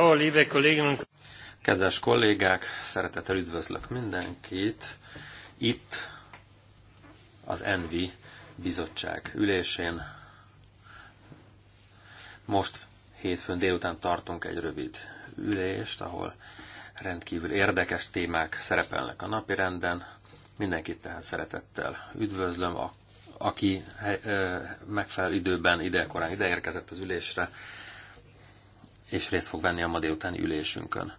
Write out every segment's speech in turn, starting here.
liebe Kolleginnen Kedves kollégák, szeretettel üdvözlök mindenkit itt az Envi bizottság ülésén. Most hétfőn délután tartunk egy rövid ülést, ahol rendkívül érdekes témák szerepelnek a renden. Mindenkit tehát szeretettel üdvözlöm, aki eh, megfelelő időben idekorán ideérkezett az ülésre és részt fog venni a ma délutáni ülésünkön.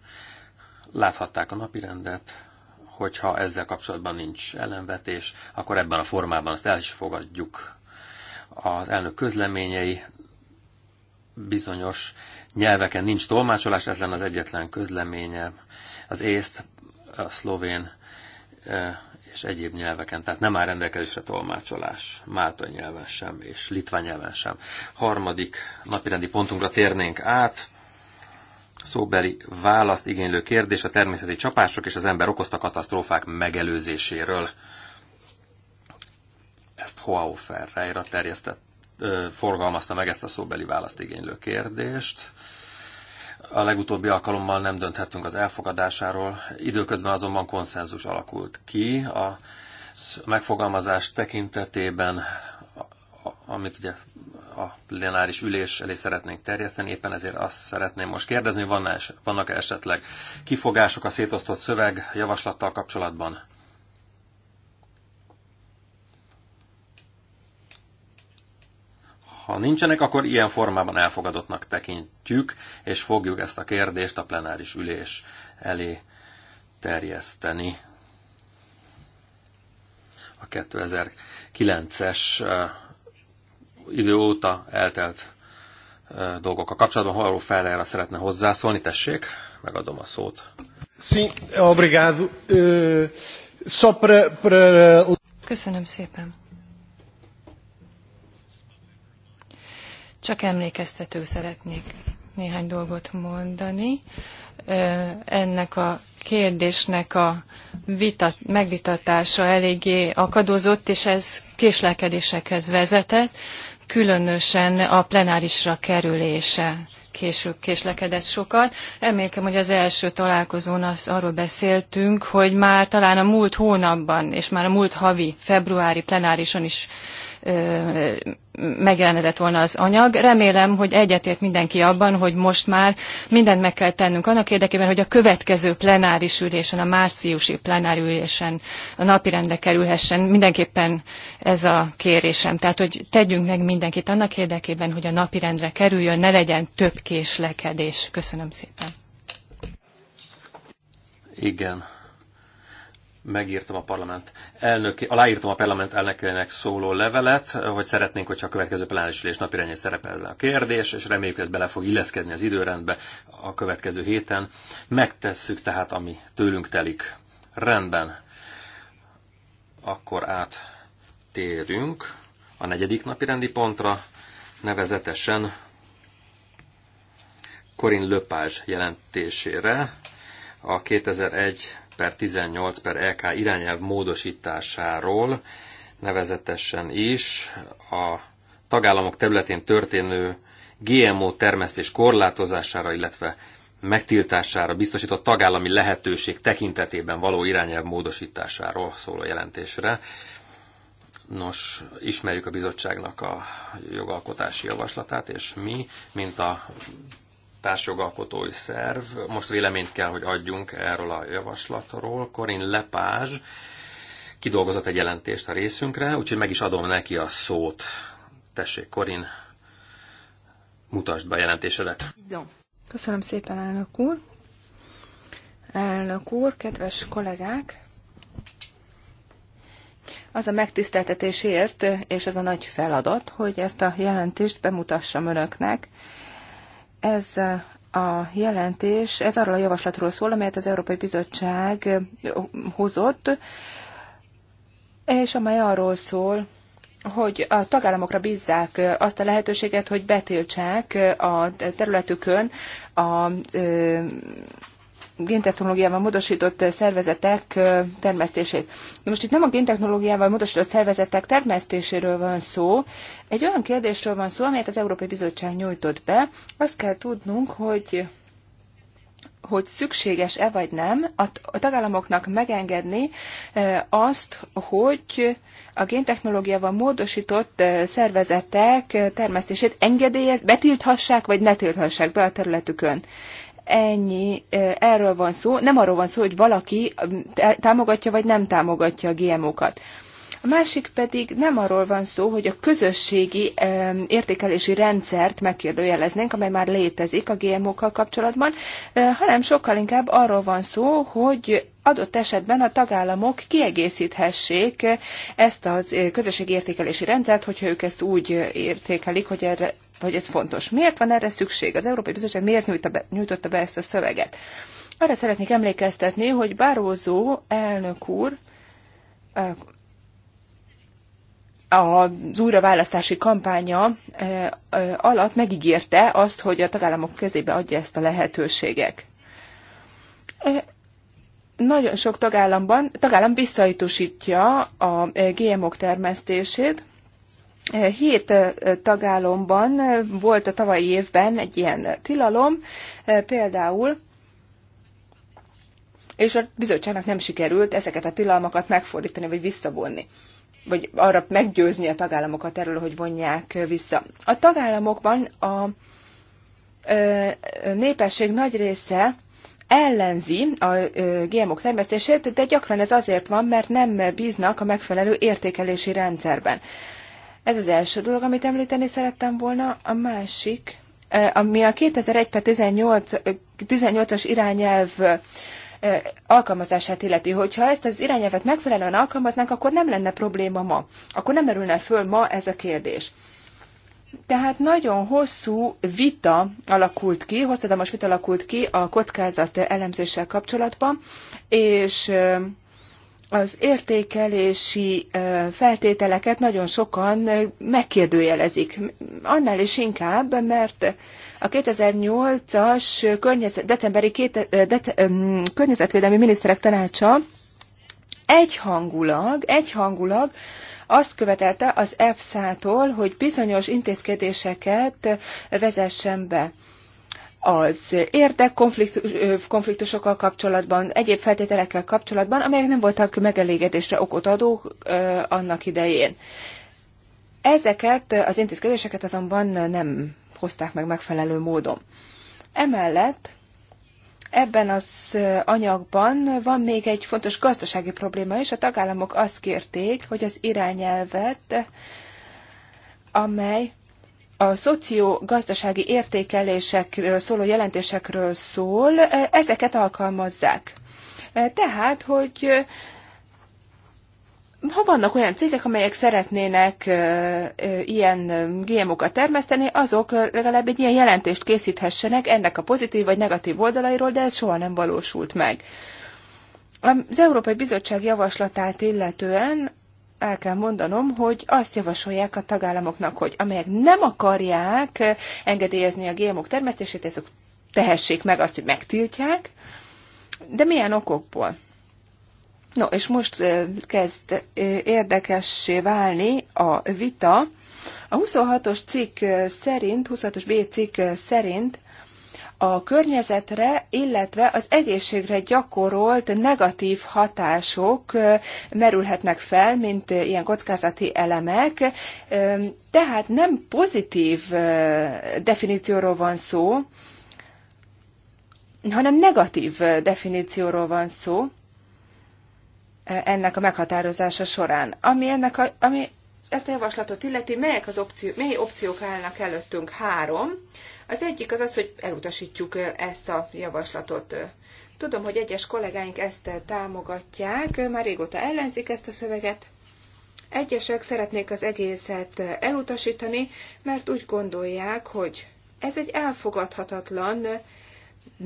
Láthatták a napirendet, hogyha ezzel kapcsolatban nincs ellenvetés, akkor ebben a formában azt el is fogadjuk. Az elnök közleményei bizonyos nyelveken nincs tolmácsolás, ez lenne az egyetlen közleménye. Az észt, a szlovén e, és egyéb nyelveken, tehát nem áll rendelkezésre tolmácsolás, máltai nyelven sem, és litván nyelven sem. Harmadik napirendi pontunkra térnénk át, szóbeli választ igénylő kérdés a természeti csapások és az ember okozta katasztrófák megelőzéséről. Ezt Joao Ferreira terjesztett, ö, forgalmazta meg ezt a szóbeli választ igénylő kérdést. A legutóbbi alkalommal nem dönthettünk az elfogadásáról, időközben azonban konszenzus alakult ki a megfogalmazás tekintetében, amit ugye a plenáris ülés elé szeretnénk terjeszteni, éppen ezért azt szeretném most kérdezni, vannak -e esetleg kifogások a szétosztott szöveg javaslattal kapcsolatban? Ha nincsenek, akkor ilyen formában elfogadottnak tekintjük, és fogjuk ezt a kérdést a plenáris ülés elé terjeszteni a 2009-es idő óta eltelt dolgokkal kapcsolatban. Halló Ferreira szeretne hozzászólni, tessék, megadom a szót. Sí, obrigado. Só para, para... Köszönöm szépen. Csak emlékeztető szeretnék néhány dolgot mondani. Ennek a kérdésnek a vita, megvitatása eléggé akadozott, és ez késlekedésekhez vezetett különösen a plenárisra kerülése később késlekedett sokat. Emlékem, hogy az első találkozón az, arról beszéltünk, hogy már talán a múlt hónapban és már a múlt havi februári plenárison is megjelenedett volna az anyag. Remélem, hogy egyetért mindenki abban, hogy most már mindent meg kell tennünk annak érdekében, hogy a következő plenáris ülésen, a márciusi plenári ülésen a napirendre kerülhessen. Mindenképpen ez a kérésem. Tehát, hogy tegyünk meg mindenkit annak érdekében, hogy a napirendre kerüljön, ne legyen több késlekedés. Köszönöm szépen. Igen, megírtam a parlament elnök, aláírtam a parlament elnökének szóló levelet, hogy szeretnénk, hogyha a következő plenáris ülés napirányén szerepelne a kérdés, és reméljük ez bele fog illeszkedni az időrendbe a következő héten. Megtesszük tehát, ami tőlünk telik. Rendben. Akkor áttérünk a negyedik napirendi pontra, nevezetesen Corinne Lepage jelentésére, a 2001 per 18 per LK irányelv módosításáról, nevezetesen is a tagállamok területén történő GMO termesztés korlátozására, illetve megtiltására biztosított tagállami lehetőség tekintetében való irányelv módosításáról szóló jelentésre. Nos, ismerjük a bizottságnak a jogalkotási javaslatát, és mi, mint a társjogalkotói szerv. Most véleményt kell, hogy adjunk erről a javaslatról. Korin Lepázs kidolgozott egy jelentést a részünkre, úgyhogy meg is adom neki a szót. Tessék, Korin, mutasd be a jelentésedet. Köszönöm szépen, elnök úr. Elnök úr, kedves kollégák, az a megtiszteltetésért, és az a nagy feladat, hogy ezt a jelentést bemutassam önöknek, ez a jelentés, ez arról a javaslatról szól, amelyet az Európai Bizottság hozott, és amely arról szól, hogy a tagállamokra bízzák azt a lehetőséget, hogy betiltsák a területükön a géntechnológiával módosított szervezetek termesztését. De most itt nem a géntechnológiával módosított szervezetek termesztéséről van szó, egy olyan kérdésről van szó, amelyet az Európai Bizottság nyújtott be. Azt kell tudnunk, hogy hogy szükséges-e vagy nem a tagállamoknak megengedni azt, hogy a géntechnológiával módosított szervezetek termesztését engedélyez, betilthassák, vagy ne tilthassák be a területükön. Ennyi, erről van szó. Nem arról van szó, hogy valaki támogatja vagy nem támogatja a GMO-kat. A másik pedig nem arról van szó, hogy a közösségi értékelési rendszert megkérdőjeleznénk, amely már létezik a GMO-kkal kapcsolatban, hanem sokkal inkább arról van szó, hogy adott esetben a tagállamok kiegészíthessék ezt az közösségi értékelési rendszert, hogyha ők ezt úgy értékelik, hogy erre hogy ez fontos. Miért van erre szükség? Az Európai Bizottság miért nyújta be, nyújtotta be ezt a szöveget? Arra szeretnék emlékeztetni, hogy Barózó elnök úr eh, az újraválasztási kampánya eh, eh, alatt megígérte azt, hogy a tagállamok kezébe adja ezt a lehetőségek. Nagyon sok tagállamban, tagállam visszaitosítja a GMO-k termesztését, Hét tagállomban volt a tavalyi évben egy ilyen tilalom, például, és a bizottságnak nem sikerült ezeket a tilalmakat megfordítani vagy visszavonni vagy arra meggyőzni a tagállamokat erről, hogy vonják vissza. A tagállamokban a népesség nagy része ellenzi a GMO-k termesztését, de gyakran ez azért van, mert nem bíznak a megfelelő értékelési rendszerben. Ez az első dolog, amit említeni szerettem volna. A másik, ami a 2001 per 18, 18-as irányelv alkalmazását illeti, hogyha ezt az irányelvet megfelelően alkalmaznánk, akkor nem lenne probléma ma. Akkor nem merülne föl ma ez a kérdés. Tehát nagyon hosszú vita alakult ki, hosszadalmas vita alakult ki a kockázat elemzéssel kapcsolatban, és az értékelési feltételeket nagyon sokan megkérdőjelezik. Annál is inkább, mert a 2008-as környezet, decemberi de, környezetvédelmi miniszterek tanácsa egyhangulag, egyhangulag azt követelte az EFSA-tól, hogy bizonyos intézkedéseket vezessen be az érdekkonfliktusokkal kapcsolatban, egyéb feltételekkel kapcsolatban, amelyek nem voltak megelégedésre okot adók annak idején. Ezeket az intézkedéseket azonban nem hozták meg megfelelő módon. Emellett ebben az anyagban van még egy fontos gazdasági probléma is. A tagállamok azt kérték, hogy az irányelvet, amely a szociogazdasági értékelésekről szóló jelentésekről szól, e, ezeket alkalmazzák. E, tehát, hogy e, ha vannak olyan cégek, amelyek szeretnének ilyen GMO-kat termeszteni, azok legalább egy ilyen jelentést készíthessenek ennek a pozitív vagy negatív oldalairól, de ez soha nem valósult meg. Az Európai Bizottság javaslatát illetően el kell mondanom, hogy azt javasolják a tagállamoknak, hogy amelyek nem akarják engedélyezni a GMO-k termesztését, ezek tehessék meg azt, hogy megtiltják, de milyen okokból? No, és most kezd érdekessé válni a vita. A 26-os cikk szerint, 26-os B cikk szerint a környezetre, illetve az egészségre gyakorolt negatív hatások merülhetnek fel, mint ilyen kockázati elemek. Tehát nem pozitív definícióról van szó, hanem negatív definícióról van szó ennek a meghatározása során. Ami, ennek a, ami ezt a javaslatot illeti, melyek az opció, mely opciók állnak előttünk? Három az egyik az az, hogy elutasítjuk ezt a javaslatot. Tudom, hogy egyes kollégáink ezt támogatják, már régóta ellenzik ezt a szöveget. Egyesek szeretnék az egészet elutasítani, mert úgy gondolják, hogy ez egy elfogadhatatlan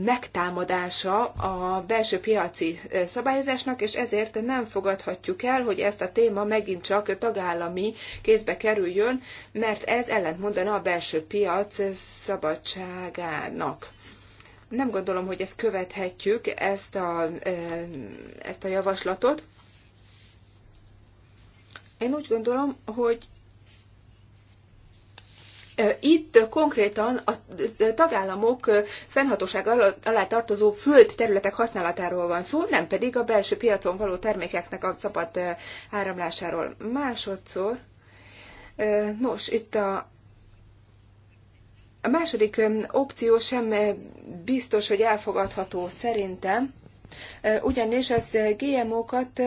megtámadása a belső piaci eh, szabályozásnak, és ezért nem fogadhatjuk el, hogy ezt a téma megint csak tagállami kézbe kerüljön, mert ez ellentmondana a belső piac eh, szabadságának. Nem gondolom, hogy ezt követhetjük, ezt a, eh, ezt a javaslatot. Én úgy gondolom, hogy itt konkrétan a tagállamok fennhatóság alá tartozó földterületek használatáról van szó, nem pedig a belső piacon való termékeknek a szabad áramlásáról. Másodszor, nos, itt a a második opció sem biztos, hogy elfogadható szerintem, ugyanis az GMO-kat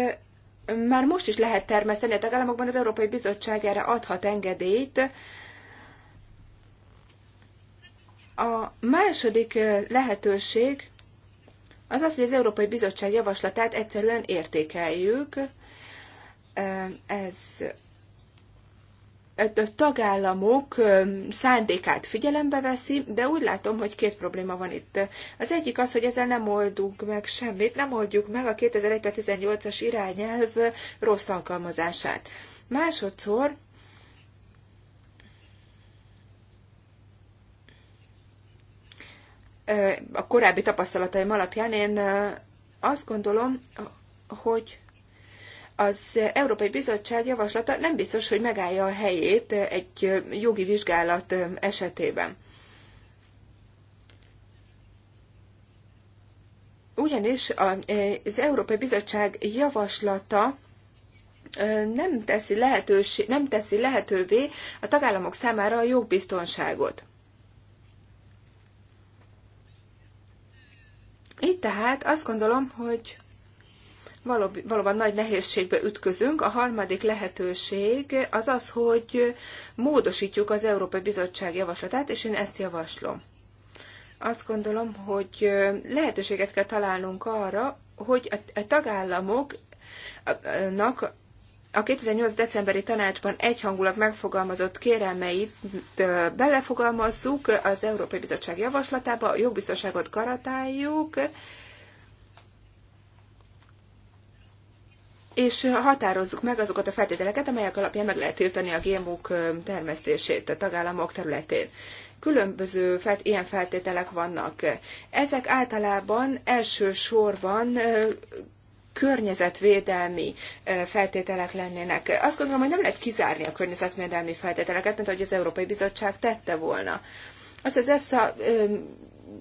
már most is lehet termeszteni a tagállamokban, az Európai Bizottság erre adhat engedélyt, a második lehetőség az az, hogy az Európai Bizottság javaslatát egyszerűen értékeljük. Ez a tagállamok szándékát figyelembe veszi, de úgy látom, hogy két probléma van itt. Az egyik az, hogy ezzel nem oldunk meg semmit, nem oldjuk meg a 2018-as irányelv rossz alkalmazását. Másodszor a korábbi tapasztalataim alapján én azt gondolom, hogy az Európai Bizottság javaslata nem biztos, hogy megállja a helyét egy jogi vizsgálat esetében. Ugyanis az Európai Bizottság javaslata nem teszi, lehetőség, nem teszi lehetővé a tagállamok számára a jogbiztonságot. így tehát azt gondolom, hogy valóban nagy nehézségbe ütközünk. A harmadik lehetőség az az, hogy módosítjuk az Európai Bizottság javaslatát, és én ezt javaslom. Azt gondolom, hogy lehetőséget kell találnunk arra, hogy a tagállamoknak a 2008. decemberi tanácsban egyhangulag megfogalmazott kérelmeit belefogalmazzuk az Európai Bizottság javaslatába, a jogbiztonságot garantáljuk, és határozzuk meg azokat a feltételeket, amelyek alapján meg lehet tiltani a gmo termesztését a tagállamok területén. Különböző felt, ilyen feltételek vannak. Ezek általában elsősorban környezetvédelmi feltételek lennének. Azt gondolom, hogy nem lehet kizárni a környezetvédelmi feltételeket, mint ahogy az Európai Bizottság tette volna. Azt az EFSA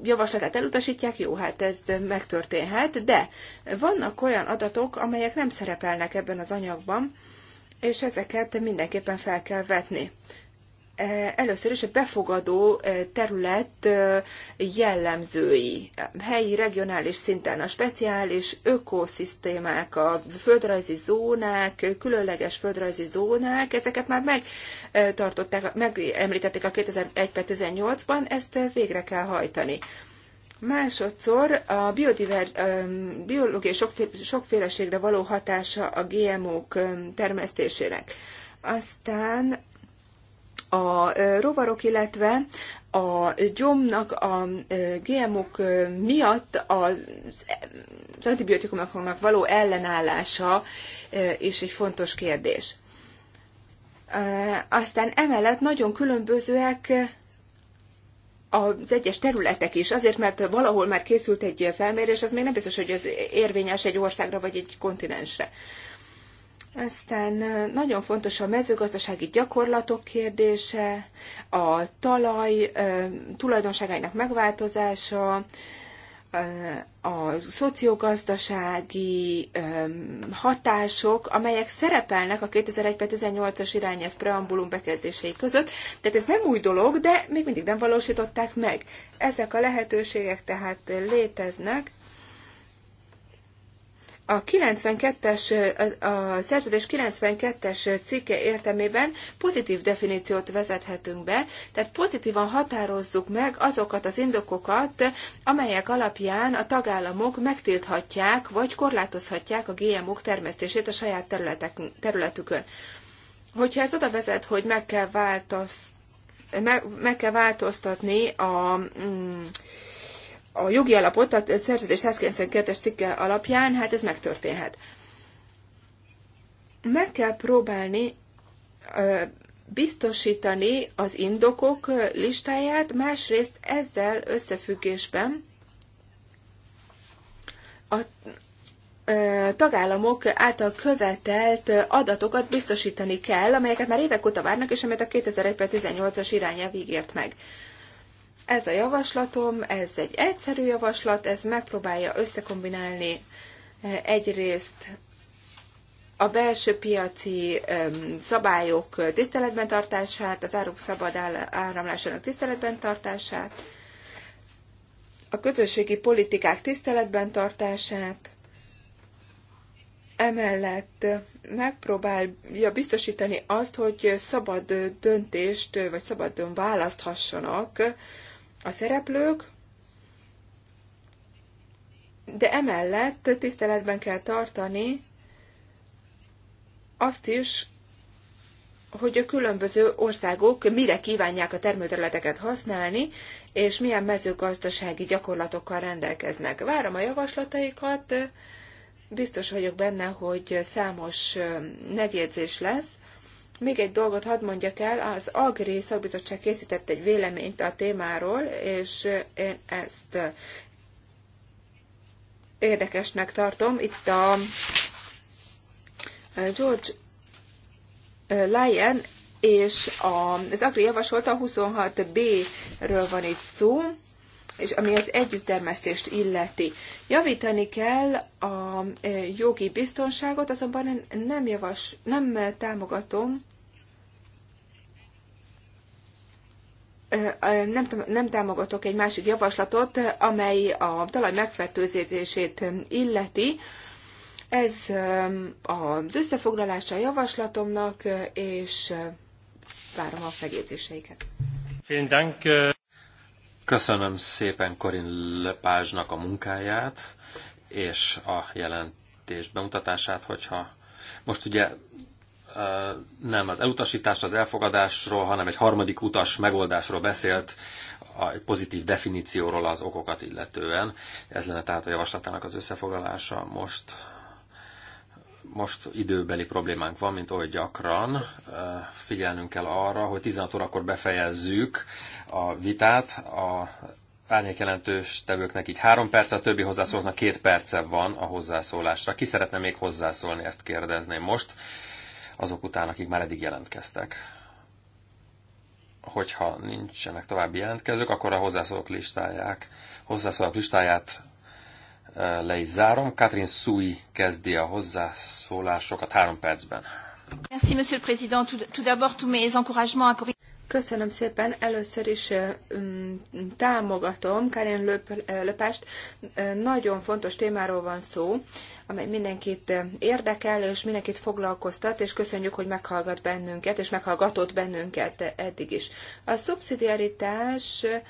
javaslatát elutasítják, jó, hát ez megtörténhet, de vannak olyan adatok, amelyek nem szerepelnek ebben az anyagban, és ezeket mindenképpen fel kell vetni először is a befogadó eh, terület eh, jellemzői, helyi, regionális szinten a speciális ökoszisztémák, a földrajzi zónák, különleges földrajzi zónák, ezeket már megtartották, eh, megemlítették a 2001 18-ban, ezt végre kell hajtani. Másodszor a biodiver, biológiai sokféleségre való hatása a GMO-k termesztésének. Aztán a rovarok, illetve a gyomnak a GMO-k miatt az antibiotikumoknak való ellenállása is egy fontos kérdés. Aztán emellett nagyon különbözőek az egyes területek is, azért mert valahol már készült egy felmérés, az még nem biztos, hogy ez érvényes egy országra vagy egy kontinensre. Aztán nagyon fontos a mezőgazdasági gyakorlatok kérdése, a talaj tulajdonságainak megváltozása, a szociogazdasági hatások, amelyek szerepelnek a 2001-2008-as irányelv preambulum bekezdései között. Tehát ez nem új dolog, de még mindig nem valósították meg. Ezek a lehetőségek tehát léteznek, a 92-es, a szerződés 92-es cikke értelmében pozitív definíciót vezethetünk be, tehát pozitívan határozzuk meg azokat az indokokat, amelyek alapján a tagállamok megtilthatják vagy korlátozhatják a GMO-k termesztését a saját területükön. Hogyha ez oda vezet, hogy meg kell, változ, meg, meg kell változtatni a mm, a jogi alapot a szerződés 192-es cikke alapján, hát ez megtörténhet. Meg kell próbálni biztosítani az indokok listáját, másrészt ezzel összefüggésben a tagállamok által követelt adatokat biztosítani kell, amelyeket már évek óta várnak, és amelyet a 2001-18-as irányelv ígért meg. Ez a javaslatom, ez egy egyszerű javaslat, ez megpróbálja összekombinálni e, egyrészt a belső piaci e, szabályok tiszteletben tartását, az áruk szabad áramlásának tiszteletben tartását, a közösségi politikák tiszteletben tartását, emellett megpróbálja biztosítani azt, hogy szabad döntést, vagy szabadon választhassanak a szereplők, de emellett tiszteletben kell tartani azt is, hogy a különböző országok mire kívánják a termőterületeket használni, és milyen mezőgazdasági gyakorlatokkal rendelkeznek. Várom a javaslataikat, biztos vagyok benne, hogy számos megjegyzés lesz, még egy dolgot hadd mondjak el, az Agri Szakbizottság készített egy véleményt a témáról, és én ezt érdekesnek tartom. Itt a George Lyon és az Agri javasolta, a 26B-ről van itt szó, és ami az együttermesztést illeti. Javítani kell a e, jogi biztonságot, azonban én nem, javas, nem támogatom nem, nem támogatok egy másik javaslatot, amely a talaj megfertőzését illeti. Ez um, az összefoglalása a javaslatomnak, és uh, várom a megjegyzéseiket. Uh, Köszönöm szépen Korin Lepázsnak a munkáját, és a jelentés bemutatását, hogyha most ugye nem az elutasítás, az elfogadásról, hanem egy harmadik utas megoldásról beszélt, a pozitív definícióról az okokat illetően. Ez lenne tehát a javaslatának az összefoglalása. Most, most időbeli problémánk van, mint oly gyakran. Figyelnünk kell arra, hogy 16 órakor befejezzük a vitát, a árnyék jelentős tevőknek így három perc, a többi hozzászólóknak két perce van a hozzászólásra. Ki szeretne még hozzászólni, ezt kérdezném most azok után, akik már eddig jelentkeztek. Hogyha nincsenek további jelentkezők, akkor a hozzászólók listáják, hozzászólók listáját e, le is zárom. Katrin Sui kezdi a hozzászólásokat három percben. Merci, Monsieur le Président. Tout d'abord, tous mes encouragements à Corinne. Köszönöm szépen. Először is e, támogatom Karin Löpest. E, nagyon fontos témáról van szó amely mindenkit eh, érdekel, és mindenkit foglalkoztat, és köszönjük, hogy meghallgat bennünket, és meghallgatott bennünket eddig is. A szubszidiaritás eh,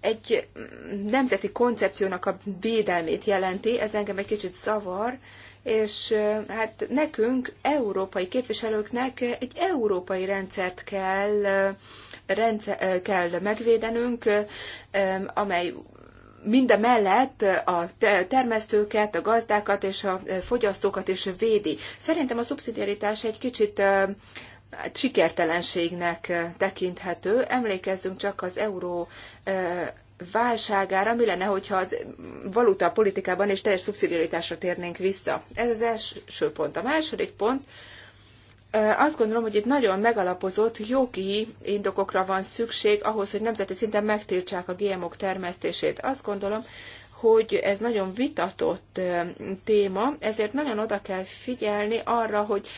egy mm, nemzeti koncepciónak a védelmét jelenti, ez engem egy kicsit zavar, és eh, hát nekünk, európai képviselőknek egy európai rendszert kell, rendszer, kell megvédenünk, amely minden mellett a termesztőket, a gazdákat és a fogyasztókat is védi. Szerintem a szubszidiaritás egy kicsit sikertelenségnek tekinthető. Emlékezzünk csak az euró válságára, mi lenne, hogyha az valuta politikában és teljes szubszidiaritásra térnénk vissza. Ez az első pont. A második pont, azt gondolom, hogy itt nagyon megalapozott jogi indokokra van szükség ahhoz, hogy nemzeti szinten megtiltsák a GMO-k termesztését. Azt gondolom, hogy ez nagyon vitatott téma, ezért nagyon oda kell figyelni arra, hogy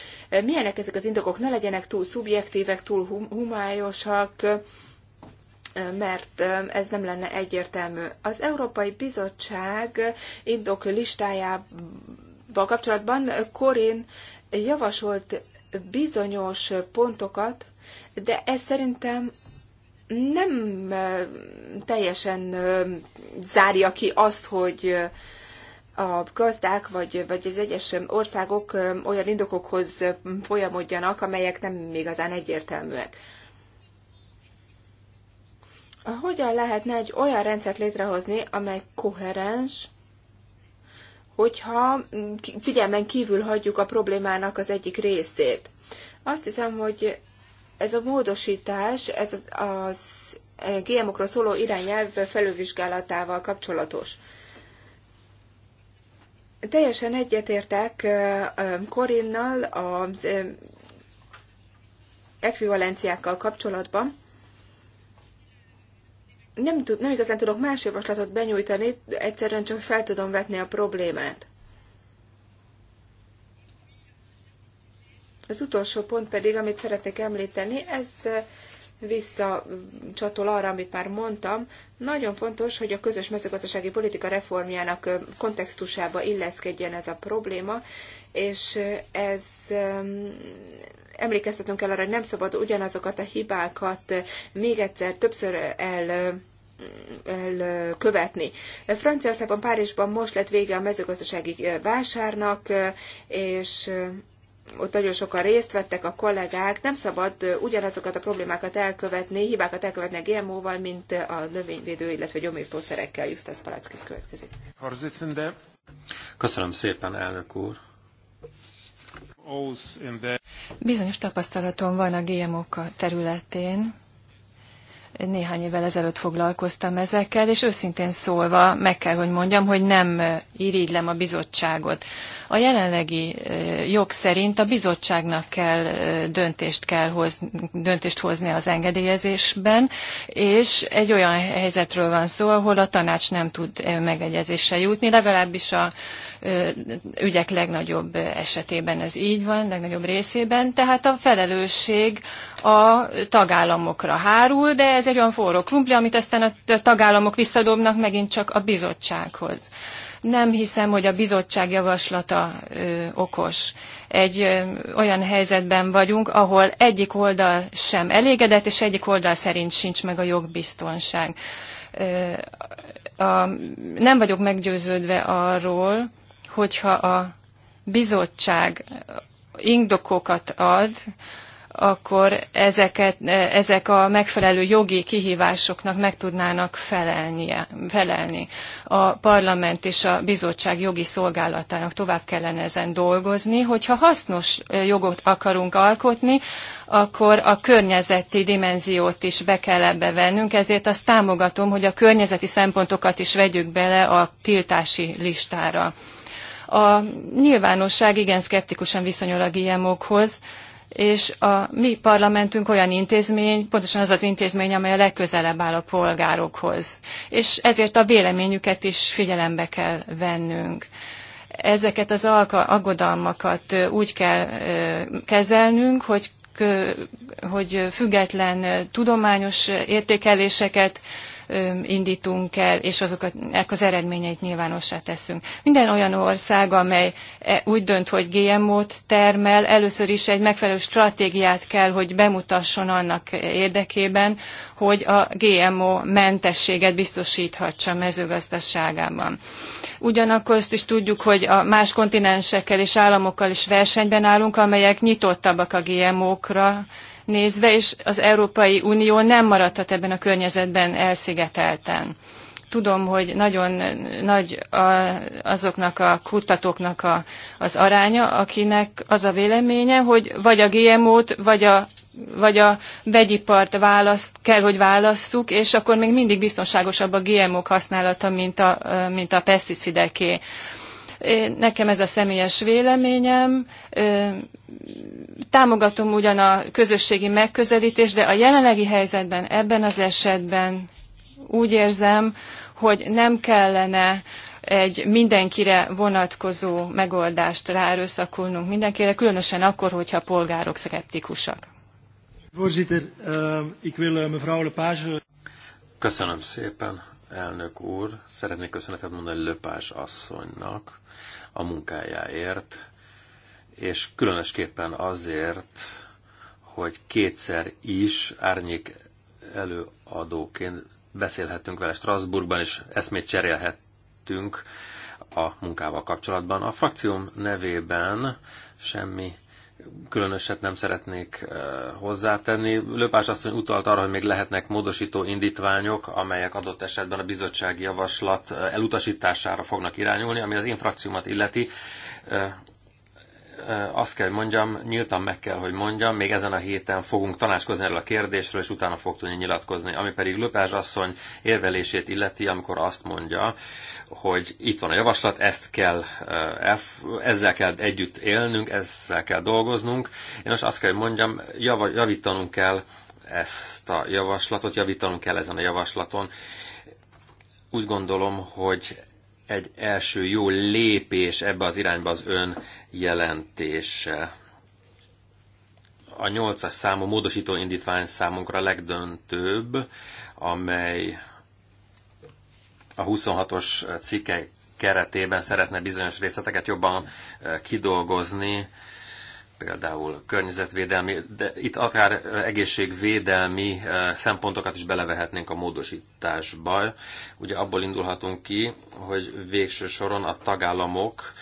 milyenek ezek az indokok, ne legyenek túl szubjektívek, túl humályosak, mert ez nem lenne egyértelmű. Az Európai Bizottság indok listájával kapcsolatban Korin javasolt bizonyos pontokat, de ez szerintem nem teljesen zárja ki azt, hogy a gazdák vagy, vagy az egyes országok olyan indokokhoz folyamodjanak, amelyek nem igazán egyértelműek. Hogyan lehetne egy olyan rendszert létrehozni, amely koherens, hogyha mm, figyelmen kívül hagyjuk a problémának az egyik részét. Azt hiszem, hogy ez a módosítás, ez az, az GMO-król szóló irányelv felülvizsgálatával kapcsolatos. Teljesen egyetértek Korinnal az ekvivalenciákkal kapcsolatban nem, tud, nem igazán tudok más javaslatot benyújtani, egyszerűen csak fel tudom vetni a problémát. Az utolsó pont pedig, amit szeretnék említeni, ez eh, visszacsatol arra, amit már mondtam, nagyon fontos, hogy a közös mezőgazdasági politika reformjának eh, kontextusába illeszkedjen ez a probléma, és eh, ez emlékeztetnünk kell arra, hogy nem szabad ugyanazokat a hibákat eh, még egyszer többször el eh, követni. Franciaországban, Párizsban most lett vége a mezőgazdasági eh, vásárnak, és ott nagyon sokan részt vettek a kollégák, nem szabad ugyanazokat a problémákat elkövetni, hibákat elkövetni a GMO-val, mint a növényvédő, illetve gyomírtószerekkel. Justus Palackis következik. Köszönöm szépen, elnök úr. Bizonyos tapasztalatom van a GMO területén, néhány évvel ezelőtt foglalkoztam ezekkel, és őszintén szólva meg kell, hogy mondjam, hogy nem irigylem a bizottságot. A jelenlegi jog szerint a bizottságnak kell döntést kell hozni, döntést hozni az engedélyezésben, és egy olyan helyzetről van szó, ahol a tanács nem tud megegyezésre jutni, legalábbis a ügyek legnagyobb esetében ez így van, legnagyobb részében, tehát a felelősség a tagállamokra hárul, de ez egy olyan forró krumpli, amit aztán a tagállamok visszadobnak megint csak a bizottsághoz. Nem hiszem, hogy a bizottság javaslata ö, okos. Egy ö, olyan helyzetben vagyunk, ahol egyik oldal sem elégedett, és egyik oldal szerint sincs meg a jogbiztonság. Ö, a, nem vagyok meggyőződve arról, hogyha a bizottság indokokat ad, akkor ezeket, e, ezek a megfelelő jogi kihívásoknak meg tudnának felelnie, felelni. A parlament és a bizottság jogi szolgálatának tovább kellene ezen dolgozni, hogyha hasznos e, jogot akarunk alkotni, akkor a környezeti dimenziót is be kell ebbe vennünk, ezért azt támogatom, hogy a környezeti szempontokat is vegyük bele a tiltási listára. A nyilvánosság igen szkeptikusan viszonyul a GMO-khoz, és a mi parlamentünk olyan intézmény, pontosan az az intézmény, amely a legközelebb áll a polgárokhoz. És ezért a véleményüket is figyelembe kell vennünk ezeket az aggodalmakat úgy kell kezelnünk, hogy hogy független tudományos értékeléseket indítunk el, és azokat az eredményeit nyilvánossá teszünk. Minden olyan ország, amely e, úgy dönt, hogy GMO-t termel, először is egy megfelelő stratégiát kell, hogy bemutasson annak érdekében, hogy a GMO mentességet biztosíthatsa mezőgazdaságában. Ugyanakkor azt is tudjuk, hogy a más kontinensekkel és államokkal is versenyben állunk, amelyek nyitottabbak a GMO-kra, nézve, és az Európai Unió nem maradhat ebben a környezetben elszigetelten. Tudom, hogy nagyon nagy a, azoknak a kutatóknak a, az aránya, akinek az a véleménye, hogy vagy a GMO-t, vagy a vagy a vegyipart választ, kell, hogy válasszuk, és akkor még mindig biztonságosabb a GMO-k használata, mint a, mint a peszticideké. Nekem ez a személyes véleményem. Támogatom ugyan a közösségi megközelítést, de a jelenlegi helyzetben, ebben az esetben úgy érzem, hogy nem kellene egy mindenkire vonatkozó megoldást ráerőszakolnunk mindenkire, különösen akkor, hogyha a polgárok szkeptikusak. Ehm, eh, Köszönöm szépen, elnök úr. Szeretnék köszönetet mondani Löpás asszonynak a munkájáért, és különösképpen azért, hogy kétszer is árnyék előadóként beszélhettünk vele Strasbourgban, és eszmét cserélhettünk a munkával kapcsolatban. A frakcióm nevében semmi különöset nem szeretnék eh, hozzátenni. Löpás asszony utalt arra, hogy még lehetnek módosító indítványok, amelyek adott esetben a bizottsági javaslat eh, elutasítására fognak irányulni, ami az infrakciómat illeti. Eh, azt kell, hogy mondjam, nyíltan meg kell, hogy mondjam, még ezen a héten fogunk tanácskozni erről a kérdésről, és utána fog tudni nyilatkozni. Ami pedig Löpázs asszony érvelését illeti, amikor azt mondja, hogy itt van a javaslat, ezt kell, ezzel kell együtt élnünk, ezzel kell dolgoznunk. Én most azt kell, hogy mondjam, jav, javítanunk kell ezt a javaslatot, javítanunk kell ezen a javaslaton. Úgy gondolom, hogy egy első jó lépés ebbe az irányba az ön jelentése. A nyolcas számú módosító indítvány számunkra a legdöntőbb, amely a 26-os cikkei keretében szeretne bizonyos részleteket jobban eh, kidolgozni például a környezetvédelmi, de itt akár egészségvédelmi eh, szempontokat is belevehetnénk a módosításba. Ugye abból indulhatunk ki, hogy végső soron a tagállamok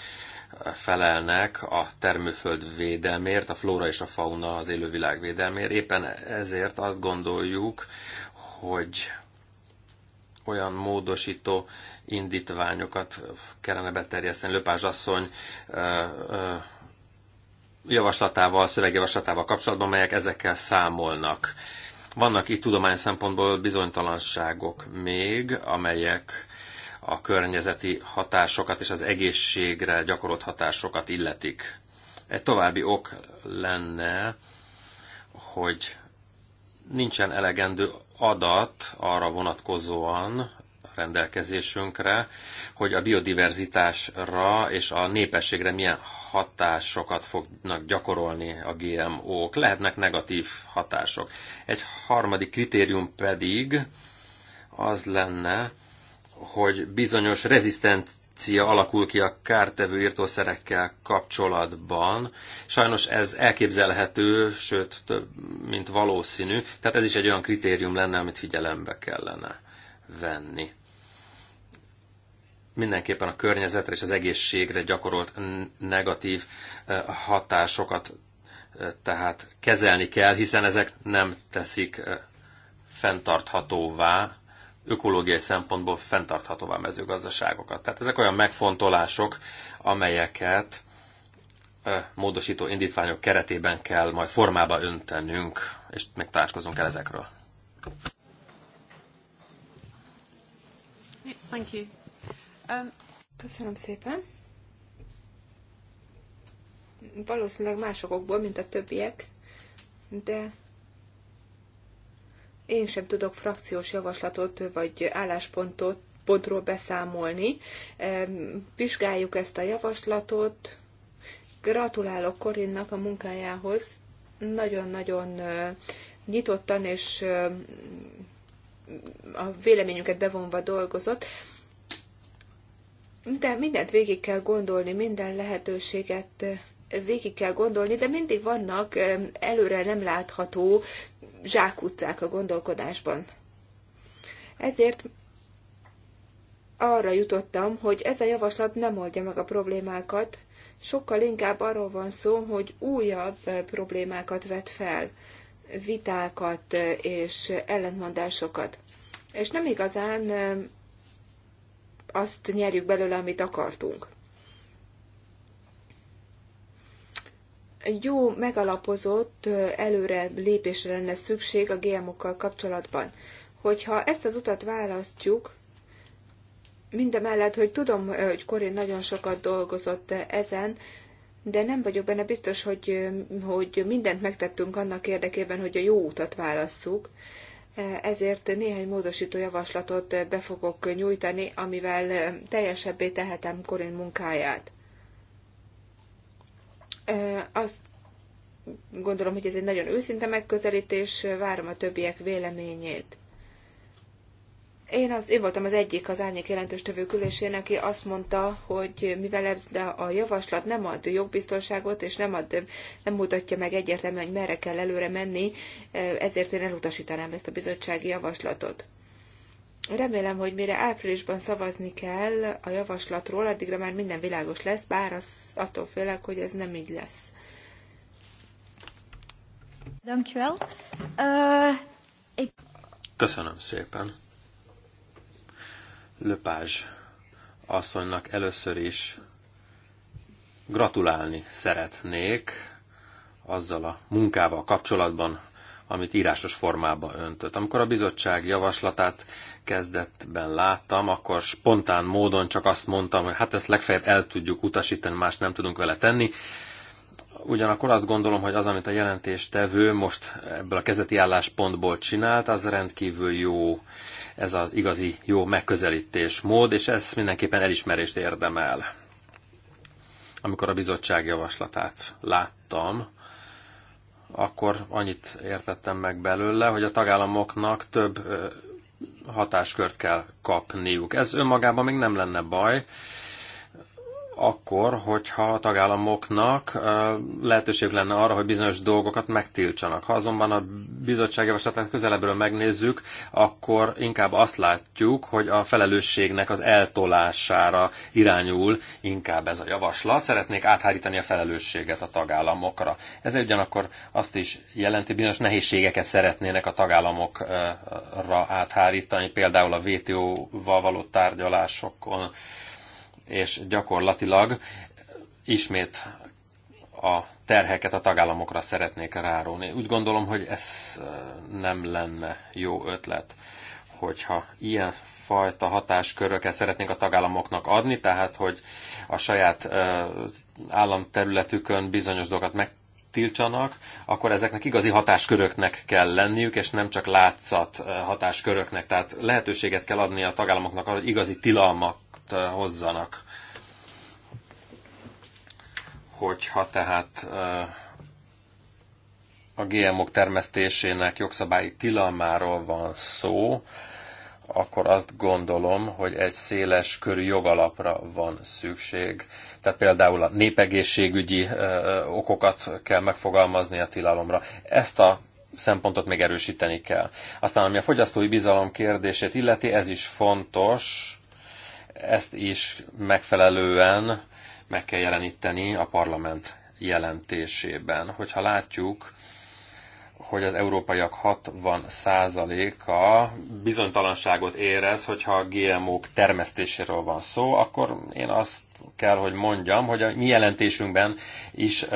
eh, felelnek a termőföld védelmért, a flóra és a fauna az élővilág védelmért. Éppen ezért azt gondoljuk, hogy olyan módosító indítványokat kellene beterjeszteni. Löpás asszony eh, javaslatával, szövegjavaslatával kapcsolatban, melyek ezekkel számolnak. Vannak itt tudomány szempontból bizonytalanságok még, amelyek a környezeti hatásokat és az egészségre gyakorolt hatásokat illetik. Egy további ok lenne, hogy nincsen elegendő adat arra vonatkozóan, rendelkezésünkre, hogy a biodiverzitásra és a népességre milyen hatásokat fognak gyakorolni a GMO-k. Lehetnek negatív hatások. Egy harmadik kritérium pedig az lenne, hogy bizonyos rezisztent alakul ki a kártevő írtószerekkel kapcsolatban. Sajnos ez elképzelhető, sőt több, mint valószínű, tehát ez is egy olyan kritérium lenne, amit figyelembe kellene venni mindenképpen a környezetre és az egészségre gyakorolt negatív eh, hatásokat eh, tehát kezelni kell, hiszen ezek nem teszik eh, fenntarthatóvá, ökológiai szempontból fenntarthatóvá mezőgazdaságokat. Tehát ezek olyan megfontolások, amelyeket módosító indítványok keretében kell majd formába öntenünk, és még tárcskozunk el ezekről. Yes, thank you. Um, Köszönöm szépen. Valószínűleg másokból, mint a többiek, de én sem tudok frakciós javaslatot vagy álláspontot pontról beszámolni. Um, vizsgáljuk ezt a javaslatot. Gratulálok Korinnak a munkájához. Nagyon-nagyon uh, nyitottan és um, a véleményünket bevonva dolgozott de mindent végig kell gondolni, minden lehetőséget végig kell gondolni, de mindig vannak előre nem látható zsákutcák a gondolkodásban. Ezért arra jutottam, hogy ez a javaslat nem oldja meg a problémákat, sokkal inkább arról van szó, hogy újabb problémákat vet fel, vitákat és ellentmondásokat. És nem igazán azt nyerjük belőle, amit akartunk. Jó, megalapozott előre lépésre lenne szükség a GMO-kkal kapcsolatban. Hogyha ezt az utat választjuk, mindemellett, hogy tudom, hogy Korin nagyon sokat dolgozott ezen, de nem vagyok benne biztos, hogy, hogy mindent megtettünk annak érdekében, hogy a jó utat válasszuk ezért néhány módosító javaslatot be fogok nyújtani, amivel teljesebbé tehetem Korin munkáját. Azt gondolom, hogy ez egy nagyon őszinte megközelítés, várom a többiek véleményét. Én, az, én voltam az egyik az árnyék jelentős tövőkülésén, aki azt mondta, hogy mivel ez a javaslat nem ad jogbiztonságot, és nem, ad, nem mutatja meg egyértelműen, hogy merre kell előre menni, ezért én elutasítanám ezt a bizottsági javaslatot. Remélem, hogy mire áprilisban szavazni kell a javaslatról, addigra már minden világos lesz, bár az attól félek, hogy ez nem így lesz. Eh, Köszönöm szépen. Löpázs asszonynak először is gratulálni szeretnék azzal a munkával kapcsolatban, amit írásos formába öntött. Amikor a bizottság javaslatát kezdetben láttam, akkor spontán módon csak azt mondtam, hogy hát ezt legfeljebb el tudjuk utasítani, más nem tudunk vele tenni. Ugyanakkor azt gondolom, hogy az, amit a jelentéstevő most ebből a kezdeti álláspontból csinált, az rendkívül jó ez az igazi jó megközelítésmód, és ez mindenképpen elismerést érdemel. Amikor a bizottság javaslatát láttam, akkor annyit értettem meg belőle, hogy a tagállamoknak több hatáskört kell kapniuk. Ez önmagában még nem lenne baj, akkor, hogyha a tagállamoknak lehetőség lenne arra, hogy bizonyos dolgokat megtiltsanak. Ha azonban a bizottsági javaslatát közelebbről megnézzük, akkor inkább azt látjuk, hogy a felelősségnek az eltolására irányul inkább ez a javaslat. Szeretnék áthárítani a felelősséget a tagállamokra. Ez ugyanakkor azt is jelenti, bizonyos nehézségeket szeretnének a tagállamokra áthárítani, például a WTO-val való tárgyalásokon és gyakorlatilag ismét a terheket a tagállamokra szeretnék ráróni. Úgy gondolom, hogy ez nem lenne jó ötlet, hogyha ilyen fajta hatásköröket szeretnénk a tagállamoknak adni, tehát hogy a saját államterületükön bizonyos dolgokat meg tiltsanak, akkor ezeknek igazi hatásköröknek kell lenniük, és nem csak látszat hatásköröknek. Tehát lehetőséget kell adni a tagállamoknak arra, hogy igazi tilalmak Eh, hozzanak. Hogyha tehát eh, a GMO-k termesztésének jogszabályi tilalmáról van szó, akkor azt gondolom, hogy egy széles körű jogalapra van szükség. Tehát például a népegészségügyi eh, okokat kell megfogalmazni a tilalomra. Ezt a szempontot még erősíteni kell. Aztán ami a fogyasztói bizalom kérdését illeti, ez is fontos, ezt is megfelelően meg kell jeleníteni a parlament jelentésében. Hogyha látjuk, hogy az európaiak 60%-a bizonytalanságot érez, hogyha a GMO-k termesztéséről van szó, akkor én azt kell, hogy mondjam, hogy a mi jelentésünkben is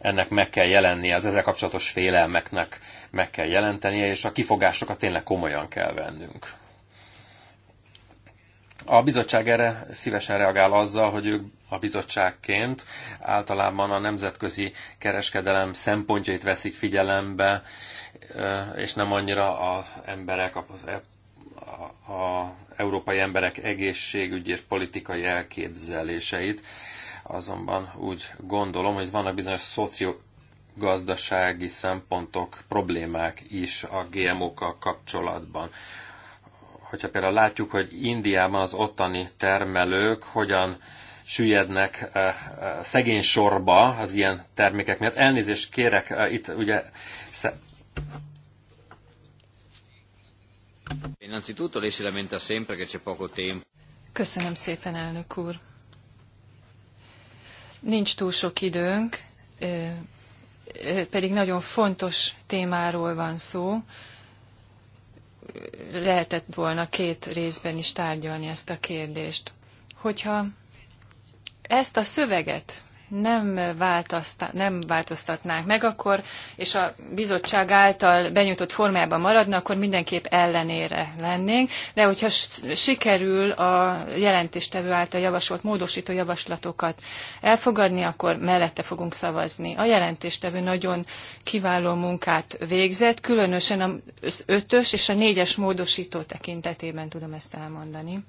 ennek meg kell jelennie, az ezzel kapcsolatos félelmeknek meg kell jelentenie, és a kifogásokat tényleg komolyan kell vennünk. A bizottság erre szívesen reagál azzal, hogy ők a bizottságként általában a nemzetközi kereskedelem szempontjait veszik figyelembe, és nem annyira az emberek, az a, a európai emberek egészségügyi és politikai elképzeléseit. Azonban úgy gondolom, hogy vannak bizonyos szociogazdasági szempontok, problémák is a GMO-kkal kapcsolatban hogyha például látjuk, hogy Indiában az ottani termelők hogyan süllyednek eh, eh, szegény sorba az ilyen termékek miatt. Elnézést kérek, eh, itt ugye... Innanzitutto lei si lamenta sempre che c'è poco tempo. Köszönöm szépen, elnök úr. Nincs túl sok időnk, pedig nagyon fontos témáról van szó lehetett volna két részben is tárgyalni ezt a kérdést. Hogyha ezt a szöveget nem, változtat, nem változtatnánk meg, akkor, és a bizottság által benyújtott formában maradna, akkor mindenképp ellenére lennénk. De hogyha sikerül a jelentéstevő által javasolt módosító javaslatokat elfogadni, akkor mellette fogunk szavazni. A jelentéstevő nagyon kiváló munkát végzett, különösen az ötös és a négyes módosító tekintetében tudom ezt elmondani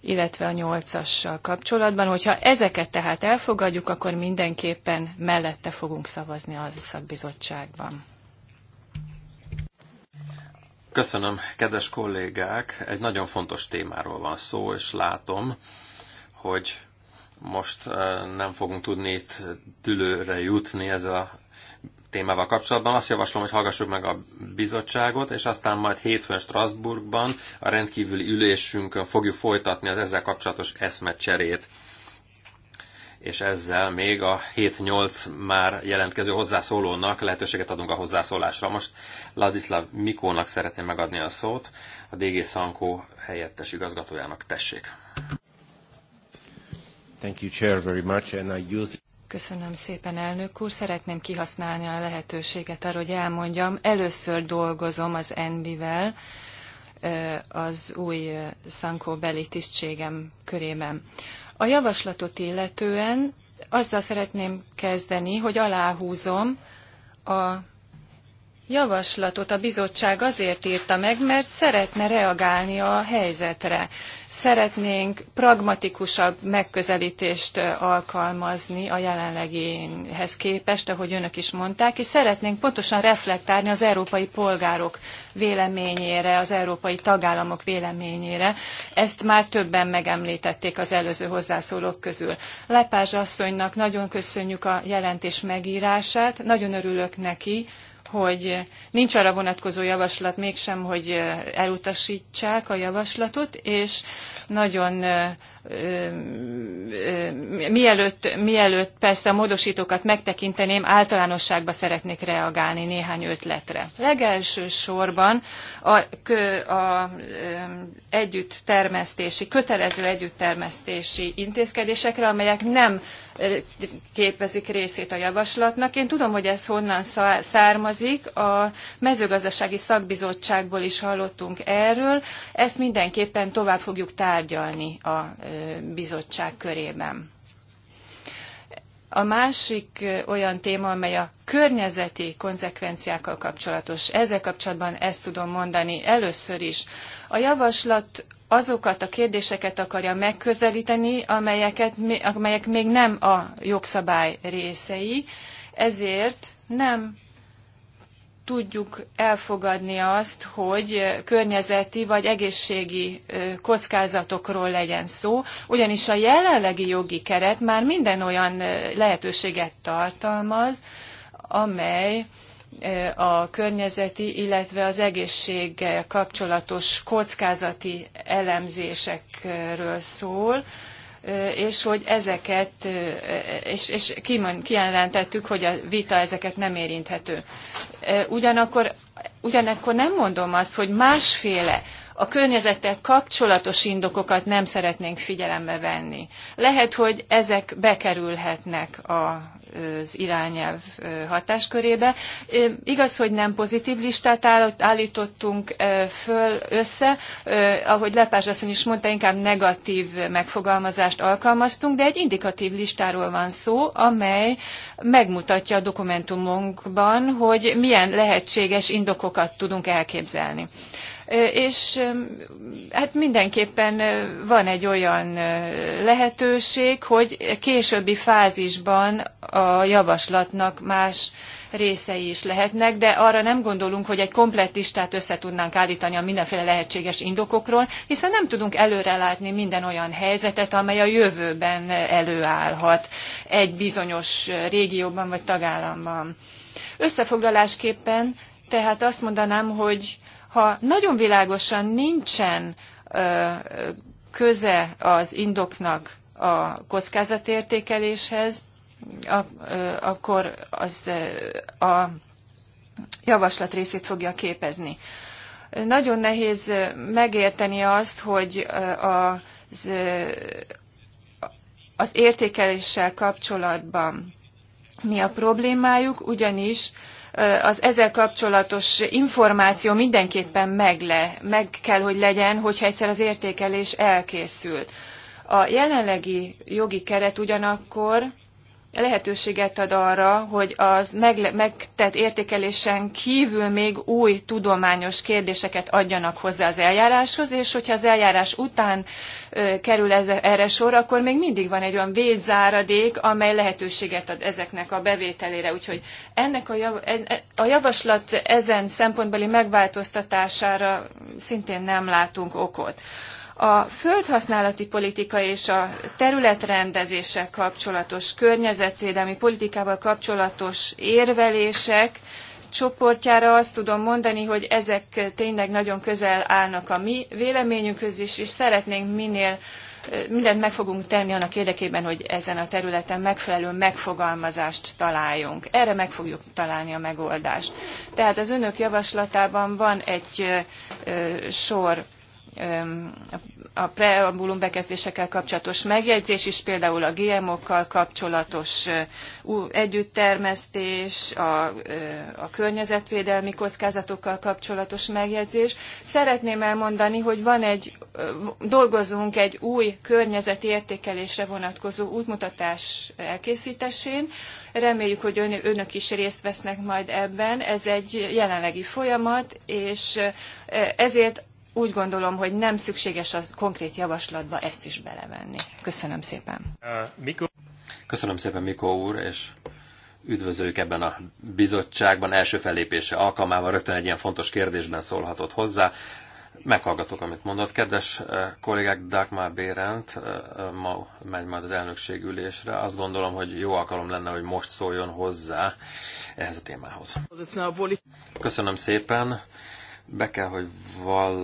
illetve a nyolcassal kapcsolatban. Hogyha ezeket tehát elfogadjuk, akkor mindenképpen mellette fogunk szavazni a szakbizottságban. Köszönöm, kedves kollégák! Egy nagyon fontos témáról van szó, és látom, hogy most eh, nem fogunk tudni itt dülőre jutni ez a témával kapcsolatban. Azt javaslom, hogy hallgassuk meg a bizottságot, és aztán majd hétfőn Strasbourgban a rendkívüli ülésünkön fogjuk folytatni az ezzel kapcsolatos eszmecserét és ezzel még a 7-8 már jelentkező hozzászólónak lehetőséget adunk a hozzászólásra. Most Ladislav Mikónak szeretném megadni a szót, a DG Szankó helyettes igazgatójának tessék. Thank you, Chair, very much, and I used... Köszönöm szépen, elnök úr. Szeretném kihasználni a lehetőséget arra, hogy elmondjam. Először dolgozom az nb vel az új Szankó beli tisztségem körében. A javaslatot illetően azzal szeretném kezdeni, hogy aláhúzom a javaslatot a bizottság azért írta meg, mert szeretne reagálni a helyzetre. Szeretnénk pragmatikusabb megközelítést alkalmazni a jelenlegihez képest, ahogy önök is mondták, és szeretnénk pontosan reflektálni az európai polgárok véleményére, az európai tagállamok véleményére. Ezt már többen megemlítették az előző hozzászólók közül. Lepázs asszonynak nagyon köszönjük a jelentés megírását, nagyon örülök neki, hogy nincs arra vonatkozó javaslat mégsem, hogy elutasítsák a javaslatot, és nagyon mielőtt, mielőtt persze a módosítókat megtekinteném, általánosságba szeretnék reagálni néhány ötletre. Legelső sorban a, a, a együtttermesztési, kötelező együtttermesztési intézkedésekre, amelyek nem képezik részét a javaslatnak. Én tudom, hogy ez honnan származik, a mezőgazdasági szakbizottságból is hallottunk erről, ezt mindenképpen tovább fogjuk tárgyalni a bizottság körében. A másik olyan téma, amely a környezeti konzekvenciákkal kapcsolatos. Ezzel kapcsolatban ezt tudom mondani először is. A javaslat azokat a kérdéseket akarja megközelíteni, amelyeket, amelyek még nem a jogszabály részei, ezért nem tudjuk elfogadni azt, hogy környezeti vagy egészségi kockázatokról legyen szó, ugyanis a jelenlegi jogi keret már minden olyan lehetőséget tartalmaz, amely a környezeti, illetve az egészséggel kapcsolatos kockázati elemzésekről szól, és hogy ezeket, és, és kijelentettük, hogy a vita ezeket nem érinthető. Ugyanakkor, ugyanakkor nem mondom azt, hogy másféle a környezettel kapcsolatos indokokat nem szeretnénk figyelembe venni. Lehet, hogy ezek bekerülhetnek a az irányelv hatáskörébe. Igaz, hogy nem pozitív listát állítottunk föl össze, ahogy Lepás asszony is mondta, inkább negatív megfogalmazást alkalmaztunk, de egy indikatív listáról van szó, amely megmutatja a dokumentumunkban, hogy milyen lehetséges indokokat tudunk elképzelni és hát mindenképpen van egy olyan lehetőség, hogy későbbi fázisban a javaslatnak más részei is lehetnek, de arra nem gondolunk, hogy egy komplett listát össze tudnánk állítani a mindenféle lehetséges indokokról, hiszen nem tudunk előrelátni minden olyan helyzetet, amely a jövőben előállhat egy bizonyos régióban vagy tagállamban. Összefoglalásképpen tehát azt mondanám, hogy ha nagyon világosan nincsen köze az indoknak a kockázatértékeléshez, akkor az a javaslat részét fogja képezni. Nagyon nehéz megérteni azt, hogy az, az értékeléssel kapcsolatban mi a problémájuk, ugyanis az ezzel kapcsolatos információ mindenképpen meg, le, meg kell, hogy legyen, hogyha egyszer az értékelés elkészült. A jelenlegi jogi keret ugyanakkor lehetőséget ad arra, hogy az megle- megtett értékelésen kívül még új tudományos kérdéseket adjanak hozzá az eljáráshoz, és hogyha az eljárás után ö, kerül ez, erre sor, akkor még mindig van egy olyan védzáradék, amely lehetőséget ad ezeknek a bevételére. Úgyhogy ennek a, jav- e, a javaslat ezen szempontbeli megváltoztatására szintén nem látunk okot a földhasználati politika és a területrendezéssel kapcsolatos, környezetvédelmi politikával kapcsolatos érvelések csoportjára azt tudom mondani, hogy ezek tényleg nagyon közel állnak a mi véleményünkhöz is, és szeretnénk minél mindent meg fogunk tenni annak érdekében, hogy ezen a területen megfelelő megfogalmazást találjunk. Erre meg fogjuk találni a megoldást. Tehát az önök javaslatában van egy sor a preambulum bekezdésekkel kapcsolatos megjegyzés is, például a GMO-kkal kapcsolatos együttermesztés, a, a környezetvédelmi kockázatokkal kapcsolatos megjegyzés. Szeretném elmondani, hogy van egy, dolgozunk egy új környezeti értékelésre vonatkozó útmutatás elkészítésén. Reméljük, hogy ön, önök is részt vesznek majd ebben. Ez egy jelenlegi folyamat, és ezért úgy gondolom, hogy nem szükséges az konkrét javaslatba ezt is belevenni. Köszönöm szépen. Uh, Köszönöm szépen, Mikó úr, és üdvözöljük ebben a bizottságban. Első fellépése alkalmával rögtön egy ilyen fontos kérdésben szólhatott hozzá. Meghallgatok, amit mondott. Kedves uh, kollégák, Dagmar Bérent uh, ma megy majd az elnökség ülésre. Azt gondolom, hogy jó alkalom lenne, hogy most szóljon hozzá ehhez a témához. Köszönöm szépen be kell, hogy val...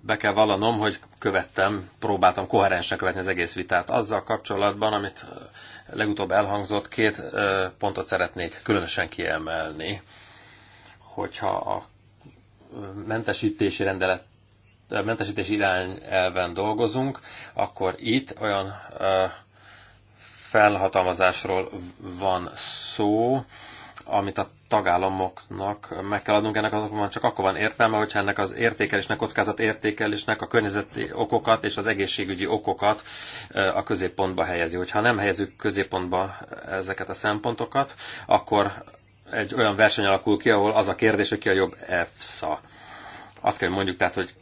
be kell vallanom, hogy követtem, próbáltam koherensen követni az egész vitát. Azzal kapcsolatban, amit legutóbb elhangzott, két pontot szeretnék különösen kiemelni, hogyha a mentesítési rendelet mentesítési irányelven dolgozunk, akkor itt olyan felhatalmazásról van szó, amit a tagállamoknak meg kell adnunk ennek azokban, csak akkor van értelme, hogyha ennek az értékelésnek, kockázat értékelésnek, a környezeti okokat és az egészségügyi okokat a középpontba helyezi. Hogyha nem helyezük középpontba ezeket a szempontokat, akkor egy olyan verseny alakul ki, ahol az a kérdés, hogy ki a jobb EFSA. Azt kell, hogy mondjuk tehát, hogy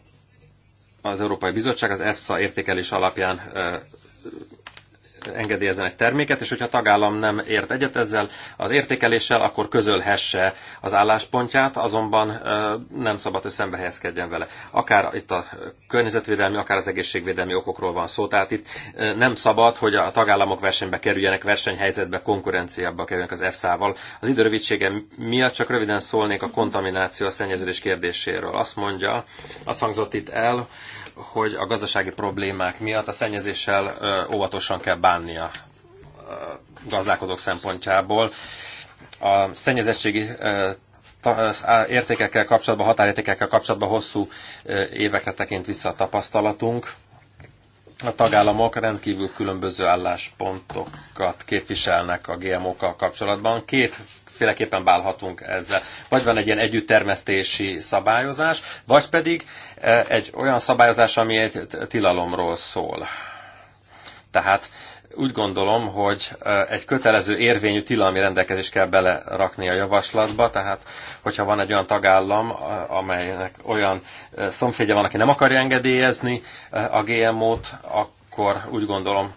az Európai Bizottság az EFSA értékelés alapján egy terméket, és hogyha a tagállam nem ért egyet ezzel az értékeléssel, akkor közölhesse az álláspontját, azonban nem szabad, hogy szembe helyezkedjen vele. Akár itt a környezetvédelmi, akár az egészségvédelmi okokról van szó. Tehát itt nem szabad, hogy a tagállamok versenybe kerüljenek, versenyhelyzetbe, konkurenciába kerüljenek az EFSA-val. Az időrövidsége miatt csak röviden szólnék a kontamináció, a szennyeződés kérdéséről. Azt mondja, azt hangzott itt el, hogy a gazdasági problémák miatt a szennyezéssel óvatosan kell bánnia gazdálkodók szempontjából. A szennyezettségi értékekkel kapcsolatban, határértékekkel kapcsolatban hosszú évekre tekint vissza a tapasztalatunk. A tagállamok rendkívül különböző álláspontokat képviselnek a GMO-kkal kapcsolatban. Két Féleképpen bálhatunk ezzel. Vagy van egy ilyen együttermesztési szabályozás, vagy pedig e, egy olyan szabályozás, ami egy tilalomról szól. Tehát úgy gondolom, hogy e, egy kötelező érvényű tilalmi rendelkezést kell belerakni a javaslatba, tehát hogyha van egy olyan tagállam, amelynek olyan e, szomszédja van, aki nem akarja engedélyezni a GMO-t, akkor úgy gondolom,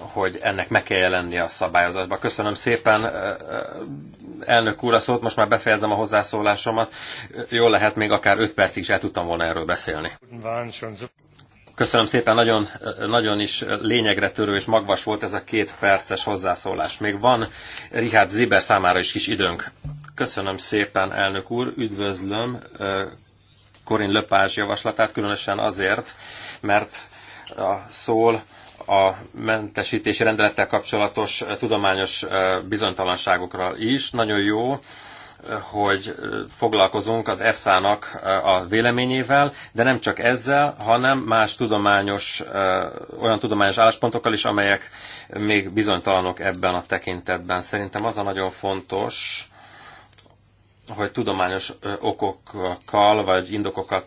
hogy ennek meg kell jelenni a szabályozatban. Köszönöm szépen, elnök úr, a szót, most már befejezem a hozzászólásomat. Jól lehet, még akár 5 percig is el tudtam volna erről beszélni. Köszönöm szépen, nagyon, nagyon is lényegre törő és magvas volt ez a két perces hozzászólás. Még van Richard Ziber számára is kis időnk. Köszönöm szépen, elnök úr, üdvözlöm Corinne Lepage javaslatát, különösen azért, mert a szól a mentesítési rendelettel kapcsolatos eh, tudományos eh, bizonytalanságokra is. Nagyon jó, eh, hogy foglalkozunk az EFSA-nak a véleményével, de nem csak ezzel, hanem más tudományos, olyan tudományos álláspontokkal is, amelyek még bizonytalanok ebben a tekintetben. Szerintem az a nagyon fontos, hogy tudományos okokkal vagy indokokat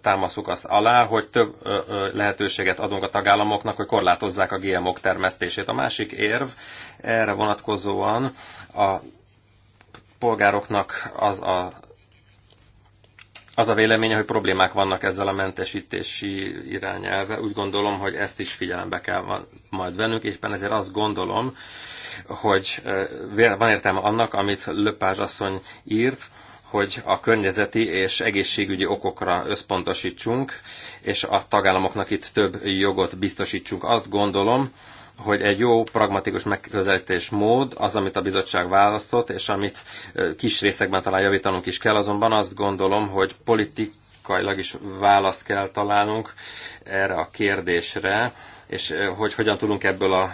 támaszuk azt alá, hogy több lehetőséget adunk a tagállamoknak, hogy korlátozzák a gmo -ok termesztését. A másik érv erre vonatkozóan a polgároknak az a az a véleménye, hogy problémák vannak ezzel a mentesítési irányelve. Úgy gondolom, hogy ezt is figyelembe kell majd vennünk, éppen ezért azt gondolom, hogy van értelme annak, amit Löpázs asszony írt, hogy a környezeti és egészségügyi okokra összpontosítsunk, és a tagállamoknak itt több jogot biztosítsunk. Azt gondolom, hogy egy jó, pragmatikus megközelítés mód az, amit a bizottság választott, és amit kis részekben talán javítanunk is kell, azonban azt gondolom, hogy politikailag is választ kell találnunk erre a kérdésre, és hogy hogyan tudunk ebből a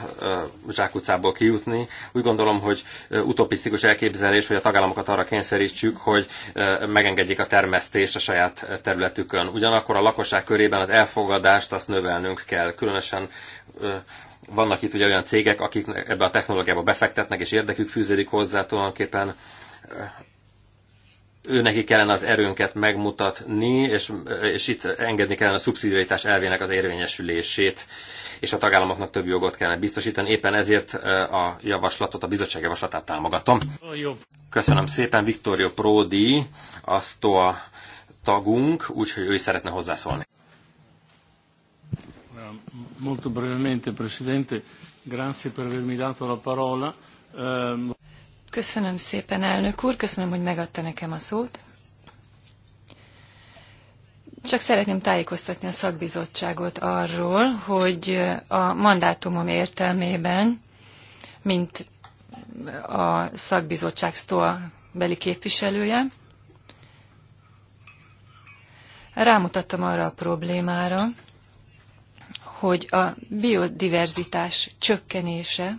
zsákutcából kijutni. Úgy gondolom, hogy utopisztikus elképzelés, hogy a tagállamokat arra kényszerítsük, hogy megengedjék a termesztést a saját területükön. Ugyanakkor a lakosság körében az elfogadást azt növelnünk kell, különösen vannak itt ugye olyan cégek, akik ebbe a technológiába befektetnek, és érdekük fűződik hozzá tulajdonképpen neki kellene az erőnket megmutatni, és, és itt engedni kellene a szubszidiaritás elvének az érvényesülését, és a tagállamoknak több jogot kellene biztosítani. Éppen ezért eh, a javaslatot, a bizottság javaslatát támogatom. Jó. Köszönöm szépen, Viktorio Pródi, a STOA tagunk, úgyhogy ő is szeretne hozzászólni. Eh, molto brevemente, Presidente, grazie per avermi dato la parola. Eh, Köszönöm szépen, elnök úr, köszönöm, hogy megadta nekem a szót. Csak szeretném tájékoztatni a szakbizottságot arról, hogy a mandátumom értelmében, mint a szakbizottság STOA beli képviselője, rámutattam arra a problémára, hogy a biodiverzitás csökkenése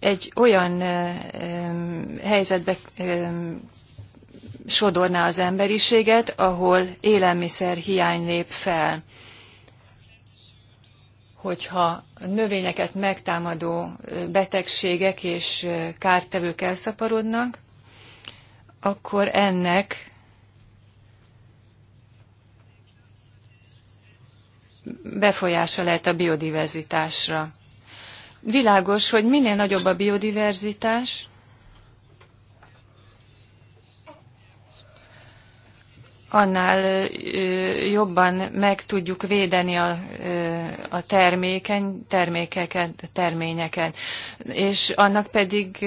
egy olyan helyzetbe sodorná az emberiséget, ahol élelmiszer hiány lép fel. Hogyha növényeket megtámadó betegségek és kártevők elszaporodnak, akkor ennek befolyása lehet a biodiverzitásra. Világos, hogy minél nagyobb a biodiverzitás, annál jobban meg tudjuk védeni a, a terméken, termékeket, terményeket, és annak pedig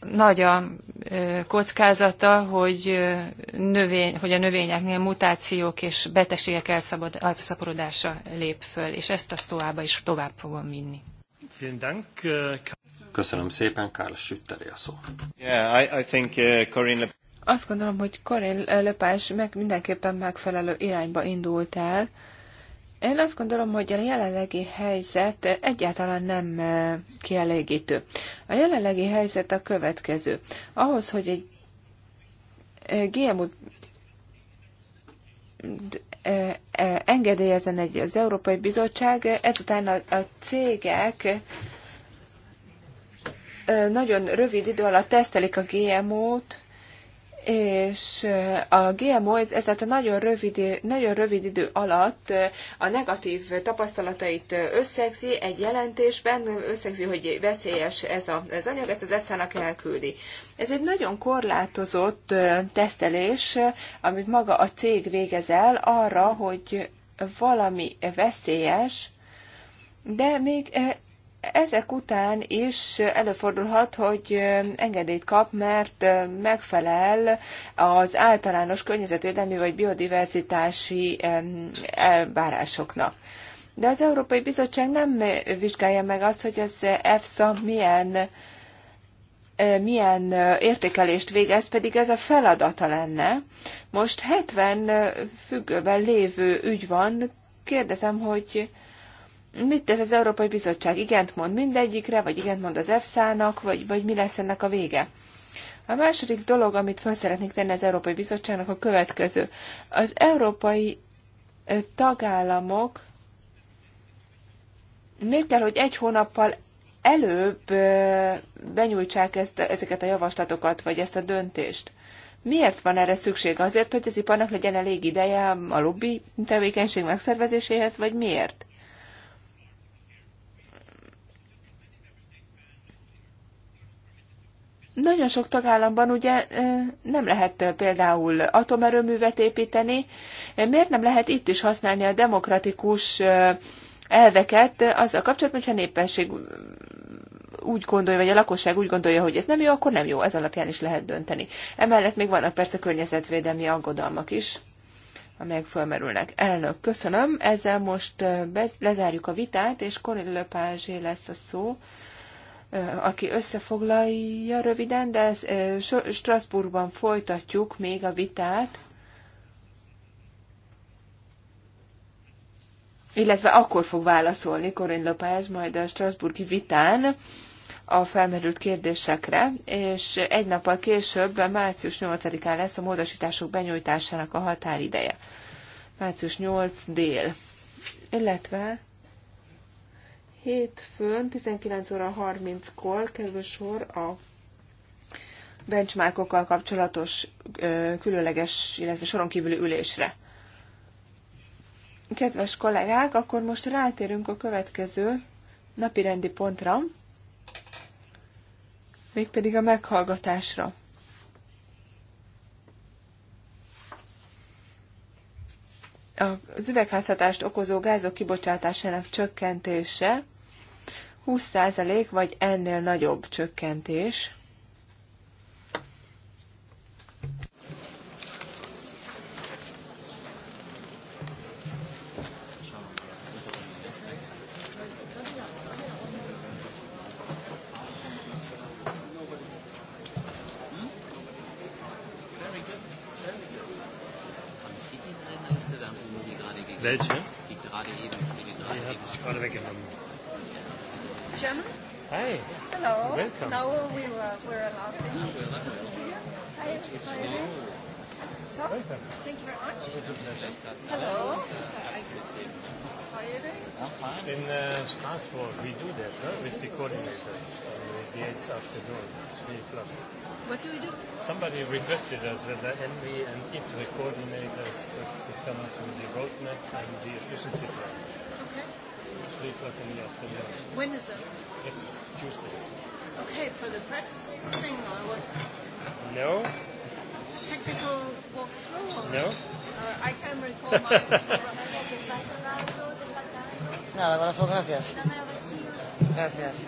nagy a kockázata, hogy, növény, hogy a növényeknél mutációk és betegségek elszaporodása lép föl, és ezt a szóába is tovább fogom vinni. Äh, Köszönöm szépen, Karl Sütteri a szó. Yeah, I, I think, uh, Corinne Azt gondolom, hogy Corinne Lepás meg mindenképpen megfelelő irányba indult el én azt gondolom, hogy a jelenlegi helyzet egyáltalán nem kielégítő. A jelenlegi helyzet a következő. Ahhoz, hogy egy GMO engedélyezen egy, az Európai Bizottság, ezután a, a cégek nagyon rövid idő alatt tesztelik a GMO-t, és eh, a GMO a nagyon rövid, nagyon rövid idő alatt eh, a negatív tapasztalatait eh, összegzi egy jelentésben, összegzi, hogy veszélyes ez az anyag, ezt az EFSA-nak elküldi. Ez egy nagyon korlátozott tesztelés, amit maga a cég végez el arra, hogy valami veszélyes, de még ezek után is előfordulhat, hogy engedélyt kap, mert megfelel az általános környezetvédelmi vagy biodiverzitási elvárásoknak. De az Európai Bizottság nem vizsgálja meg azt, hogy az EFSA milyen, milyen értékelést végez, pedig ez a feladata lenne. Most 70 függőben lévő ügy van, kérdezem, hogy mit tesz az Európai Bizottság? Igent mond mindegyikre, vagy igent mond az EFSA-nak, vagy, vagy mi lesz ennek a vége? A második dolog, amit fel szeretnék tenni az Európai Bizottságnak, a következő. Az európai tagállamok miért kell, hogy egy hónappal előbb benyújtsák ezt, ezeket a javaslatokat, vagy ezt a döntést? Miért van erre szükség? Azért, hogy az iparnak legyen elég ideje a lobby tevékenység megszervezéséhez, vagy miért? Nagyon sok tagállamban ugye nem lehet például atomerőművet építeni. Miért nem lehet itt is használni a demokratikus elveket az a kapcsolatban, hogyha a népesség úgy gondolja, vagy a lakosság úgy gondolja, hogy ez nem jó, akkor nem jó, ez alapján is lehet dönteni. Emellett még vannak persze környezetvédelmi aggodalmak is, amelyek felmerülnek. Elnök, köszönöm. Ezzel most lezárjuk a vitát, és Corinne lesz a szó aki összefoglalja röviden, de Strasbourgban folytatjuk még a vitát, illetve akkor fog válaszolni Corinne Lopez majd a Strasbourgi vitán a felmerült kérdésekre, és egy nappal később, március 8-án lesz a módosítások benyújtásának a határideje. Március 8 dél. Illetve Hétfőn 19 óra 30-kor kerül sor a benchmarkokkal kapcsolatos különleges, illetve soron kívüli ülésre. Kedves kollégák, akkor most rátérünk a következő napirendi pontra, mégpedig a meghallgatásra. Az üvegházhatást okozó gázok kibocsátásának csökkentése 20% vagy ennél nagyobb csökkentés. Welche? Die gerade eben, die gerade eben. Die habe ich gerade weggenommen. Hi. Hello. Welcome. Now we were, we're allowed. Good to see you. Hi, it's, it's so, Welcome. Thank you very much. Hello. How are you I'm fine. In uh, Strasbourg, we do that huh? with the coordinators on the 8th afternoon, 3 o'clock. What do we do? Somebody requested us that the NV and ITRE coordinators could come to the roadmap and the efficiency plan. Okay. 3 o'clock in the afternoon. When is it? It's Tuesday. Okay, for the press thing or what? No. Technical walkthrough? Or? No. Uh, I can recall my. Nada, gracias. gracias. Gracias.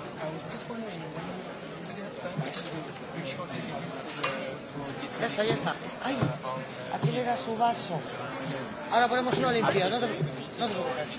Ya está, ya está. Ay, aquí le da su vaso. Ahora ponemos una limpia, no te, no te preocupes.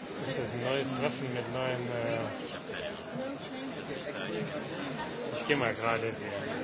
Das ist ein neues Treffen mit neuen. Äh ich gehe mal gerade. Hier.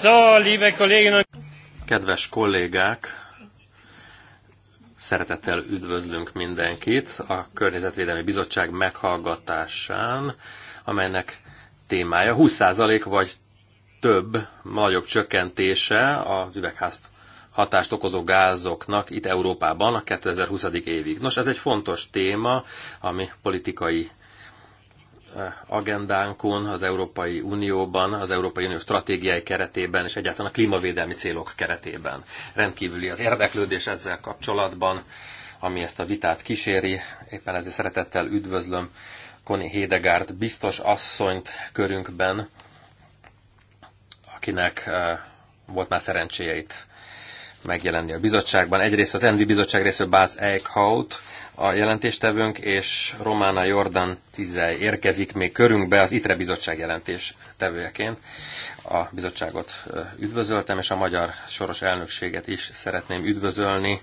So, liebe Kolleginnen Kedves kollégák, szeretettel üdvözlünk mindenkit a Környezetvédelmi Bizottság meghallgatásán, amelynek témája 20% vagy több nagyobb csökkentése az üvegházt hatást okozó gázoknak itt Európában a 2020. évig. Nos, ez egy fontos téma, ami politikai agendánkon, az Európai Unióban, az Európai Unió stratégiai keretében és egyáltalán a klímavédelmi célok keretében. Rendkívüli az érdeklődés ezzel kapcsolatban, ami ezt a vitát kíséri. Éppen ezért szeretettel üdvözlöm Koni Hédegárt, biztos asszonyt körünkben, akinek eh, volt már szerencséje itt megjelenni a bizottságban. Egyrészt az NV Bizottság részéről Báz Eichhout a jelentéstevőnk, és Romána Jordan Tizely érkezik még körünkbe az ITRE Bizottság jelentés tevőjeként. A bizottságot üdvözöltem, és a magyar soros elnökséget is szeretném üdvözölni.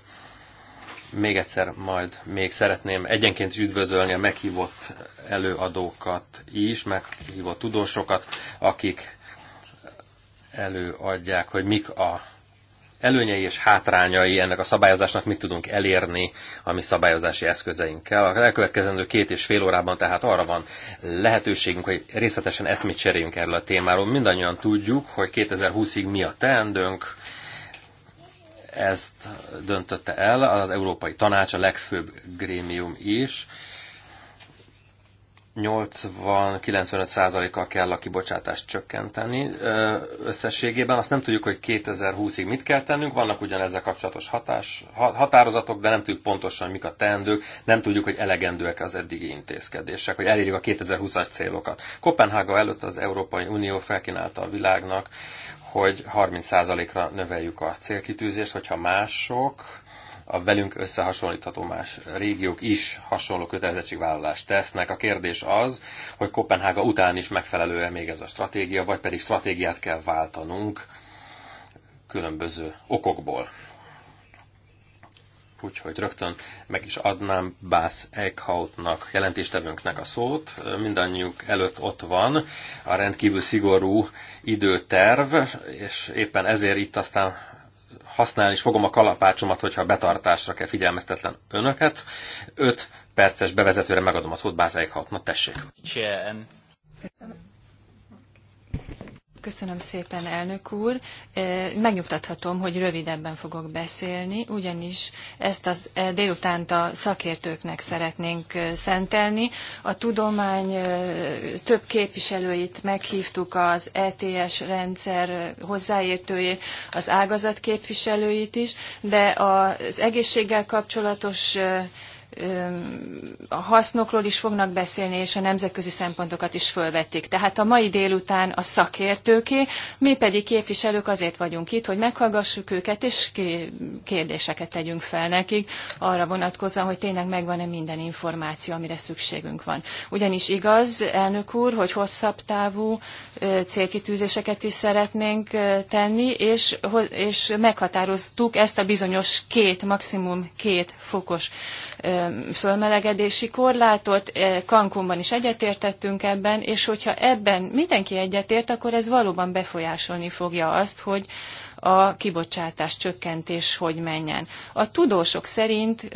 Még egyszer majd még szeretném egyenként is üdvözölni a meghívott előadókat is, meghívott tudósokat, akik előadják, hogy mik a előnyei és hátrányai ennek a szabályozásnak mit tudunk elérni a mi szabályozási eszközeinkkel. A elkövetkezendő két és fél órában tehát arra van lehetőségünk, hogy részletesen eszmét cseréljünk erről a témáról. Mindannyian tudjuk, hogy 2020-ig mi a teendőnk, ezt döntötte el az Európai Tanács, a legfőbb grémium is, 80-95%-kal kell a kibocsátást csökkenteni összességében. Azt nem tudjuk, hogy 2020-ig mit kell tennünk, vannak ugyan ezzel kapcsolatos hatás, határozatok, de nem tudjuk pontosan, mik a teendők, nem tudjuk, hogy elegendőek az eddigi intézkedések, hogy elérjük a 2020-as célokat. Kopenhága előtt az Európai Unió felkínálta a világnak, hogy 30%-ra növeljük a célkitűzést, hogyha mások a velünk összehasonlítható más régiók is hasonló kötelezettségvállalást tesznek. A kérdés az, hogy Kopenhága után is megfelelő-e még ez a stratégia, vagy pedig stratégiát kell váltanunk különböző okokból. Úgyhogy rögtön meg is adnám Bász Eckhoutnak, jelentéstevőnknek a szót. Mindannyiuk előtt ott van a rendkívül szigorú időterv, és éppen ezért itt aztán használni is fogom a kalapácsomat, hogyha betartásra kell figyelmeztetlen önöket. 5 perces bevezetőre megadom a szót Bázáig Na, tessék. Köszönöm. Köszönöm szépen, elnök úr. E, megnyugtathatom, hogy rövidebben fogok beszélni, ugyanis ezt az e, délutánt a szakértőknek szeretnénk e, szentelni. A tudomány több képviselőit meghívtuk az ETS rendszer hozzáértőjét, az ágazat képviselőit is, de az egészséggel kapcsolatos a hasznokról is fognak beszélni, és a nemzetközi szempontokat is fölvették. Tehát a mai délután a szakértőké, mi pedig képviselők azért vagyunk itt, hogy meghallgassuk őket, és kérdéseket tegyünk fel nekik, arra vonatkozóan, hogy tényleg megvan-e minden információ, amire szükségünk van. Ugyanis igaz, elnök úr, hogy hosszabb távú célkitűzéseket is szeretnénk tenni, és, és meghatároztuk ezt a bizonyos két, maximum két fokos fölmelegedési korlátot, Cancúnban is egyetértettünk ebben, és hogyha ebben mindenki egyetért, akkor ez valóban befolyásolni fogja azt, hogy a kibocsátás csökkentés hogy menjen. A tudósok szerint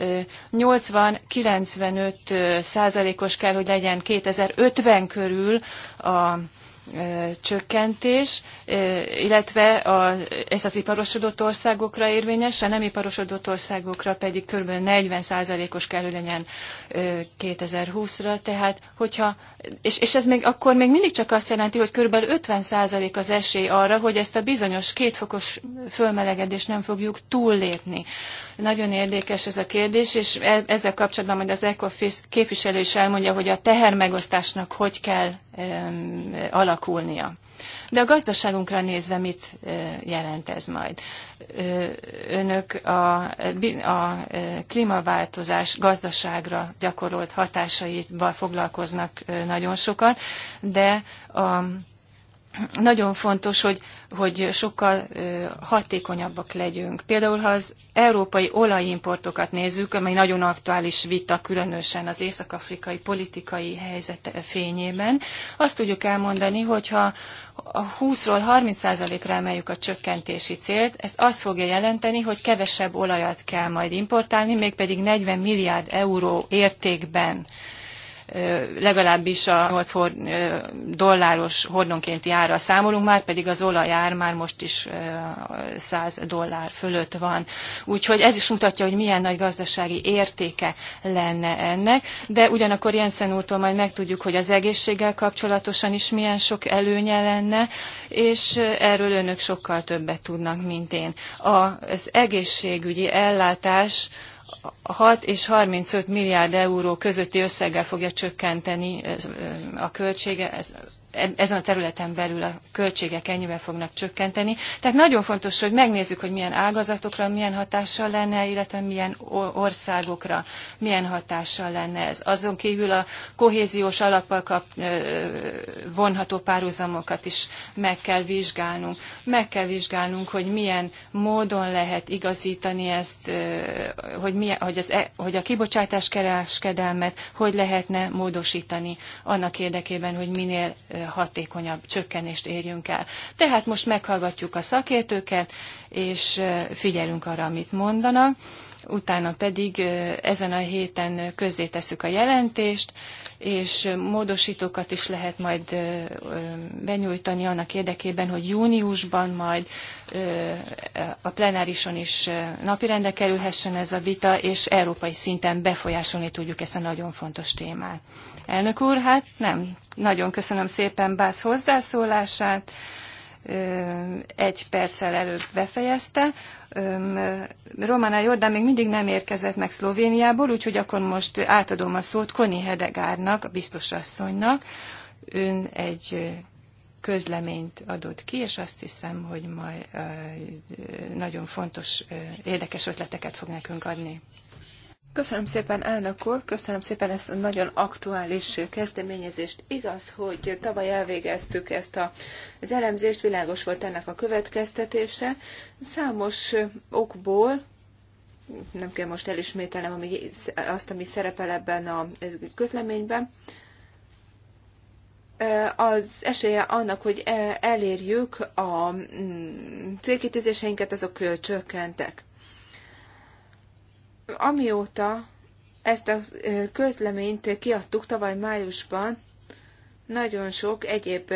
80-95 százalékos kell, hogy legyen 2050 körül a csökkentés, illetve a, ez az iparosodott országokra érvényes, a nem iparosodott országokra pedig kb. 40%-os kell legyen 2020-ra, tehát hogyha és, és ez még akkor még mindig csak azt jelenti, hogy kb. 50% az esély arra, hogy ezt a bizonyos kétfokos fölmelegedést nem fogjuk túllépni. Nagyon érdekes ez a kérdés, és e, ezzel kapcsolatban majd az ECOFIS képviselő is elmondja, hogy a tehermegosztásnak hogy kell um, alakulnia. De a gazdaságunkra nézve mit jelent ez majd? Önök a, a klímaváltozás gazdaságra gyakorolt hatásaival foglalkoznak nagyon sokat, de a nagyon fontos, hogy, hogy sokkal hatékonyabbak legyünk. Például, ha az európai olajimportokat nézzük, amely nagyon aktuális vita, különösen az észak-afrikai politikai helyzet fényében, azt tudjuk elmondani, hogyha a 20-ról 30%-ra emeljük a csökkentési célt, ez azt fogja jelenteni, hogy kevesebb olajat kell majd importálni, mégpedig 40 milliárd euró értékben legalábbis a 8 dolláros hordonkénti ára számolunk, már pedig az olajár már most is 100 dollár fölött van. Úgyhogy ez is mutatja, hogy milyen nagy gazdasági értéke lenne ennek, de ugyanakkor Jensen úrtól majd megtudjuk, hogy az egészséggel kapcsolatosan is milyen sok előnye lenne, és erről önök sokkal többet tudnak, mint én. Az egészségügyi ellátás 6 és 35 milliárd euró közötti összeggel fogja csökkenteni a költsége, ez E- ezen a területen belül a költségek ennyiben fognak csökkenteni. Tehát nagyon fontos, hogy megnézzük, hogy milyen ágazatokra milyen hatással lenne, illetve milyen országokra milyen hatással lenne ez. Azon kívül a kohéziós alappal kap, vonható párhuzamokat is meg kell vizsgálnunk. Meg kell vizsgálnunk, hogy milyen módon lehet igazítani ezt, hogy, milyen, hogy, az, e-, hogy a kibocsátás kereskedelmet hogy lehetne módosítani annak érdekében, hogy minél hatékonyabb csökkenést érjünk el. Tehát most meghallgatjuk a szakértőket, és figyelünk arra, amit mondanak utána pedig ezen a héten közzétesszük a jelentést, és módosítókat is lehet majd benyújtani annak érdekében, hogy júniusban majd a plenárison is napirendre kerülhessen ez a vita, és európai szinten befolyásolni tudjuk ezt a nagyon fontos témát. Elnök úr, hát nem nagyon köszönöm szépen Bász hozzászólását. Egy perccel előbb befejezte. Romana Jordán még mindig nem érkezett meg Szlovéniából, úgyhogy akkor most átadom a szót Koni Hedegárnak, a biztosasszonynak. Ön egy közleményt adott ki, és azt hiszem, hogy majd nagyon fontos, érdekes ötleteket fog nekünk adni. Köszönöm szépen, elnök úr, köszönöm szépen ezt a nagyon aktuális kezdeményezést. Igaz, hogy tavaly elvégeztük ezt a, az elemzést, világos volt ennek a következtetése. Számos okból, nem kell most elismételnem ami, azt, ami szerepel ebben a közleményben, az esélye annak, hogy e- elérjük a célkitűzéseinket, azok csökkentek. Amióta ezt a közleményt kiadtuk tavaly májusban, nagyon sok egyéb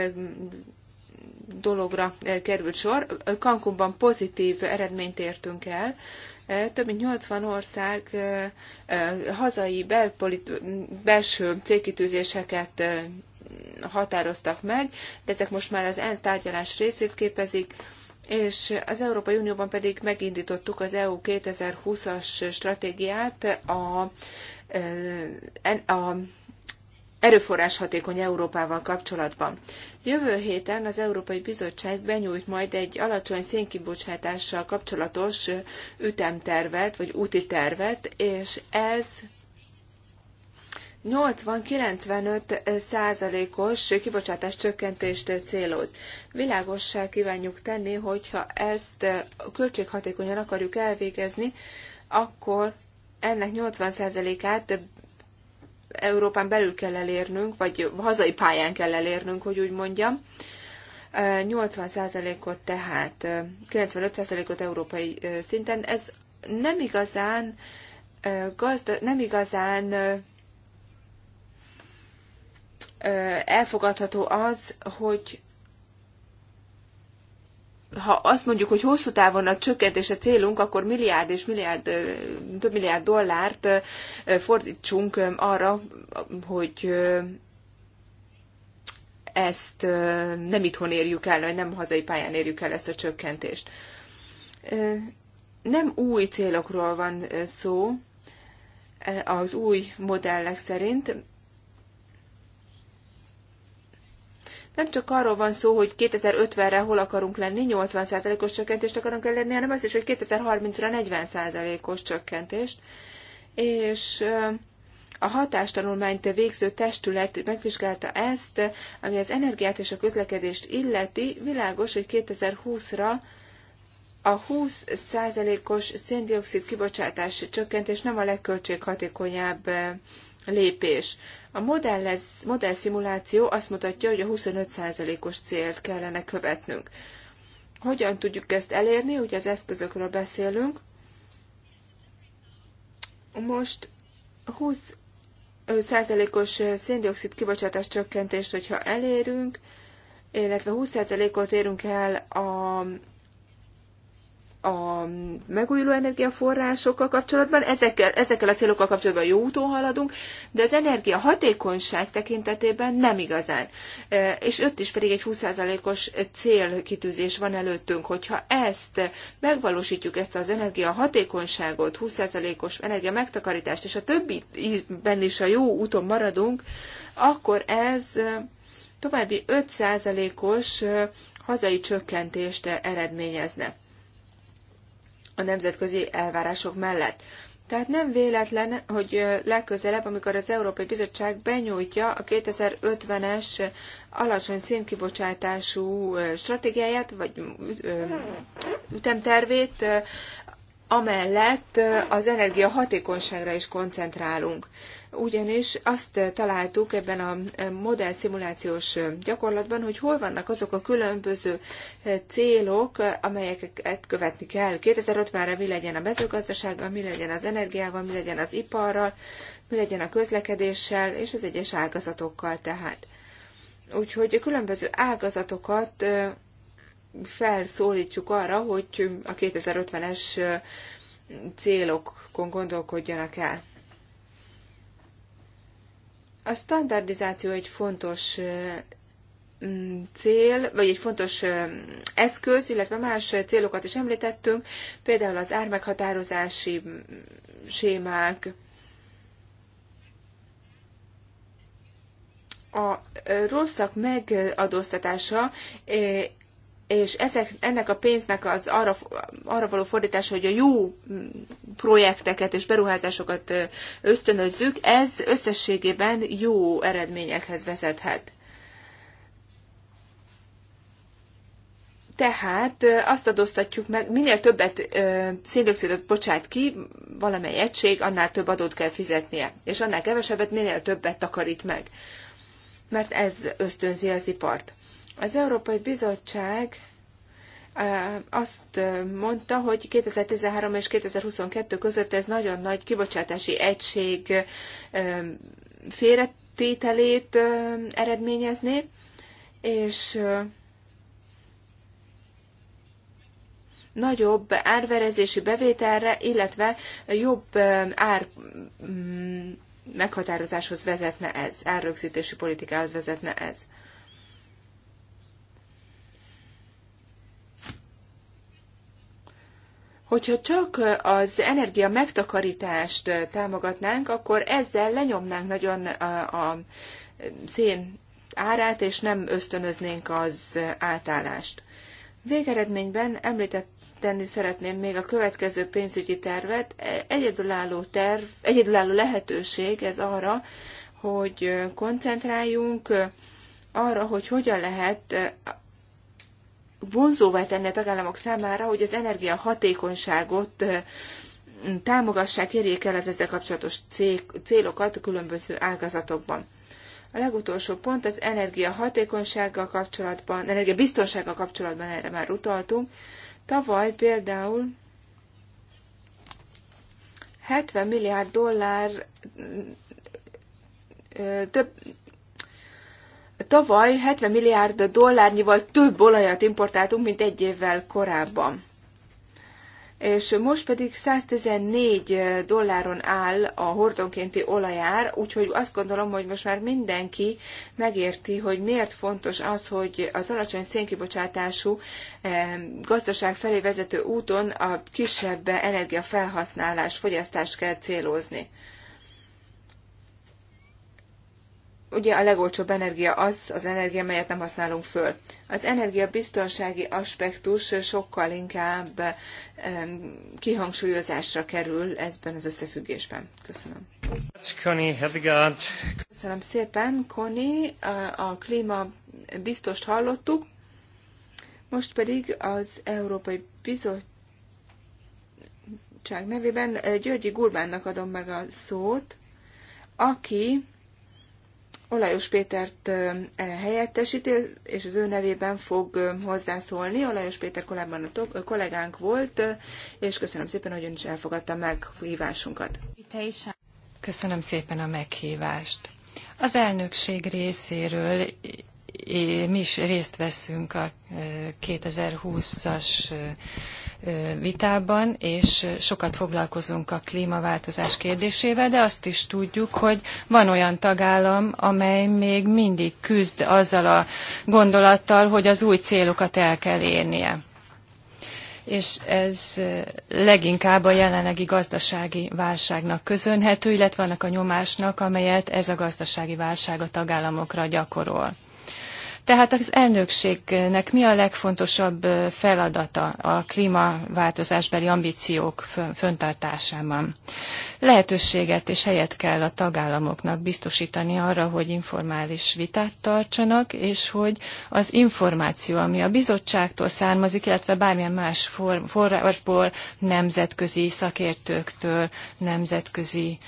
dologra került sor. Kankumban pozitív eredményt értünk el. Több mint 80 ország hazai belpolit- belső cégkitűzéseket határoztak meg, de ezek most már az ENSZ tárgyalás részét képezik és az Európai Unióban pedig megindítottuk az EU 2020-as stratégiát a, e, a erőforrás hatékony Európával kapcsolatban. Jövő héten az Európai Bizottság benyújt majd egy alacsony szénkibocsátással kapcsolatos ütemtervet, vagy úti tervet, és ez 80-95 százalékos kibocsátás csökkentést céloz. Világossá kívánjuk tenni, hogyha ezt költséghatékonyan akarjuk elvégezni, akkor ennek 80 százalékát Európán belül kell elérnünk, vagy hazai pályán kell elérnünk, hogy úgy mondjam. 80%-ot tehát, 95%-ot európai szinten. Ez nem igazán, gazda, nem igazán elfogadható az, hogy ha azt mondjuk, hogy hosszú távon a csökkentés a célunk, akkor milliárd és milliárd, több milliárd dollárt fordítsunk arra, hogy ezt nem itthon érjük el, vagy nem hazai pályán érjük el ezt a csökkentést. Nem új célokról van szó az új modellek szerint, nem csak arról van szó, hogy 2050-re hol akarunk lenni, 80%-os csökkentést akarunk elérni, hanem az is, hogy 2030-ra 40%-os csökkentést. És a hatástanulmányt végző testület megvizsgálta ezt, ami az energiát és a közlekedést illeti, világos, hogy 2020-ra a 20%-os széndiokszid kibocsátás csökkentés nem a legköltséghatékonyabb lépés. A modellez, modellszimuláció azt mutatja, hogy a 25%-os célt kellene követnünk. Hogyan tudjuk ezt elérni? Ugye az eszközökről beszélünk. Most 20 százalékos széndiokszid kibocsátás csökkentést, hogyha elérünk, illetve 20%-ot érünk el a a megújuló energiaforrásokkal kapcsolatban, ezekkel, ezekkel a célokkal kapcsolatban jó úton haladunk, de az energia hatékonyság tekintetében nem igazán. E, és ott is pedig egy 20%-os célkitűzés van előttünk, hogyha ezt megvalósítjuk, ezt az energia hatékonyságot, 20%-os energia megtakarítást, és a többiben is a jó úton maradunk, akkor ez további 5%-os e, hazai csökkentést eredményezne a nemzetközi elvárások mellett. Tehát nem véletlen, hogy legközelebb, amikor az Európai Bizottság benyújtja a 2050-es alacsony szénkibocsátású stratégiáját, vagy ütemtervét, amellett az energia hatékonyságra is koncentrálunk ugyanis azt eh, találtuk ebben a eh, modell szimulációs eh, gyakorlatban, hogy hol vannak azok a különböző célok, amelyeket követni kell. 2050-re mi legyen a mezőgazdasággal, mi legyen az energiával, mi legyen az iparral, mi legyen a közlekedéssel és az egyes ágazatokkal tehát. Úgyhogy a különböző ágazatokat felszólítjuk arra, hogy a 2050-es célokon gondolkodjanak el. A standardizáció egy fontos cél, vagy egy fontos eszköz, illetve más célokat is említettünk, például az ármeghatározási sémák, a rosszak megadóztatása és ezek, ennek a pénznek az arra, arra való fordítása, hogy a jó projekteket és beruházásokat ösztönözzük, ez összességében jó eredményekhez vezethet. Tehát azt adóztatjuk meg, minél többet széndiokszidot bocsát ki valamely egység, annál több adót kell fizetnie, és annál kevesebbet, minél többet takarít meg, mert ez ösztönzi az ipart. Az Európai Bizottság azt mondta, hogy 2013 és 2022 között ez nagyon nagy kibocsátási egység félretételét eredményezné, és nagyobb árverezési bevételre, illetve jobb ár mm, meghatározáshoz vezetne ez, árrögzítési politikához vezetne ez. Hogyha csak az energia megtakarítást támogatnánk, akkor ezzel lenyomnánk nagyon a, a szén árát, és nem ösztönöznénk az átállást. Végeredményben említett tenni szeretném még a következő pénzügyi tervet. Egyedülálló terv, egyedülálló lehetőség ez arra, hogy koncentráljunk arra, hogy hogyan lehet vonzóvá tenni a tagállamok számára, hogy az energiahatékonyságot támogassák, érjék el az ezzel kapcsolatos célokat a különböző ágazatokban. A legutolsó pont az energiahatékonysággal kapcsolatban, energiabiztonsággal kapcsolatban erre már utaltunk. Tavaly például 70 milliárd dollár több Tavaly 70 milliárd dollárnyival több olajat importáltunk, mint egy évvel korábban. És most pedig 114 dolláron áll a hordonkénti olajár, úgyhogy azt gondolom, hogy most már mindenki megérti, hogy miért fontos az, hogy az alacsony szénkibocsátású eh, gazdaság felé vezető úton a kisebb energiafelhasználás, fogyasztást kell célozni. ugye a legolcsóbb energia az az energia, melyet nem használunk föl. Az energiabiztonsági aspektus sokkal inkább kihangsúlyozásra kerül ezben az összefüggésben. Köszönöm. Köszönöm szépen, Connie. A klíma biztost hallottuk. Most pedig az Európai Bizottság nevében eh, Györgyi Gurbánnak adom meg a szót, aki Olajos Pétert e, helyettesíti, és az ő nevében fog hozzászólni. Olajos Péter korábban a kollégánk volt, és köszönöm szépen, hogy ön is elfogadta meg meghívásunkat. Köszönöm szépen a meghívást. Az elnökség részéről mi is részt veszünk a 2020-as vitában, és sokat foglalkozunk a klímaváltozás kérdésével, de azt is tudjuk, hogy van olyan tagállam, amely még mindig küzd azzal a gondolattal, hogy az új célokat el kell érnie és ez leginkább a jelenlegi gazdasági válságnak köszönhető, illetve annak a nyomásnak, amelyet ez a gazdasági válság a tagállamokra gyakorol. Tehát az elnökségnek mi a legfontosabb feladata a klímaváltozásbeli ambíciók föntartásában? Lehetőséget és helyet kell a tagállamoknak biztosítani arra, hogy informális vitát tartsanak, és hogy az információ, ami a bizottságtól származik, illetve bármilyen más forrásból, nemzetközi szakértőktől, nemzetközi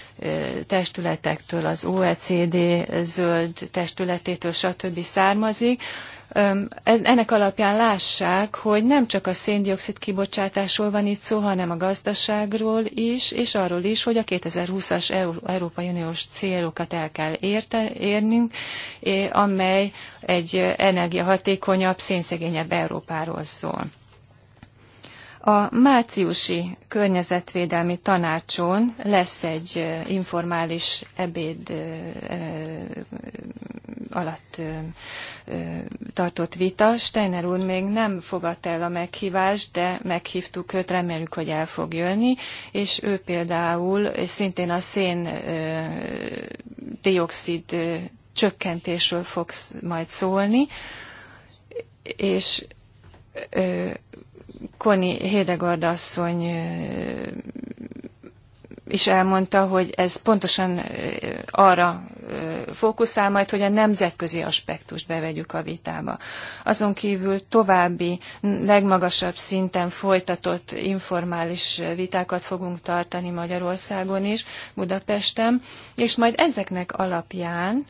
testületektől, az OECD zöld testületétől, stb. származik, vonatkozik, ennek alapján lássák, hogy nem csak a széndiokszid kibocsátásról van itt szó, hanem a gazdaságról is, és arról is, hogy a 2020-as Európai Uniós célokat el kell érte, érnünk, amely egy energiahatékonyabb, szénszegényebb Európáról szól. A márciusi környezetvédelmi tanácson lesz egy informális ebéd alatt tartott vita. Steiner úr még nem fogadta el a meghívást, de meghívtuk őt, reméljük, hogy el fog jönni, és ő például szintén a szén dioxid csökkentésről fog majd szólni, és Koni Hédegard asszony is elmondta, hogy ez pontosan arra fókuszál majd, hogy a nemzetközi aspektust bevegyük a vitába. Azon kívül további, legmagasabb szinten folytatott informális vitákat fogunk tartani Magyarországon is, Budapesten, és majd ezeknek alapján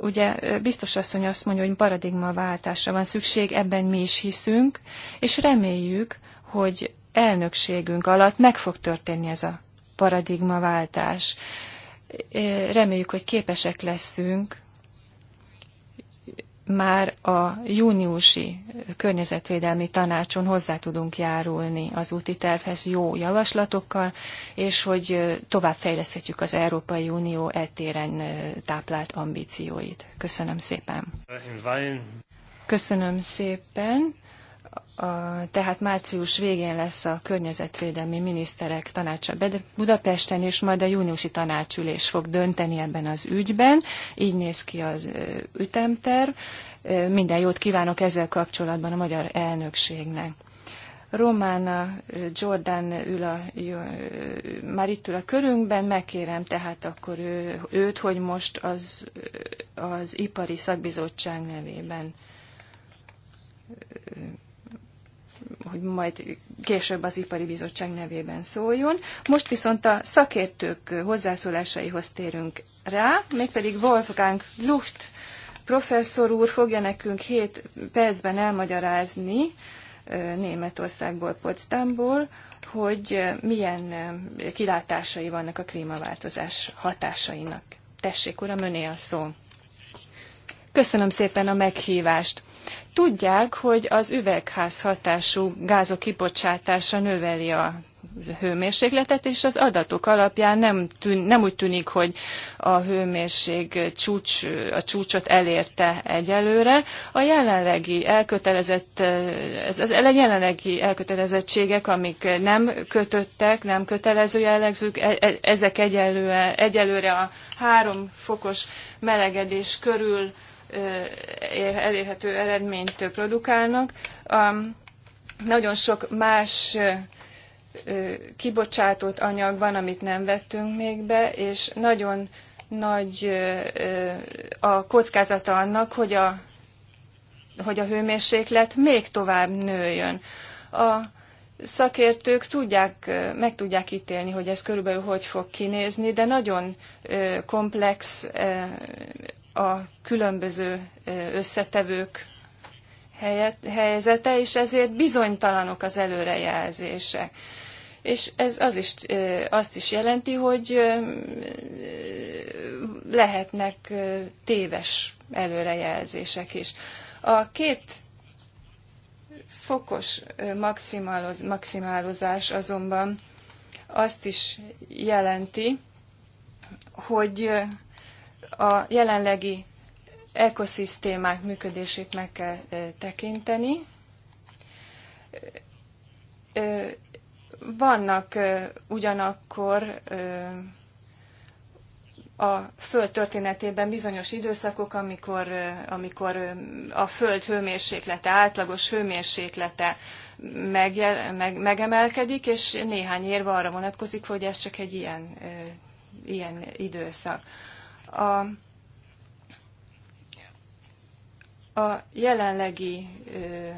Ugye biztos asszony azt mondja, hogy paradigmaváltásra van szükség, ebben mi is hiszünk, és reméljük, hogy elnökségünk alatt meg fog történni ez a paradigmaváltás. Reméljük, hogy képesek leszünk már a júniusi környezetvédelmi tanácson hozzá tudunk járulni az úti tervhez jó javaslatokkal, és hogy továbbfejleszthetjük az Európai Unió ettéren táplált ambícióit. Köszönöm szépen. Köszönöm szépen a, tehát március végén lesz a környezetvédelmi miniszterek tanácsa Budapesten, és majd a júniusi tanácsülés fog dönteni ebben az ügyben. Így néz ki az ütemterv. Minden jót kívánok ezzel kapcsolatban a magyar elnökségnek. Román Jordan ül a, már itt ül a körünkben, megkérem tehát akkor ő, őt, hogy most az, az ipari szakbizottság nevében hogy majd később az Ipari Bizottság nevében szóljon. Most viszont a szakértők hozzászólásaihoz térünk rá, mégpedig Wolfgang Lucht professzor úr fogja nekünk hét percben elmagyarázni Németországból, Potsdamból, hogy milyen kilátásai vannak a klímaváltozás hatásainak. Tessék, uram, öné a szó. Köszönöm szépen a meghívást. Tudják, hogy az üvegházhatású gázok kibocsátása növeli a hőmérsékletet, és az adatok alapján nem, tűn, nem úgy tűnik, hogy a hőmérség csúcs, a csúcsot elérte egyelőre. A jelenlegi elkötelezett, ez, az jelenlegi elkötelezettségek, amik nem kötöttek, nem kötelező jellegzők, e, e, ezek egyelőre, egyelőre a három fokos melegedés körül elérhető eredményt produkálnak. Nagyon sok más kibocsátott anyag van, amit nem vettünk még be, és nagyon nagy a kockázata annak, hogy a, hogy a hőmérséklet még tovább nőjön. A szakértők tudják, meg tudják ítélni, hogy ez körülbelül hogy fog kinézni, de nagyon komplex a különböző összetevők helyzete, és ezért bizonytalanok az előrejelzések. És ez az is, azt is jelenti, hogy lehetnek téves előrejelzések is. A két fokos maximáloz, maximálozás azonban azt is jelenti, hogy a jelenlegi ekoszisztémák működését meg kell tekinteni. Vannak ugyanakkor a Föld történetében bizonyos időszakok, amikor, amikor a Föld hőmérséklete, átlagos hőmérséklete megje, meg, megemelkedik, és néhány érve arra vonatkozik, hogy ez csak egy ilyen, ilyen időszak a, a jelenlegi ö,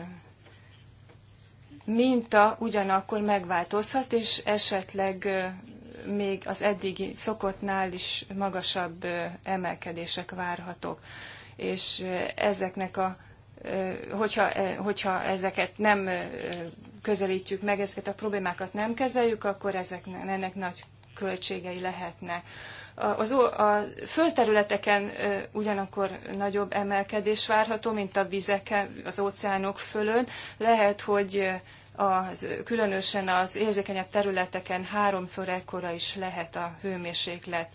minta ugyanakkor megváltozhat, és esetleg ö, még az eddigi szokottnál is magasabb ö, emelkedések várhatók. És ö, ezeknek a hogyha, hogyha ezeket nem közelítjük meg, ezeket a problémákat nem kezeljük, akkor ezek, ennek nagy költségei lehetnek az, a földterületeken ugyanakkor nagyobb emelkedés várható, mint a vizeken, az óceánok fölön. Lehet, hogy az, különösen az érzékenyebb területeken háromszor ekkora is lehet a hőmérséklet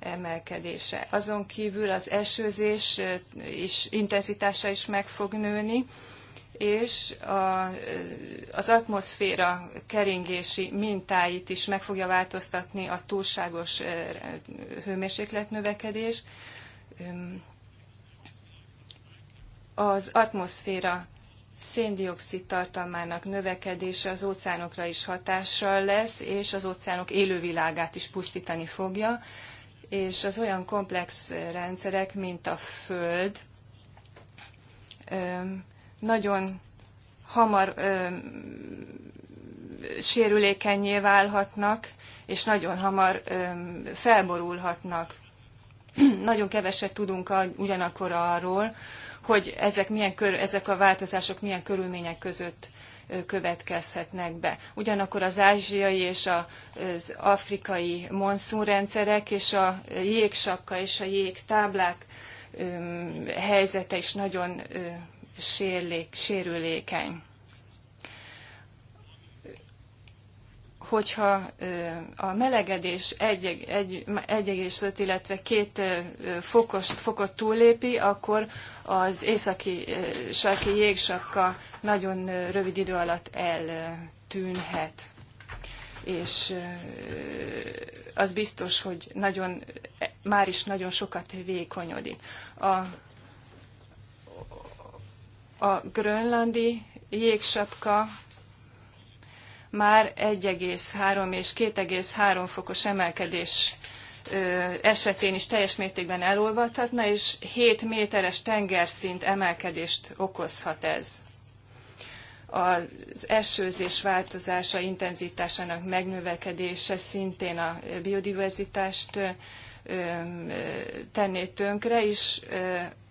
emelkedése. Azon kívül az esőzés és intenzitása is meg fog nőni, és a, az atmoszféra keringési mintáit is meg fogja változtatni a túlságos eh, hőmérsékletnövekedés. Az atmoszféra széndiokszid tartalmának növekedése az óceánokra is hatással lesz, és az óceánok élővilágát is pusztítani fogja, és az olyan komplex rendszerek, mint a Föld, nagyon hamar ö, sérülékenyé válhatnak, és nagyon hamar ö, felborulhatnak. nagyon keveset tudunk a, ugyanakkor arról, hogy ezek, milyen kör, ezek a változások milyen körülmények között következhetnek be. Ugyanakkor az ázsiai és az afrikai monszúrendszerek és a jégsapka és a jégtáblák helyzete is nagyon sérlék, sérülékeny. hogyha a melegedés 1,5, illetve 2 fokos, fokot túllépi, akkor az északi sarki jégsapka nagyon rövid idő alatt eltűnhet. És az biztos, hogy nagyon, e, már is nagyon sokat vékonyodik. A a grönlandi jégsapka már 1,3 és 2,3 fokos emelkedés esetén is teljes mértékben elolvadhatna, és 7 méteres tengerszint emelkedést okozhat ez. Az esőzés változása, intenzitásának megnövekedése szintén a biodiverzitást tenné tönkre, és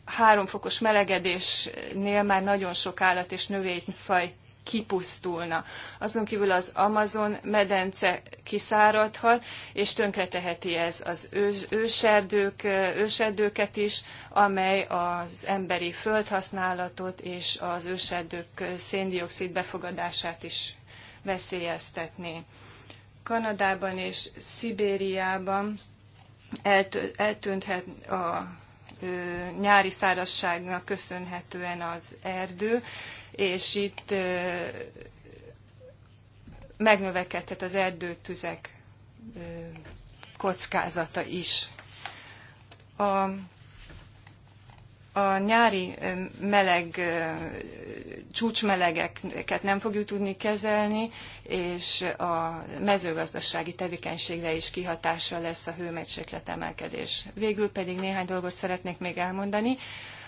három fokos melegedésnél már nagyon sok állat és növényfaj kipusztulna. Azon kívül az Amazon medence kiszáradhat, és tönkreteheti ez az őserdők, őserdőket is, amely az emberi földhasználatot és az őserdők széndiokszid befogadását is veszélyeztetné. Kanadában és Szibériában eltűnhet a nyári szárazságnak köszönhetően az erdő, és itt megnövekedhet az erdőtüzek kockázata is. A a nyári meleg, csúcsmelegeket nem fogjuk tudni kezelni, és a mezőgazdasági tevékenységre is kihatással lesz a hőmérséklet emelkedés. Végül pedig néhány dolgot szeretnék még elmondani.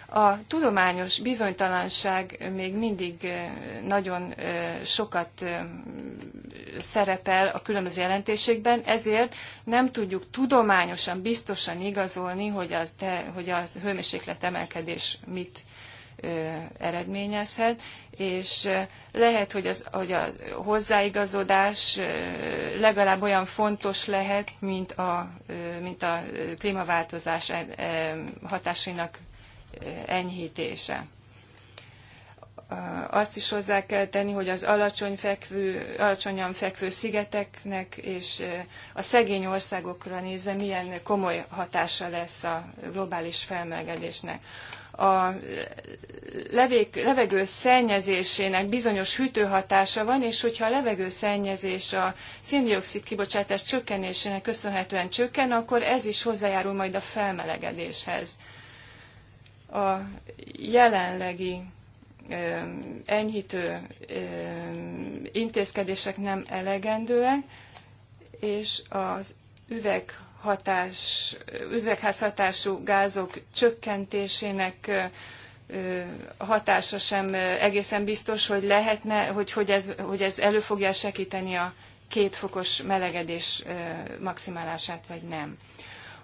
A tudományos bizonytalanság még mindig nagyon sokat szerepel a különböző jelentésekben, ezért nem tudjuk tudományosan biztosan igazolni, hogy az, te, hogy az hőmérséklet emelkedés mit eredményezhet, és lehet, hogy, az, hogy a hozzáigazodás legalább olyan fontos lehet, mint a, mint a klímaváltozás e, e, hatásainak enyhítése azt is hozzá kell tenni, hogy az alacsony fekvő, alacsonyan fekvő szigeteknek és a szegény országokra nézve milyen komoly hatása lesz a globális felmelegedésnek. A levegő szennyezésének bizonyos hűtőhatása van, és hogyha a levegő szennyezés a széndiokszid kibocsátás csökkenésének köszönhetően csökken, akkor ez is hozzájárul majd a felmelegedéshez a jelenlegi enyhítő intézkedések nem elegendőek, és az üveghatás, üvegházhatású gázok csökkentésének hatása sem egészen biztos, hogy lehetne, hogy, hogy, ez, hogy ez elő fogja segíteni a kétfokos melegedés maximálását, vagy nem.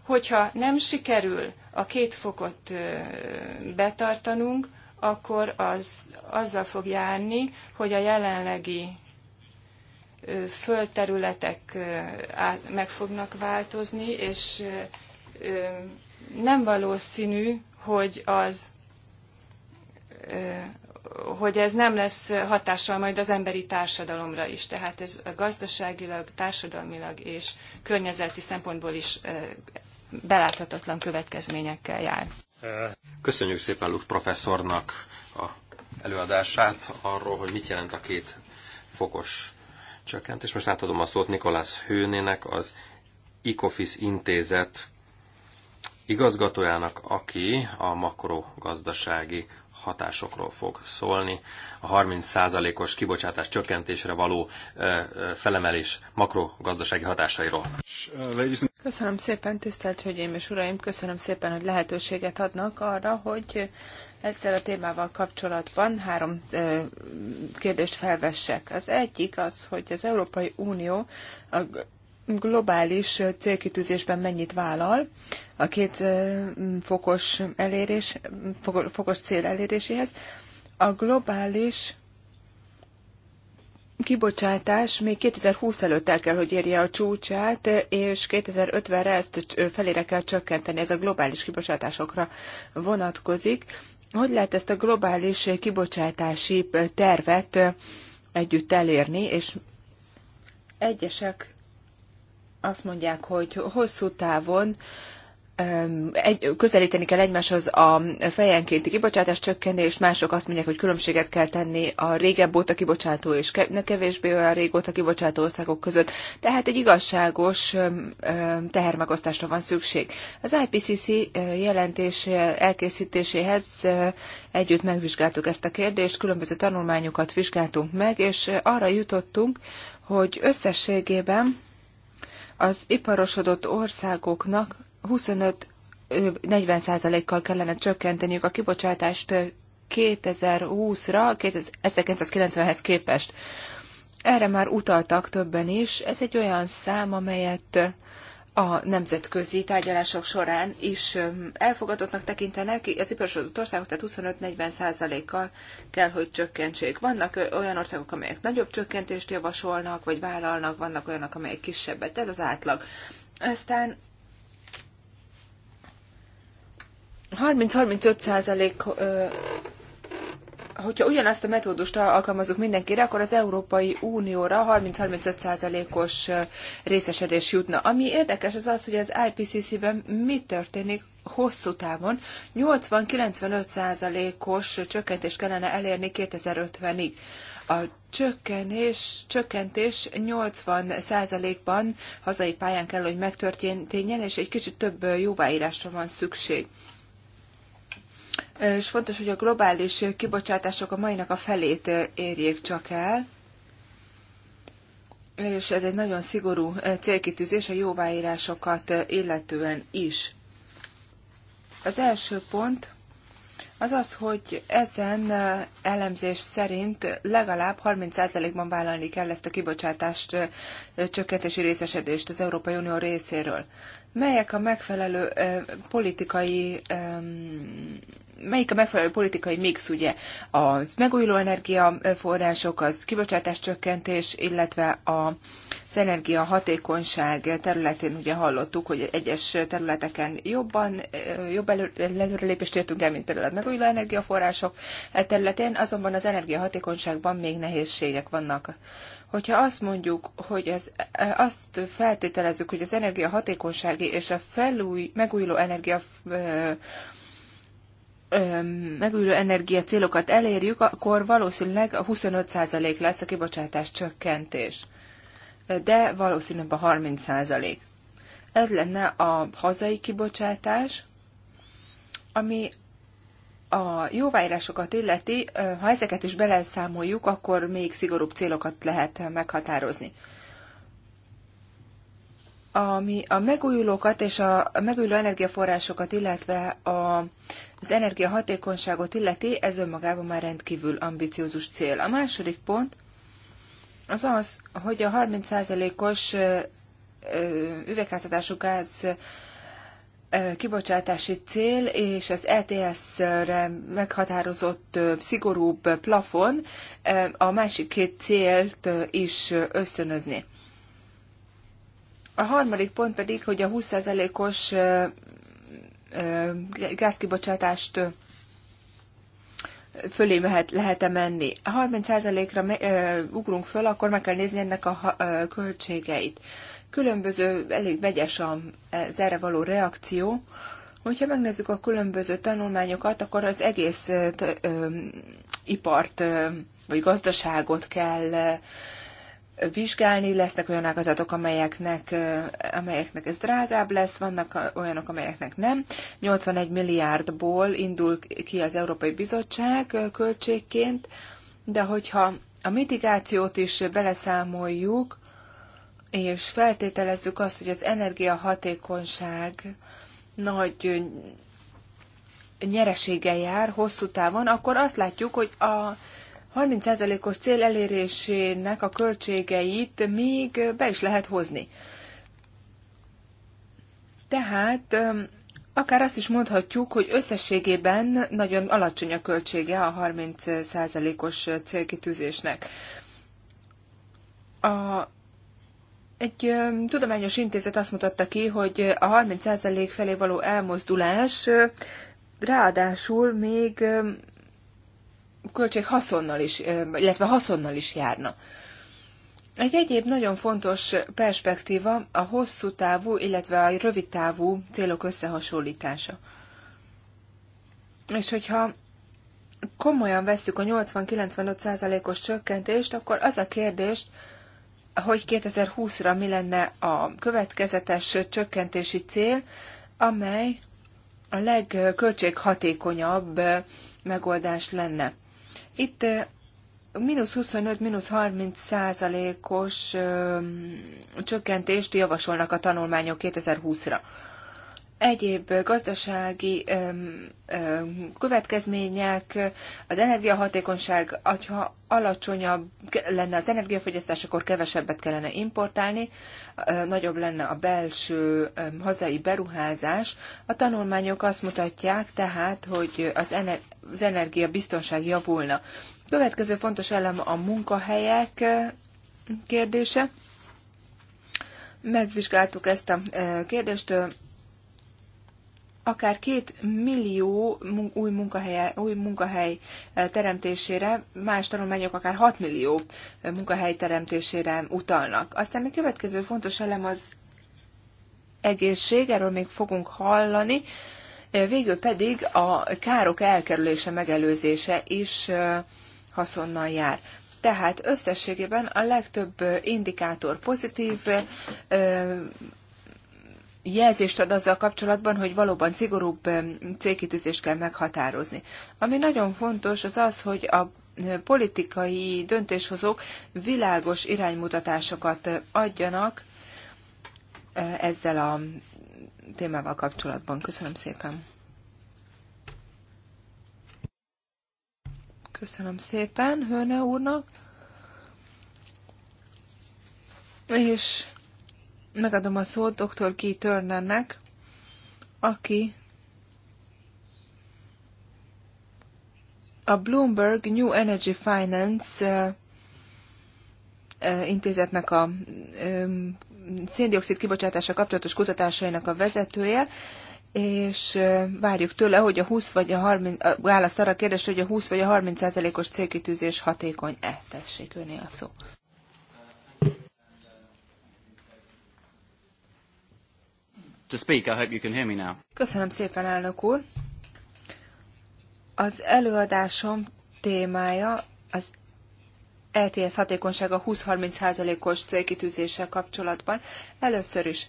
Hogyha nem sikerül a két fokot betartanunk, akkor az azzal fog járni, hogy a jelenlegi földterületek meg fognak változni, és nem valószínű, hogy az hogy ez nem lesz hatással majd az emberi társadalomra is. Tehát ez gazdaságilag, társadalmilag és környezeti szempontból is beláthatatlan következményekkel jár. Köszönjük szépen Luth professzornak a előadását arról, hogy mit jelent a két fokos csökkentés. most átadom a szót Nikolász Hőnének, az Icofis intézet igazgatójának, aki a makrogazdasági hatásokról fog szólni. A 30%-os kibocsátás csökkentésre való felemelés makrogazdasági hatásairól. Köszönöm szépen, tisztelt Hölgyeim és Uraim, köszönöm szépen, hogy lehetőséget adnak arra, hogy ezzel a témával kapcsolatban három kérdést felvessek. Az egyik az, hogy az Európai Unió a globális célkitűzésben mennyit vállal a két fokos, elérés, fokos cél eléréséhez. A globális kibocsátás még 2020 előtt el kell, hogy érje a csúcsát, és 2050-re ezt felére kell csökkenteni, ez a globális kibocsátásokra vonatkozik. Hogy lehet ezt a globális kibocsátási tervet együtt elérni, és egyesek azt mondják, hogy hosszú távon egy, közelíteni kell egymáshoz a fejenkénti kibocsátás csökkenést, mások azt mondják, hogy különbséget kell tenni a régebb óta kibocsátó és kevésbé olyan régóta kibocsátó országok között. Tehát egy igazságos tehermegosztásra van szükség. Az IPCC jelentés elkészítéséhez együtt megvizsgáltuk ezt a kérdést, különböző tanulmányokat vizsgáltunk meg, és arra jutottunk, hogy összességében az iparosodott országoknak 25 40%-kal kellene csökkenteniük a kibocsátást 2020-ra, 1990-hez képest. Erre már utaltak többen is. Ez egy olyan szám, amelyet a nemzetközi tárgyalások során is elfogadottnak tekintenek, az iparosodott országok, tehát 25-40 százalékkal kell, hogy csökkentsék. Vannak olyan országok, amelyek nagyobb csökkentést javasolnak, vagy vállalnak, vannak olyanok, amelyek kisebbet. Ez az átlag. Aztán 30-35 százalék, hogyha ugyanazt a metódust alkalmazunk mindenkire, akkor az Európai Unióra 30-35 százalékos részesedés jutna. Ami érdekes az az, hogy az IPCC-ben mi történik hosszú távon. 80-95 százalékos csökkentést kellene elérni 2050-ig. A csökkenés, csökkentés 80 százalékban hazai pályán kell, hogy megtörténjen, és egy kicsit több jóváírásra van szükség és fontos, hogy a globális kibocsátások a mai a felét érjék csak el, és ez egy nagyon szigorú eh, célkitűzés a jóváírásokat eh, illetően is. Az első pont az az, hogy ezen eh, elemzés szerint legalább 30%-ban vállalni kell ezt a kibocsátást csökkentési részesedést az Európai Unió részéről melyek a megfelelő eh, politikai eh, melyik a megfelelő politikai mix, ugye az megújuló energiaforrások, az kibocsátás csökkentés, illetve a az energia hatékonyság területén ugye hallottuk, hogy egyes területeken jobban, jobb előrelépést értünk el, mint például a megújuló energiaforrások területén, azonban az energia hatékonyságban még nehézségek vannak hogyha azt mondjuk, hogy ez, e, azt feltételezzük, hogy az hatékonysági és a felúj, megújuló energia e, e, megújuló energia célokat elérjük, akkor valószínűleg a 25% lesz a kibocsátás csökkentés, de valószínűleg a 30%. Ez lenne a hazai kibocsátás, ami a jóváírásokat illeti, ha ezeket is beleszámoljuk, akkor még szigorúbb célokat lehet meghatározni. Ami a megújulókat és a megújuló energiaforrásokat, illetve a, az energiahatékonyságot illeti, ez önmagában már rendkívül ambiciózus cél. A második pont az az, hogy a 30%-os üvegházhatású gáz kibocsátási cél és az ETS-re meghatározott szigorúbb plafon a másik két célt is ösztönözni. A harmadik pont pedig, hogy a 20%-os gázkibocsátást fölé mehet, lehet-e menni. A 30%-ra ugrunk föl, akkor meg kell nézni ennek a költségeit. Különböző, elég vegyes az erre való reakció. Hogyha megnézzük a különböző tanulmányokat, akkor az egész ipart vagy gazdaságot kell vizsgálni, lesznek olyan ágazatok, amelyeknek, amelyeknek ez drágább lesz, vannak olyanok, amelyeknek nem. 81 milliárdból indul ki az Európai Bizottság költségként, de hogyha a mitigációt is beleszámoljuk, és feltételezzük azt, hogy az energiahatékonyság nagy nyereséggel jár hosszú távon, akkor azt látjuk, hogy a 30%-os cél elérésének a költségeit még be is lehet hozni. Tehát akár azt is mondhatjuk, hogy összességében nagyon alacsony a költsége a 30%-os célkitűzésnek. A egy ö, tudományos intézet azt mutatta ki, hogy a 30% felé való elmozdulás ö, ráadásul még ö, költség haszonnal is, ö, illetve haszonnal is járna. Egy egyéb nagyon fontos perspektíva a hosszú távú, illetve a rövid távú célok összehasonlítása. És hogyha komolyan vesszük a 80-95%-os csökkentést, akkor az a kérdést, hogy 2020-ra mi lenne a következetes csökkentési cél, amely a legköltséghatékonyabb megoldás lenne. Itt mínusz 25, mínusz 30 százalékos csökkentést javasolnak a tanulmányok 2020-ra egyéb gazdasági következmények, az energiahatékonyság, ha alacsonyabb lenne az energiafogyasztás, akkor kevesebbet kellene importálni, nagyobb lenne a belső hazai beruházás. A tanulmányok azt mutatják tehát, hogy az, ener- az energiabiztonság javulna. Következő fontos elem a munkahelyek kérdése. Megvizsgáltuk ezt a kérdést, akár két millió új munkahely, új e, munkahely teremtésére, más tanulmányok akár 6 millió e, munkahely teremtésére utalnak. Aztán a következő fontos elem az egészség, erről még fogunk hallani, e, végül pedig a károk elkerülése, megelőzése is haszonnal jár. Tehát összességében a legtöbb indikátor pozitív, jelzést ad azzal kapcsolatban, hogy valóban szigorúbb célkitűzést kell meghatározni. Ami nagyon fontos, az az, hogy a politikai döntéshozók világos iránymutatásokat adjanak ezzel a témával kapcsolatban. Köszönöm szépen. Köszönöm szépen Hőne úrnak. És megadom a szót dr. Guy Turnernek, aki a Bloomberg New Energy Finance intézetnek a széndiokszid kibocsátása kapcsolatos kutatásainak a vezetője, és várjuk tőle, hogy a 20 vagy a 30, a választ arra kérdésre, hogy a 20 vagy a 30 százalékos célkitűzés hatékony-e. Tessék, öné a szó. to speak. I hope you can hear me now. Köszönöm szépen, elnök úr. Az előadásom témája az ETS hatékonysága 20-30%-os célkitűzéssel kapcsolatban. Először is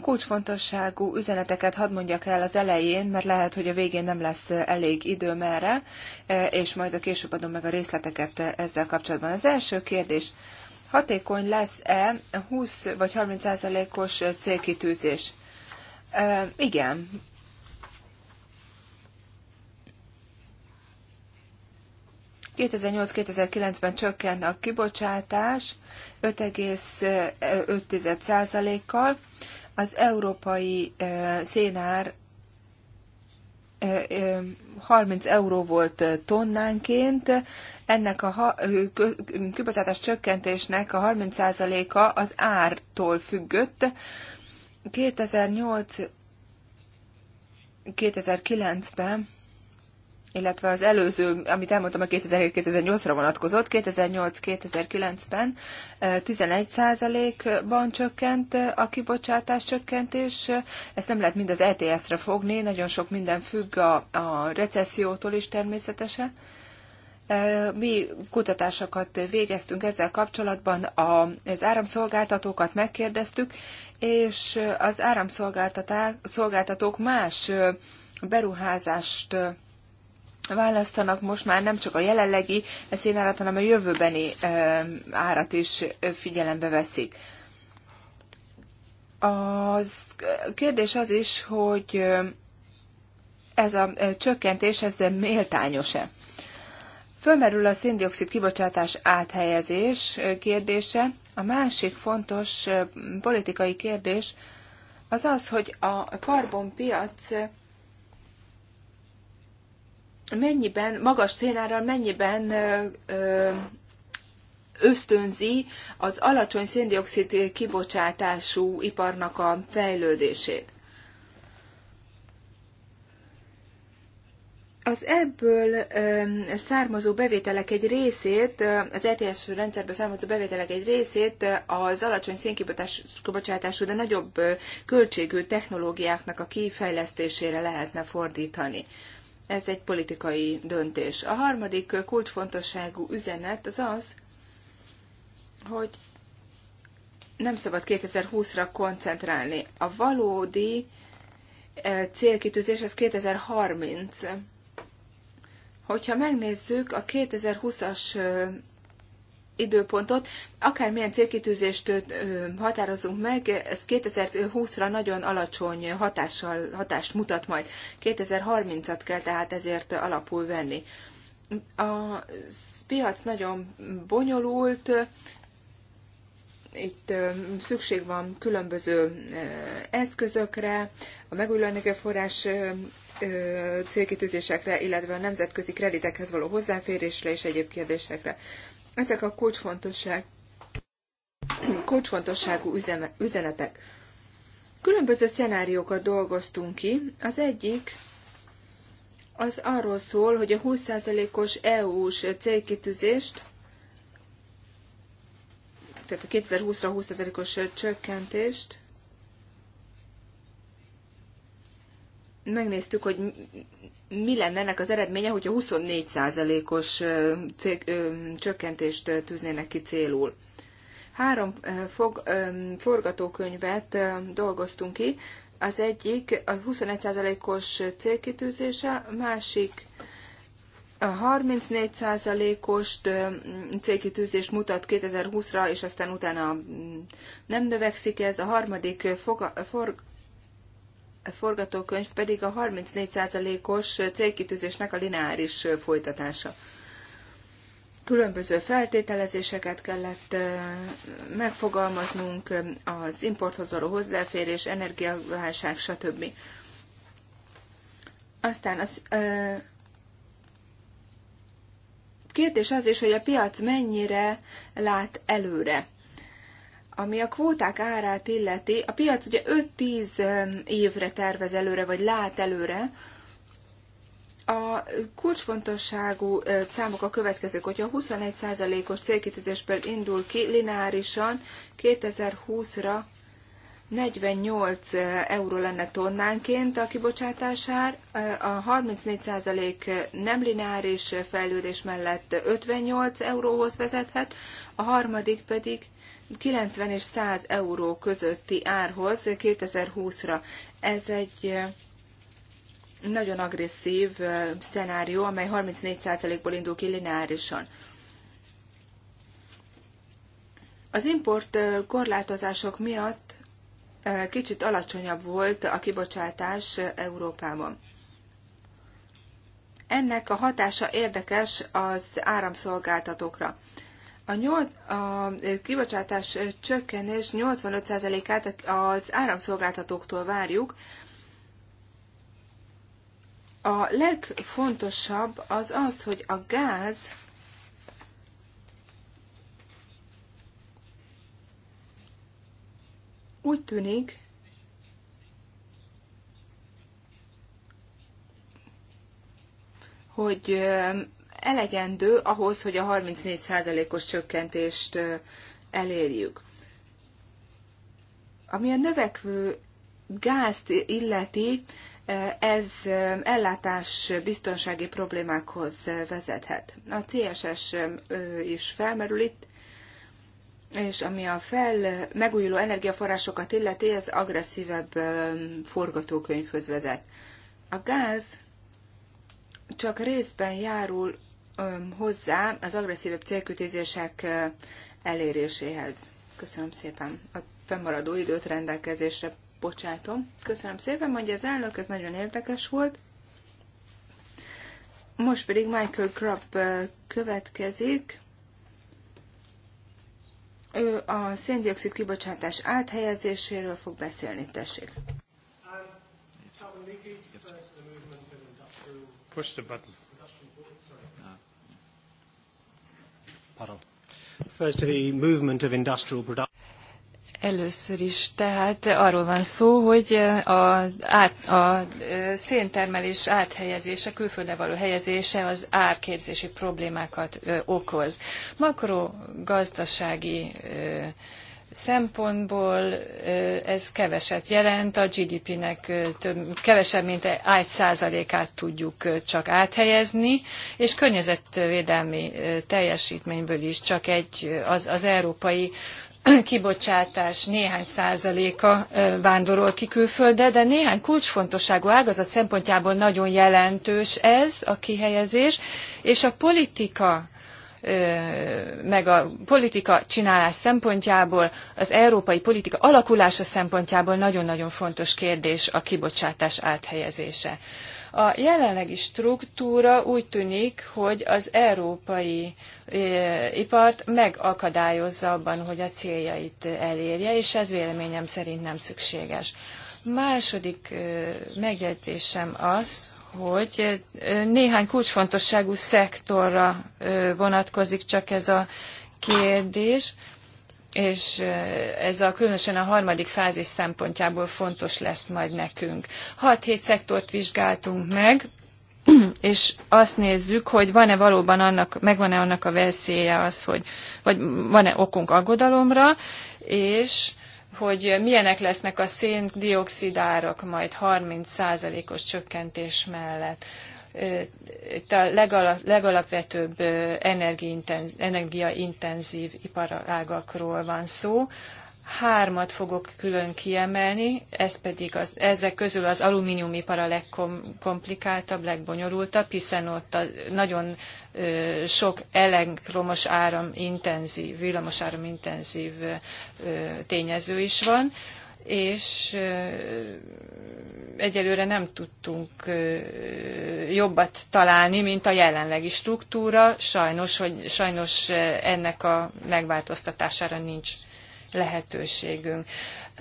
kulcsfontosságú üzeneteket hadd mondjak el az elején, mert lehet, hogy a végén nem lesz elég időm erre, és majd a később adom meg a részleteket ezzel kapcsolatban. Az első kérdés, hatékony lesz-e 20 vagy 30 százalékos célkitűzés? Uh, igen. ...2008-2009-ben csökkent a kibocsátás 5,5%-kal. Az európai szénár 30 euró volt tonnánként, ennek a kibocsátás csökkentésnek a 30%-a az ártól függött, 2008 2009-ben, illetve az előző, amit elmondtam, a 2007-2008-ra vonatkozott, 2008-2009-ben 11%-ban eh, csökkent eh, a kibocsátás csökkentés. Ezt nem lehet mind az ETS-re fogni, nagyon sok minden függ a, a recessziótól is természetesen. Eh, mi kutatásokat végeztünk ezzel kapcsolatban, az áramszolgáltatókat megkérdeztük, és az áramszolgáltatók más beruházást választanak most már nem csak a jelenlegi szénárat, hanem a jövőbeni árat is figyelembe veszik. A kérdés az is, hogy ez a csökkentés, ez méltányos-e? Fölmerül a széndiokszid kibocsátás áthelyezés kérdése. A másik fontos politikai kérdés az az, hogy a karbonpiac mennyiben, magas szénáral mennyiben ösztönzi az alacsony széndiokszid kibocsátású iparnak a fejlődését. Az ebből származó bevételek egy részét, az ETS rendszerből származó bevételek egy részét az alacsony szénkibocsátású, de nagyobb költségű technológiáknak a kifejlesztésére lehetne fordítani. Ez egy politikai döntés. A harmadik kulcsfontosságú üzenet az az, hogy nem szabad 2020-ra koncentrálni. A valódi célkitűzés az 2030 Hogyha megnézzük a 2020-as időpontot, akármilyen célkitűzést határozunk meg, ez 2020-ra nagyon alacsony hatással, hatást mutat majd. 2030-at kell tehát ezért alapul venni. A piac nagyon bonyolult, itt szükség van különböző eszközökre, a megújuló energiaforrás célkitűzésekre, illetve a nemzetközi kreditekhez való hozzáférésre és egyéb kérdésekre. Ezek a kulcsfontosság, kulcsfontosságú üzeme, üzenetek. Különböző szenáriókat dolgoztunk ki. Az egyik az arról szól, hogy a 20%-os EU-s célkitűzést tehát a 2020-ra 20%-os csökkentést. Megnéztük, hogy mi lenne ennek az eredménye, hogyha 24%-os csökkentést tűznének ki célul. Három fog, forgatókönyvet dolgoztunk ki, az egyik a 21%-os célkitűzése, másik 34%-os célkitűzést mutat 2020-ra, és aztán utána nem növekszik ez. A harmadik foga, for, forgatókönyv pedig a 34%-os célkitűzésnek a lineáris folytatása. Különböző feltételezéseket kellett megfogalmaznunk, az importhoz való hozzáférés, energiaválság, stb. Aztán az, kérdés az is, hogy a piac mennyire lát előre. Ami a kvóták árát illeti, a piac ugye 5-10 évre tervez előre, vagy lát előre, a kulcsfontosságú számok a következők, hogyha 21%-os célkitűzésből indul ki lineárisan 2020-ra 48 eh, euró lenne tonnánként a kibocsátásár, eh, a 34% nem lineáris fejlődés mellett 58 euróhoz vezethet, a harmadik pedig 90 és 100 euró közötti árhoz 2020-ra. Ez egy eh, nagyon agresszív szenárió, amely 34%-ból indul ki lineárisan. Az import korlátozások miatt kicsit alacsonyabb volt a kibocsátás Európában. Ennek a hatása érdekes az áramszolgáltatókra. A, nyolc, a kibocsátás csökkenés 85%-át az áramszolgáltatóktól várjuk. A legfontosabb az az, hogy a gáz Úgy tűnik, hogy elegendő ahhoz, hogy a 34%-os csökkentést elérjük. Ami a növekvő gázt illeti, ez ellátás biztonsági problémákhoz vezethet. A CSS is felmerül itt, és ami a fel megújuló energiaforrásokat illeti, ez agresszívebb forgatókönyvhöz vezet. A gáz csak részben járul hozzá az agresszívebb célkütézések eléréséhez. Köszönöm szépen. A fennmaradó időt rendelkezésre bocsátom. Köszönöm szépen, mondja az elnök, ez nagyon érdekes volt. Most pedig Michael Krupp következik ő a széndiokszid kibocsátás áthelyezéséről fog beszélni, tessék. Push the button. Pardon. First the movement of industrial production. Először is, tehát arról van szó, hogy eh, a, a, eh, a széntermelés áthelyezése, külföldre való helyezése az árképzési problémákat ö, eh, okoz. Makrogazdasági ö, szempontból ez keveset jelent, a GDP-nek több, kevesebb, mint egy át tudjuk csak áthelyezni, és környezetvédelmi teljesítményből is csak egy, az, az európai kibocsátás néhány százaléka vándorol ki külföldre, de néhány kulcsfontosságú ágazat szempontjából nagyon jelentős ez a kihelyezés, és a politika meg a politika csinálás szempontjából, az európai politika alakulása szempontjából nagyon-nagyon fontos kérdés a kibocsátás áthelyezése. A jelenlegi struktúra úgy tűnik, hogy az európai ipart megakadályozza abban, hogy a céljait elérje, és ez véleményem szerint nem szükséges. Második megjegyzésem az, hogy néhány kulcsfontosságú szektorra vonatkozik csak ez a kérdés és ez a különösen a harmadik fázis szempontjából fontos lesz majd nekünk. 6-7 szektort vizsgáltunk meg, és azt nézzük, hogy van-e valóban annak, megvan-e annak a veszélye az, hogy, vagy van-e okunk aggodalomra, és hogy milyenek lesznek a árak majd 30%-os csökkentés mellett a legalapvetőbb energiaintenzív iparágakról van szó. Hármat fogok külön kiemelni, ez pedig az, ezek közül az alumíniumipar a legkomplikáltabb, legbonyolultabb, hiszen ott a, nagyon ö, sok elektromos áram intenzív, villamos áram intenzív ö, tényező is van. Ö, és egyelőre nem tudtunk jobbat találni, mint a jelenlegi struktúra. Sajnos, hogy, sajnos ennek a megváltoztatására nincs lehetőségünk.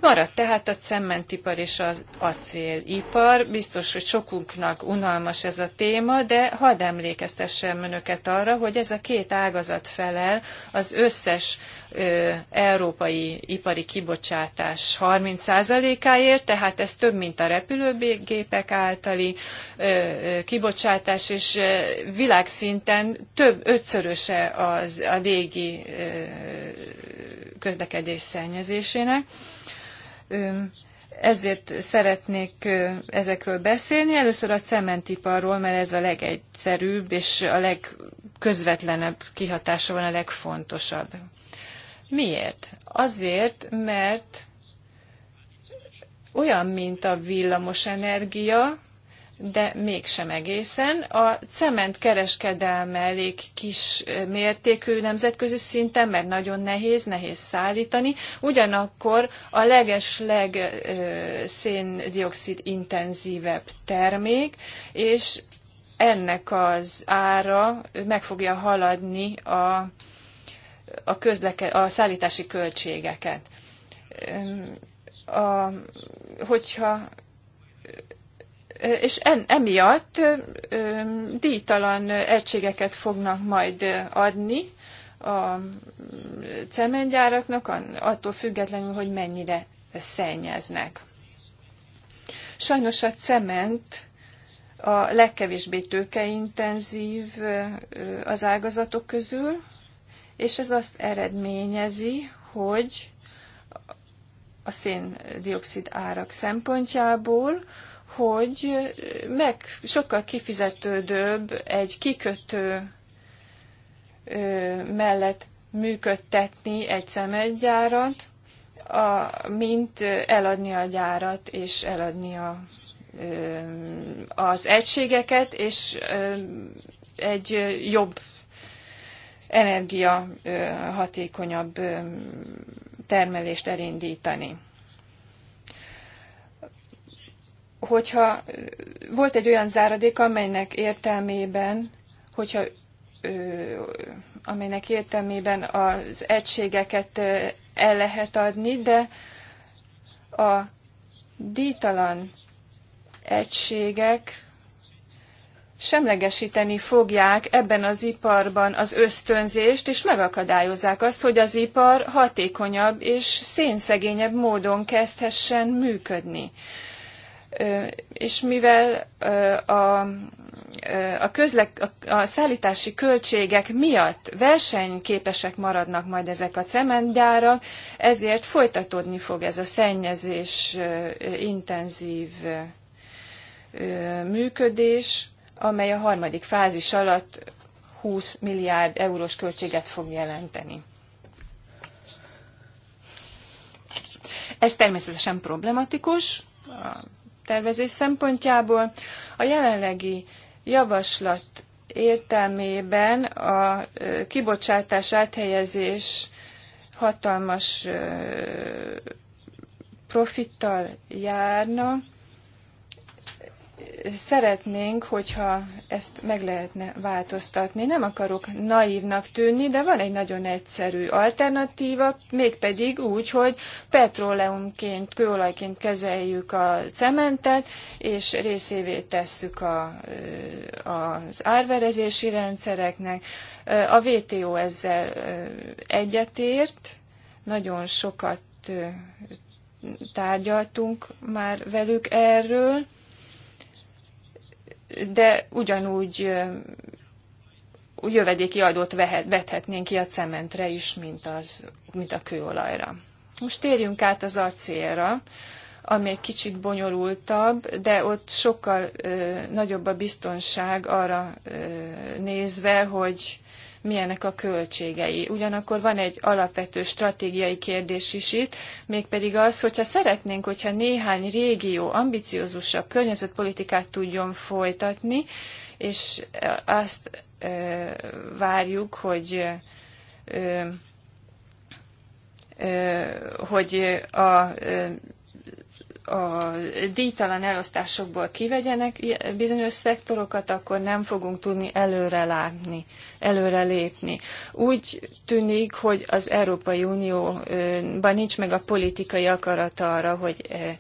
Maradt tehát a cementipar és az acélipar. Biztos, hogy sokunknak unalmas ez a téma, de hadd emlékeztessem önöket arra, hogy ez a két ágazat felel az összes ö, európai ipari kibocsátás 30%-áért, tehát ez több, mint a repülőgépek általi ö, kibocsátás, és ö, világszinten több ötszöröse az a légi ö, közlekedés és szennyezésének. Ezért szeretnék ezekről beszélni. Először a cementiparról, mert ez a legegyszerűbb és a legközvetlenebb kihatása van a legfontosabb. Miért? Azért, mert olyan, mint a villamos energia, de mégsem egészen. A cement kereskedelme elég kis mértékű nemzetközi szinten, mert nagyon nehéz, nehéz szállítani. Ugyanakkor a legesleg széndiokszid intenzívebb termék, és ennek az ára meg fogja haladni a, a, közleke, a szállítási költségeket. A, hogyha és en, emiatt díjtalan egységeket fognak majd adni a cementgyáraknak, attól függetlenül, hogy mennyire szennyeznek. Sajnos a cement a legkevésbé tőkeintenzív az ágazatok közül, és ez azt eredményezi, hogy a széndiokszid árak szempontjából hogy meg sokkal kifizetődőbb egy kikötő mellett működtetni egy szemedgyárat, a, mint eladni a gyárat és eladni a, az egységeket, és egy jobb energia hatékonyabb termelést elindítani. hogyha volt egy olyan záradék, amelynek értelmében, hogyha amelynek értelmében az egységeket el lehet adni, de a dítalan egységek semlegesíteni fogják ebben az iparban az ösztönzést, és megakadályozzák azt, hogy az ipar hatékonyabb és szénszegényebb módon kezdhessen működni és mivel a, a, közlek, a szállítási költségek miatt versenyképesek maradnak majd ezek a cementgyárak, ezért folytatódni fog ez a szennyezés intenzív működés, amely a harmadik fázis alatt 20 milliárd eurós költséget fog jelenteni. Ez természetesen problematikus, tervezés szempontjából a jelenlegi javaslat értelmében a kibocsátás áthelyezés hatalmas profittal járna, szeretnénk, hogyha ezt meg lehetne változtatni. Nem akarok naívnak tűnni, de van egy nagyon egyszerű alternatíva, mégpedig úgy, hogy petróleumként, kőolajként kezeljük a cementet, és részévé tesszük a, az árverezési rendszereknek. A WTO ezzel egyetért, nagyon sokat tárgyaltunk már velük erről, de ugyanúgy jövedéki adót vehet, vethetnénk ki a cementre is, mint, az, mint a kőolajra. Most térjünk át az acélra, ami egy kicsit bonyolultabb, de ott sokkal ö, nagyobb a biztonság arra ö, nézve, hogy milyenek a költségei. Ugyanakkor van egy alapvető stratégiai kérdés is itt, mégpedig az, hogyha szeretnénk, hogyha néhány régió ambiciózusabb környezetpolitikát tudjon folytatni, és azt várjuk, hogy hogy a a díjtalan elosztásokból kivegyenek bizonyos szektorokat, akkor nem fogunk tudni előre látni előre lépni Úgy tűnik, hogy az Európai Unióban nincs meg a politikai akarat arra, hogy eh,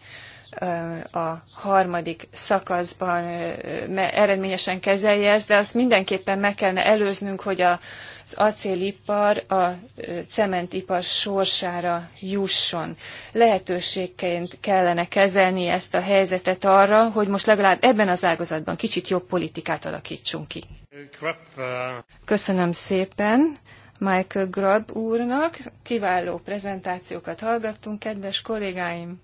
a harmadik szakaszban eredményesen kezelje ezt, de azt mindenképpen meg kellene előznünk, hogy az acélipar a cementipar sorsára jusson. Lehetőségként kellene kezelni ezt a helyzetet arra, hogy most legalább ebben az ágazatban kicsit jobb politikát alakítsunk ki. Köszönöm szépen. Michael Grab úrnak. Kiváló prezentációkat hallgattunk, kedves kollégáim!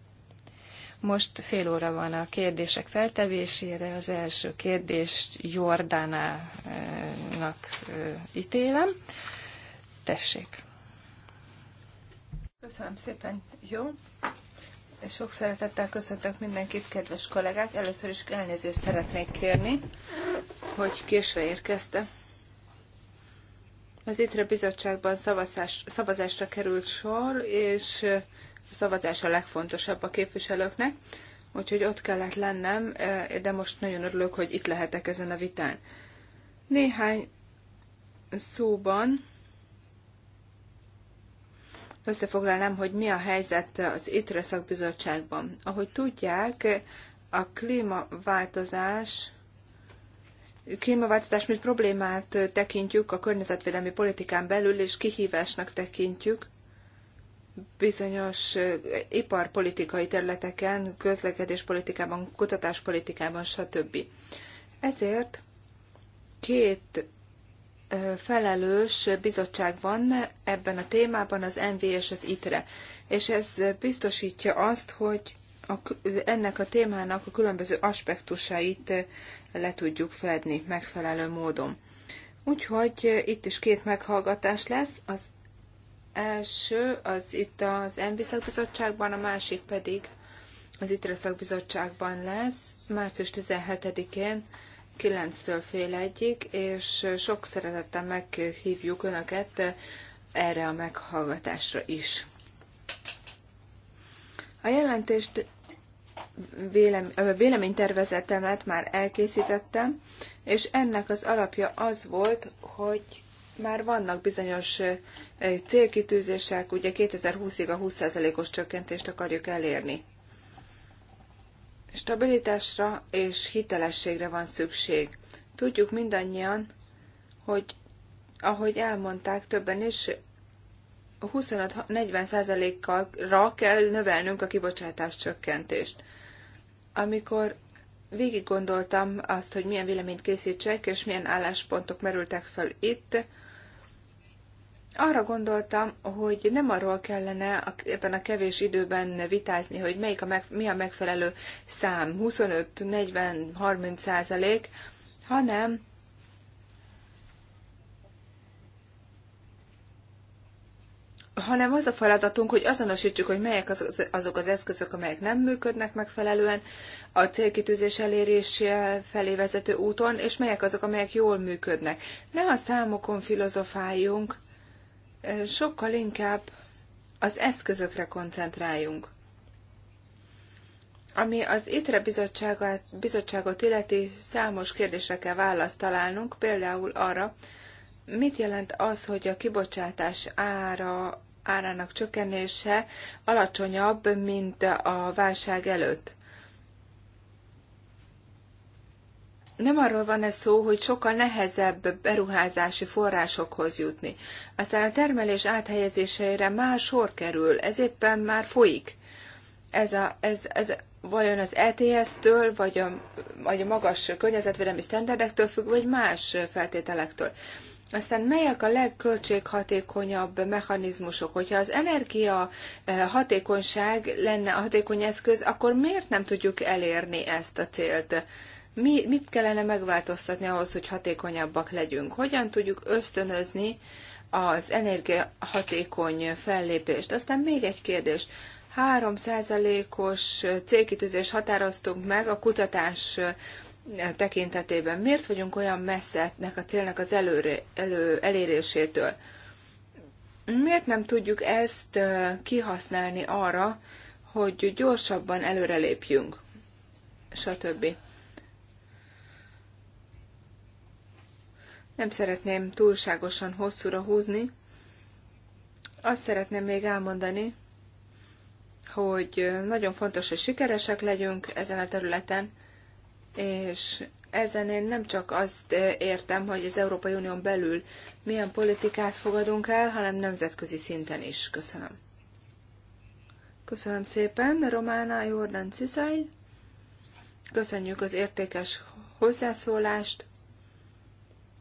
Most fél óra van a kérdések feltevésére. Az első kérdést Jordánának ítélem. Tessék. Köszönöm szépen. Jó. Sok szeretettel köszöntök mindenkit, kedves kollégák. Először is elnézést szeretnék kérni, hogy késve érkeztem. Az ITRE bizottságban szavazás, szavazásra került sor, és a szavazás a legfontosabb a képviselőknek, úgyhogy ott kellett lennem, de most nagyon örülök, hogy itt lehetek ezen a vitán. Néhány szóban összefoglalnám, hogy mi a helyzet az ITRE szakbizottságban. Ahogy tudják, a klímaváltozás klímaváltozás mint problémát tekintjük a környezetvédelmi politikán belül, és kihívásnak tekintjük bizonyos iparpolitikai területeken, közlekedéspolitikában, kutatáspolitikában, stb. Ezért két felelős bizottság van ebben a témában, az NV és az ITRE. És ez biztosítja azt, hogy a, ennek a témának a különböző aspektusait le tudjuk fedni megfelelő módon. Úgyhogy itt is két meghallgatás lesz, az első az itt az MB szakbizottságban, a másik pedig az ITRE szakbizottságban lesz, március 17-én 9-től fél egyig, és sok szeretettel meghívjuk Önöket erre a meghallgatásra is. A jelentést vélem, véleménytervezetemet már elkészítettem, és ennek az alapja az volt, hogy már vannak bizonyos célkitűzések, ugye 2020-ig a 20%-os csökkentést akarjuk elérni. Stabilitásra és hitelességre van szükség. Tudjuk mindannyian, hogy ahogy elmondták többen is, 25-40%-ra kell növelnünk a kibocsátás csökkentést. Amikor végig gondoltam azt, hogy milyen véleményt készítsek, és milyen álláspontok merültek fel itt, arra gondoltam, hogy nem arról kellene ebben a kevés időben vitázni, hogy melyik a meg, mi a megfelelő szám, 25, 40, 30 százalék, hanem hanem az a feladatunk, hogy azonosítsuk, hogy melyek az, azok az eszközök, amelyek nem működnek megfelelően a célkitűzés elérés felé vezető úton, és melyek azok, amelyek jól működnek. Ne a számokon filozofáljunk, sokkal inkább az eszközökre koncentráljunk. Ami az ITRE bizottságot bizottságot illeti, számos kérdésre kell választ találnunk, például arra, mit jelent az, hogy a kibocsátás ára, árának csökkenése alacsonyabb, mint a válság előtt. nem arról van ez szó, hogy sokkal nehezebb beruházási forrásokhoz jutni. Aztán a termelés áthelyezésére már sor kerül, ez éppen már folyik. Ez, a, ez, ez vajon az ETS-től, vagy a, vagy a magas környezetvédelmi sztenderdektől függ, vagy más feltételektől. Aztán melyek a legköltséghatékonyabb mechanizmusok? Hogyha az energia eh, hatékonyság lenne a hatékony eszköz, akkor miért nem tudjuk elérni ezt a célt? Mi, mit kellene megváltoztatni ahhoz, hogy hatékonyabbak legyünk? Hogyan tudjuk ösztönözni az energiahatékony fellépést? Aztán még egy kérdés. 3%-os célkitűzés határoztunk meg a kutatás tekintetében. Miért vagyunk olyan messze ennek a célnak az előre, elő, elérésétől? Miért nem tudjuk ezt kihasználni arra, hogy gyorsabban előrelépjünk, stb. Nem szeretném túlságosan hosszúra húzni. Azt szeretném még elmondani, hogy nagyon fontos, hogy sikeresek legyünk ezen a területen, és ezen én nem csak azt értem, hogy az Európai Unión belül milyen politikát fogadunk el, hanem nemzetközi szinten is. Köszönöm. Köszönöm szépen, Romána Jordan Ciszály. Köszönjük az értékes hozzászólást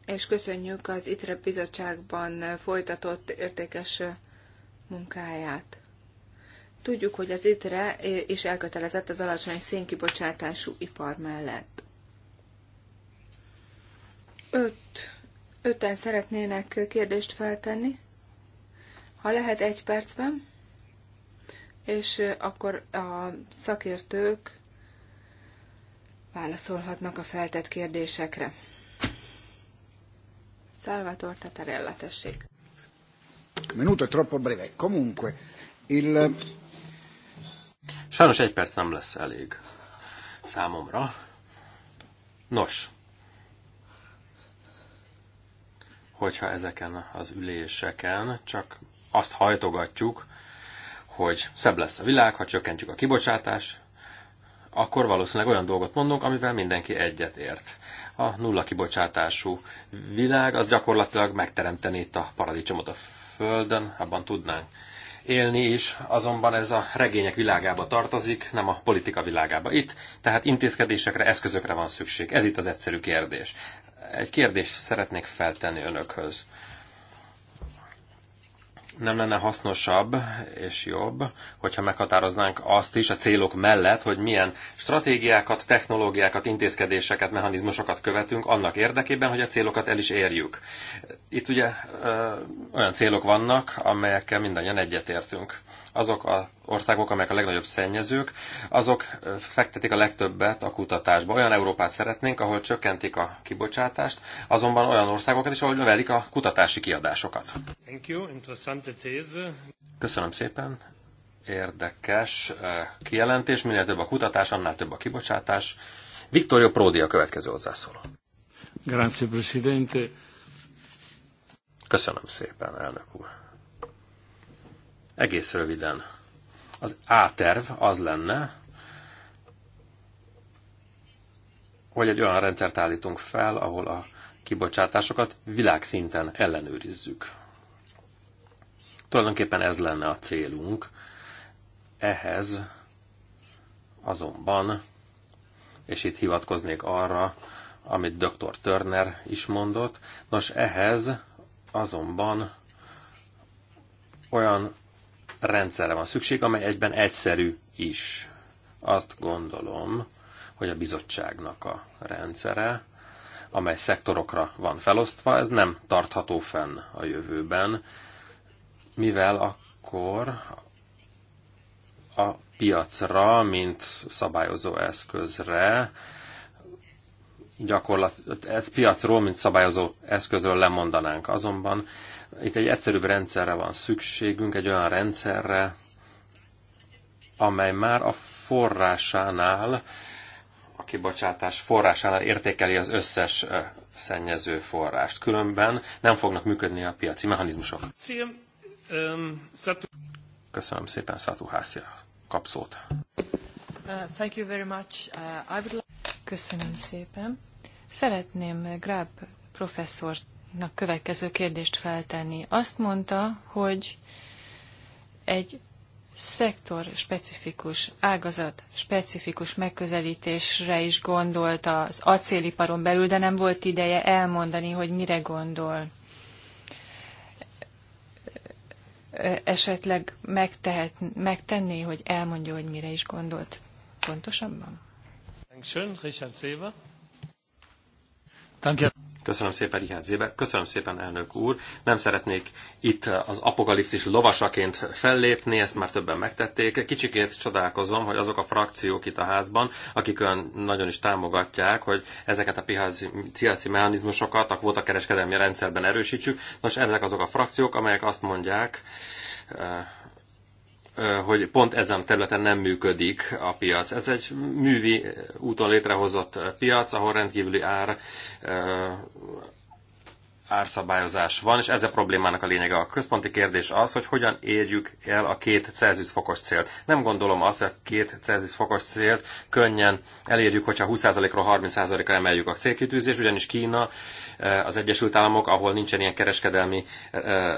és köszönjük az ITRE bizottságban folytatott értékes munkáját. Tudjuk, hogy az ITRE is elkötelezett az alacsony szénkibocsátású ipar mellett. Öt, öten szeretnének kérdést feltenni, ha lehet egy percben, és akkor a szakértők válaszolhatnak a feltett kérdésekre. Salvatore Tatarella, tessék. Minuto troppo breve. Comunque, il... Sajnos egy perc nem lesz elég számomra. Nos, hogyha ezeken az üléseken csak azt hajtogatjuk, hogy szebb lesz a világ, ha csökkentjük a kibocsátás, akkor valószínűleg olyan dolgot mondunk, amivel mindenki egyet ért a nulla kibocsátású világ, az gyakorlatilag megteremtené itt a paradicsomot a Földön, abban tudnánk élni is, azonban ez a regények világába tartozik, nem a politika világába itt, tehát intézkedésekre, eszközökre van szükség. Ez itt az egyszerű kérdés. Egy kérdést szeretnék feltenni önökhöz nem lenne hasznosabb és jobb, hogyha meghatároznánk azt is a célok mellett, hogy milyen stratégiákat, technológiákat, intézkedéseket, mechanizmusokat követünk annak érdekében, hogy a célokat el is érjük. Itt ugye ö, olyan célok vannak, amelyekkel mindannyian egyetértünk azok az országok, amelyek a legnagyobb szennyezők, azok fektetik a legtöbbet a kutatásba. Olyan Európát szeretnénk, ahol csökkentik a kibocsátást, azonban olyan országokat is, ahol növelik a kutatási kiadásokat. Thank you. Interessante Köszönöm szépen. Érdekes kijelentés. Minél több a kutatás, annál több a kibocsátás. Viktorio Pródi a következő hozzászóló. Grazie, Presidente. Köszönöm szépen, elnök úr. Egész röviden. Az A-terv az lenne, hogy egy olyan rendszert állítunk fel, ahol a kibocsátásokat világszinten ellenőrizzük. Tulajdonképpen ez lenne a célunk. Ehhez azonban, és itt hivatkoznék arra, amit dr. Turner is mondott, nos ehhez azonban olyan rendszerre van szükség, amely egyben egyszerű is. Azt gondolom, hogy a bizottságnak a rendszere, amely szektorokra van felosztva, ez nem tartható fenn a jövőben, mivel akkor a piacra, mint szabályozó eszközre gyakorlat, ez piacról, mint szabályozó eszközről lemondanánk. Azonban itt egy egyszerűbb rendszerre van szükségünk, egy olyan rendszerre, amely már a forrásánál, a kibocsátás forrásánál értékeli az összes szennyező forrást. Különben nem fognak működni a piaci mechanizmusok. Köszönöm szépen, Szatú Hászia. Kapszót. Uh, uh, Köszönöm szépen. Szeretném Grab professzornak következő kérdést feltenni. Azt mondta, hogy egy szektor specifikus, ágazat specifikus megközelítésre is gondolt az acéliparon belül, de nem volt ideje elmondani, hogy mire gondol. E, esetleg megtehet, megtenné, hogy elmondja, hogy mire is gondolt. Pontosabban? Köszönöm, Richard Zéber. Köszönöm szépen, Richard Zébe. Köszönöm szépen, elnök úr. Nem szeretnék itt az apokalipszis lovasaként fellépni, ezt már többen megtették. Kicsikét csodálkozom, hogy azok a frakciók itt a házban, akik olyan nagyon is támogatják, hogy ezeket a piaci mechanizmusokat a kereskedelmi rendszerben erősítsük. Nos, ezek azok a frakciók, amelyek azt mondják, eh, hogy pont ezen a területen nem működik a piac. Ez egy művi úton létrehozott piac, ahol rendkívüli ár árszabályozás van, és ez a problémának a lényege. A központi kérdés az, hogy hogyan érjük el a két Celsius fokos célt. Nem gondolom azt, hogy a két Celsius fokos célt könnyen elérjük, hogyha 20%-ról 30%-ra emeljük a célkitűzés, ugyanis Kína, az Egyesült Államok, ahol nincsen ilyen kereskedelmi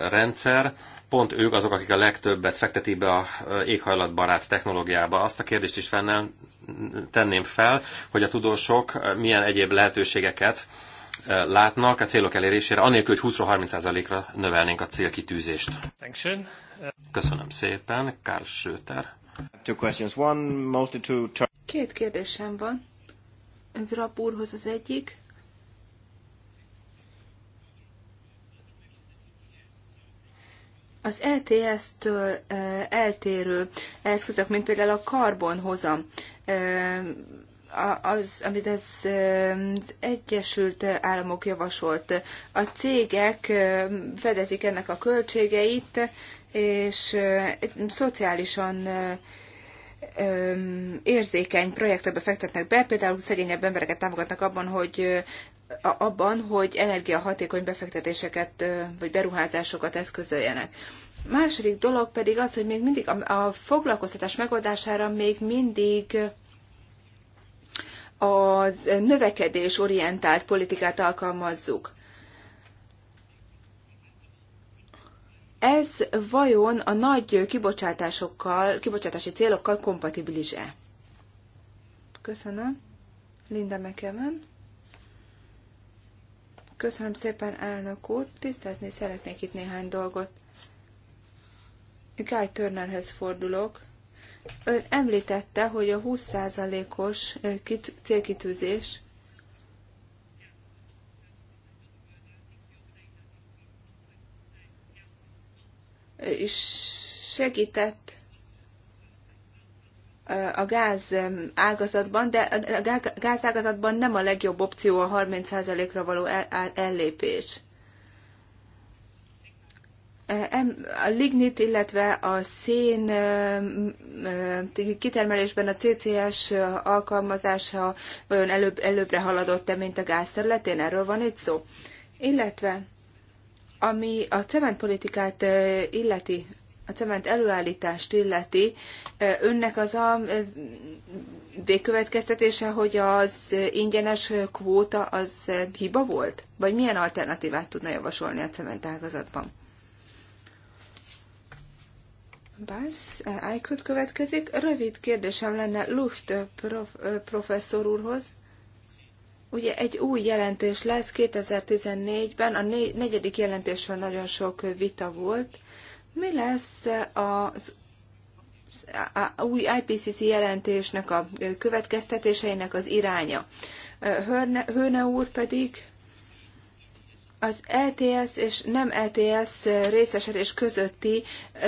rendszer, pont ők azok, akik a legtöbbet fekteti be a éghajlatbarát technológiába. Azt a kérdést is fennel tenném fel, hogy a tudósok milyen egyéb lehetőségeket látnak a célok elérésére, anélkül, hogy 20-30%-ra növelnénk a célkitűzést. Köszönöm szépen, Karl Schröter. Két kérdésem van. Grab úrhoz az egyik. Az ETS-től eltérő eszközök, mint például a karbonhozam, az, amit az, az Egyesült Államok javasolt. A cégek fedezik ennek a költségeit, és szociálisan érzékeny projektekbe fektetnek be, például szegényebb embereket támogatnak abban, hogy abban, hogy energiahatékony befektetéseket vagy beruházásokat eszközöljenek. Második dolog pedig az, hogy még mindig a, foglalkoztatás megoldására még mindig az növekedés orientált politikát alkalmazzuk. Ez vajon a nagy kibocsátásokkal, kibocsátási célokkal kompatibilis-e? Köszönöm. Linda McEwen. Köszönöm szépen, elnök úr. Tisztázni szeretnék itt néhány dolgot. Guy Turnerhez fordulok. Ön említette, hogy a 20%-os célkitűzés segített a gáz um, ágazatban, de a gáz ágazatban nem a legjobb opció a 30%-ra való ellépés. E, a lignit, illetve a szén um, um, kitermelésben a CCS alkalmazása vajon előbb, előbbre haladott-e, mint a gáz területén? Erről van itt szó. Illetve, ami a cementpolitikát e, illeti, a cement előállítást illeti, önnek az a végkövetkeztetése, hogy az ingyenes kvóta az hiba volt? Vagy milyen alternatívát tudna javasolni a cement ágazatban? Bász, eh, Eichhut következik. Rövid kérdésem lenne Lucht prof, professzor úrhoz. Ugye egy új jelentés lesz 2014-ben, a negyedik jelentésről nagyon sok vita volt. Mi lesz az új IPCC jelentésnek a következtetéseinek az iránya? Hörne, Hörne úr pedig az LTS e és nem LTS e részesedés közötti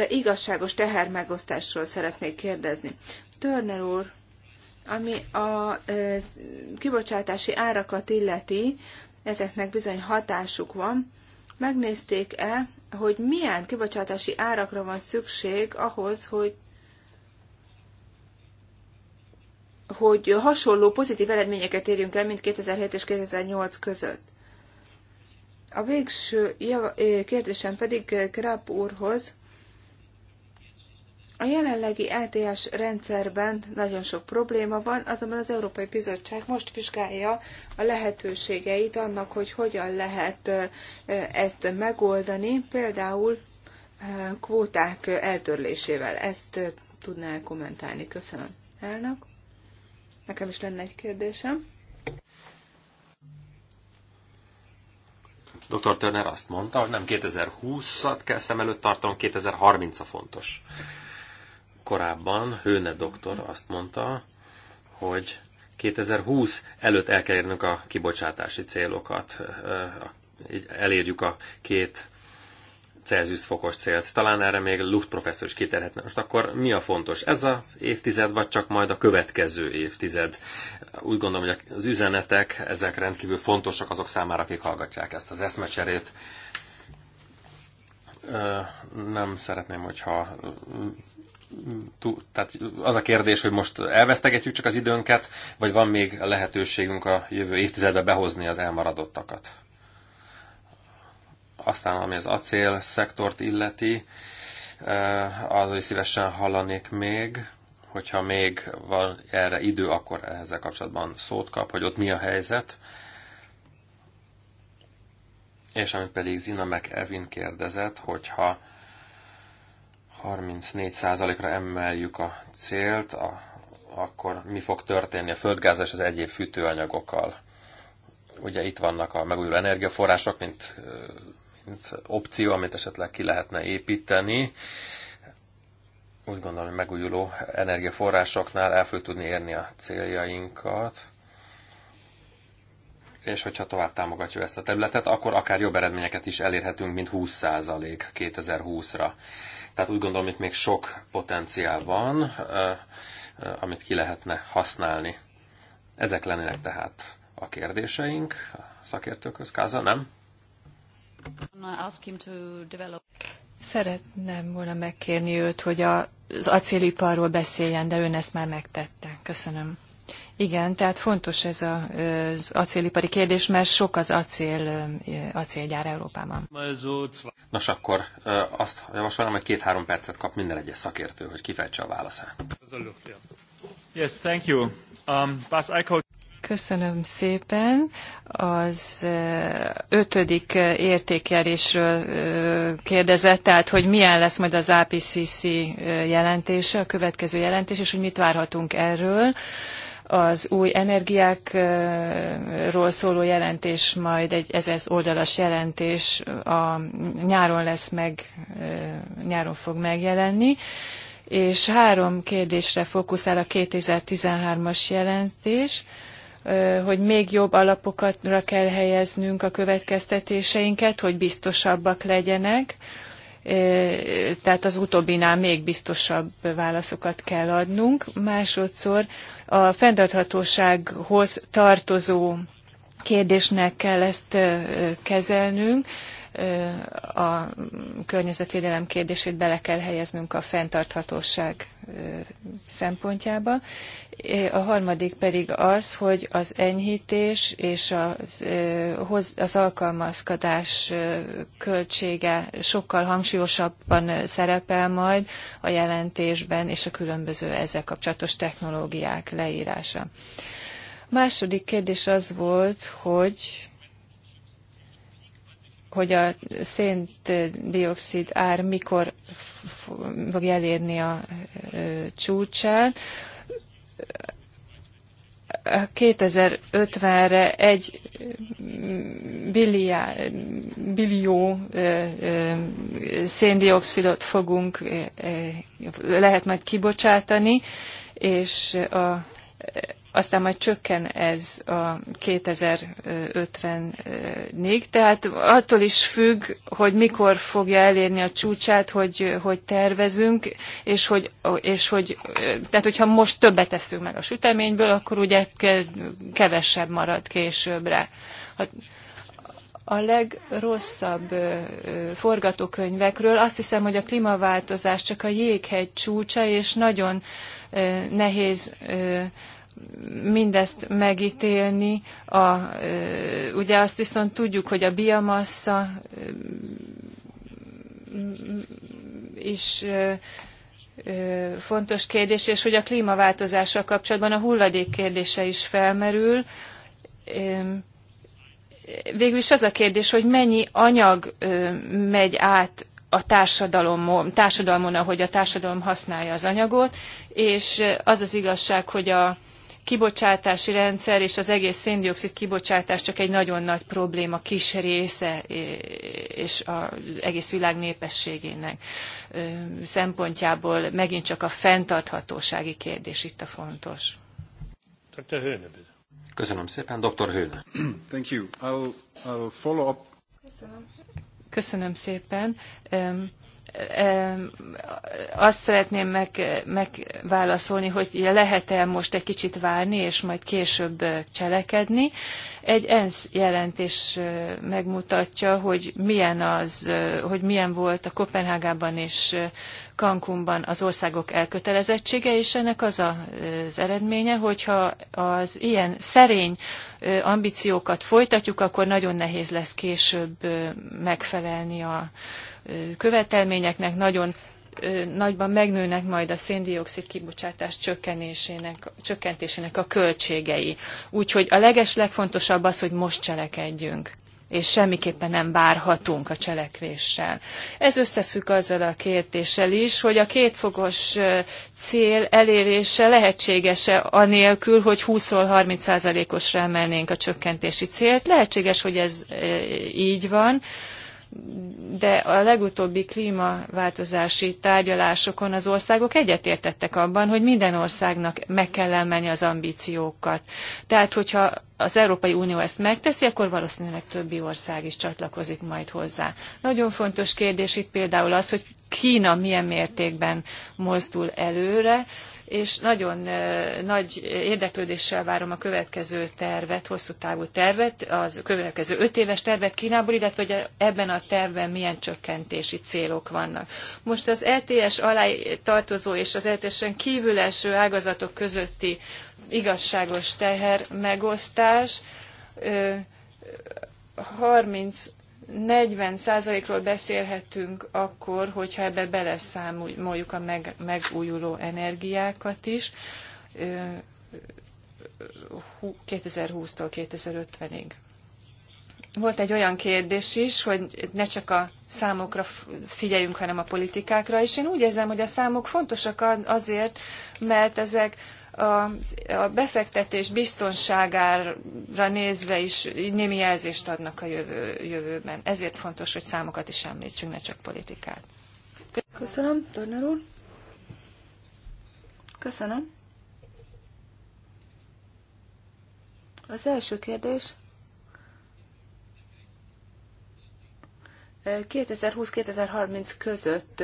igazságos tehermegosztásról szeretnék kérdezni. Törner úr, ami a kibocsátási árakat illeti, ezeknek bizony hatásuk van, megnézték-e, hogy milyen kibocsátási árakra van szükség ahhoz, hogy hogy hasonló pozitív eredményeket érjünk el, mint 2007 és 2008 között. A végső kérdésem pedig Kráp úrhoz a jelenlegi LTS rendszerben nagyon sok probléma van, azonban az Európai Bizottság most vizsgálja a lehetőségeit annak, hogy hogyan lehet ezt megoldani, például kvóták eltörlésével. Ezt tudná kommentálni. Köszönöm. Elnök. Nekem is lenne egy kérdésem. Dr. Turner azt mondta, hogy nem 2020-at kell szem előtt tartanom, 2030 a fontos korábban Hőne doktor azt mondta, hogy 2020 előtt el kell érnünk a kibocsátási célokat, elérjük a két Celsius fokos célt. Talán erre még Luft professzor is kiterhetne. Most akkor mi a fontos? Ez a évtized, vagy csak majd a következő évtized? Úgy gondolom, hogy az üzenetek, ezek rendkívül fontosak azok számára, akik hallgatják ezt az eszmecserét. Nem szeretném, hogyha tehát az a kérdés, hogy most elvesztegetjük csak az időnket, vagy van még lehetőségünk a jövő évtizedbe behozni az elmaradottakat. Aztán, ami az acél szektort illeti, eh, az is szívesen hallanék még, hogyha még van erre idő, akkor ezzel kapcsolatban szót kap, hogy ott mi a helyzet. És amit pedig Zina meg Evin kérdezett, hogyha 34%-ra emeljük a célt, a, akkor mi fog történni a földgáz és az egyéb fűtőanyagokkal? Ugye itt vannak a megújuló energiaforrások, mint, mint opció, amit esetleg ki lehetne építeni. Úgy gondolom, hogy megújuló energiaforrásoknál el fog tudni érni a céljainkat és hogyha tovább támogatjuk ezt a területet, akkor akár jobb eredményeket is elérhetünk, mint 20% 2020-ra. Tehát úgy gondolom, itt még sok potenciál van, amit ki lehetne használni. Ezek lennének tehát a kérdéseink a szakértőköz. Káza, nem? Szeretném volna megkérni őt, hogy az acéliparról beszéljen, de ön ezt már megtette. Köszönöm. Igen, tehát fontos ez a, az acélipari kérdés, mert sok az acél, acélgyár Európában. Nos, akkor azt javasolom, hogy két-három percet kap minden egyes szakértő, hogy kifejtse a válaszát. Yes, thank you. Um, Köszönöm szépen. Az ötödik értékelésről kérdezett, tehát hogy milyen lesz majd az APCC jelentése, a következő jelentés, és hogy mit várhatunk erről az új energiákról szóló jelentés, majd egy ezer oldalas jelentés a nyáron lesz meg, nyáron fog megjelenni, és három kérdésre fókuszál a 2013-as jelentés hogy még jobb alapokatra kell helyeznünk a következtetéseinket, hogy biztosabbak legyenek, tehát az utóbbinál még biztosabb válaszokat kell adnunk. Másodszor a fenntarthatósághoz tartozó kérdésnek kell ezt kezelnünk, a környezetvédelem kérdését bele kell helyeznünk a fenntarthatóság szempontjába. A harmadik pedig az, hogy az enyhítés és az, az alkalmazkodás költsége sokkal hangsúlyosabban szerepel majd a jelentésben és a különböző ezzel kapcsolatos technológiák leírása. A második kérdés az volt, hogy hogy a széndiokszid ár mikor fogja elérni a csúcsát. 2050-re egy billiá, billió széndiokszidot fogunk, lehet majd kibocsátani, és a aztán majd csökken ez a 2050-ig, tehát attól is függ, hogy mikor fogja elérni a csúcsát, hogy, hogy tervezünk, és hogy, és hogy, tehát hogyha most többet teszünk meg a süteményből, akkor ugye kevesebb marad későbbre a legrosszabb forgatókönyvekről. Azt hiszem, hogy a klímaváltozás csak a jéghegy csúcsa, és nagyon nehéz mindezt megítélni. A, ugye azt viszont tudjuk, hogy a biomassa is fontos kérdés, és hogy a klímaváltozással kapcsolatban a hulladék kérdése is felmerül végül is az a kérdés, hogy mennyi anyag megy át a társadalomon, társadalmon, ahogy a társadalom használja az anyagot, és az az igazság, hogy a kibocsátási rendszer és az egész széndiokszid kibocsátás csak egy nagyon nagy probléma kis része és az egész világ népességének szempontjából megint csak a fenntarthatósági kérdés itt a fontos. Dr. Hőnöböd. Köszönöm szépen, dr. Hőne. Thank you. I'll, I'll follow up. Köszönöm. Köszönöm szépen. Um, azt szeretném meg, megválaszolni, hogy lehet-e most egy kicsit várni, és majd később cselekedni. Egy ENSZ jelentés megmutatja, hogy milyen, az, hogy milyen volt a Kopenhágában és Cancúnban az országok elkötelezettsége, és ennek az az eredménye, hogyha az ilyen szerény ambíciókat folytatjuk, akkor nagyon nehéz lesz később megfelelni a követelményeknek nagyon nagyban megnőnek majd a széndiokszid kibocsátás csökkenésének, csökkentésének a költségei. Úgyhogy a leges legfontosabb az, hogy most cselekedjünk és semmiképpen nem várhatunk a cselekvéssel. Ez összefügg azzal a kérdéssel is, hogy a kétfogos cél elérése lehetséges-e anélkül, hogy 20-30%-osra emelnénk a csökkentési célt. Lehetséges, hogy ez így van, de a legutóbbi klímaváltozási tárgyalásokon az országok egyetértettek abban, hogy minden országnak meg kell emelni az ambíciókat. Tehát, hogyha az Európai Unió ezt megteszi, akkor valószínűleg többi ország is csatlakozik majd hozzá. Nagyon fontos kérdés itt például az, hogy Kína milyen mértékben mozdul előre, és nagyon nagy érdeklődéssel várom a következő tervet, hosszú távú tervet, az következő öt éves tervet Kínából, illetve hogy ebben a tervben milyen csökkentési célok vannak. Most az LTS e alá tartozó és az LTS-en e kívül eső ágazatok közötti igazságos teher megosztás 30 40%-ról beszélhetünk akkor, hogyha ebbe beleszámoljuk a meg, megújuló energiákat is 2020-tól 2050-ig. Volt egy olyan kérdés is, hogy ne csak a számokra figyeljünk, hanem a politikákra, és én úgy érzem, hogy a számok fontosak azért, mert ezek a befektetés biztonságára nézve is némi jelzést adnak a jövő, jövőben. Ezért fontos, hogy számokat is említsünk, ne csak politikát. Köszönöm, Törner úr. Köszönöm. Az első kérdés. 2020-2030 között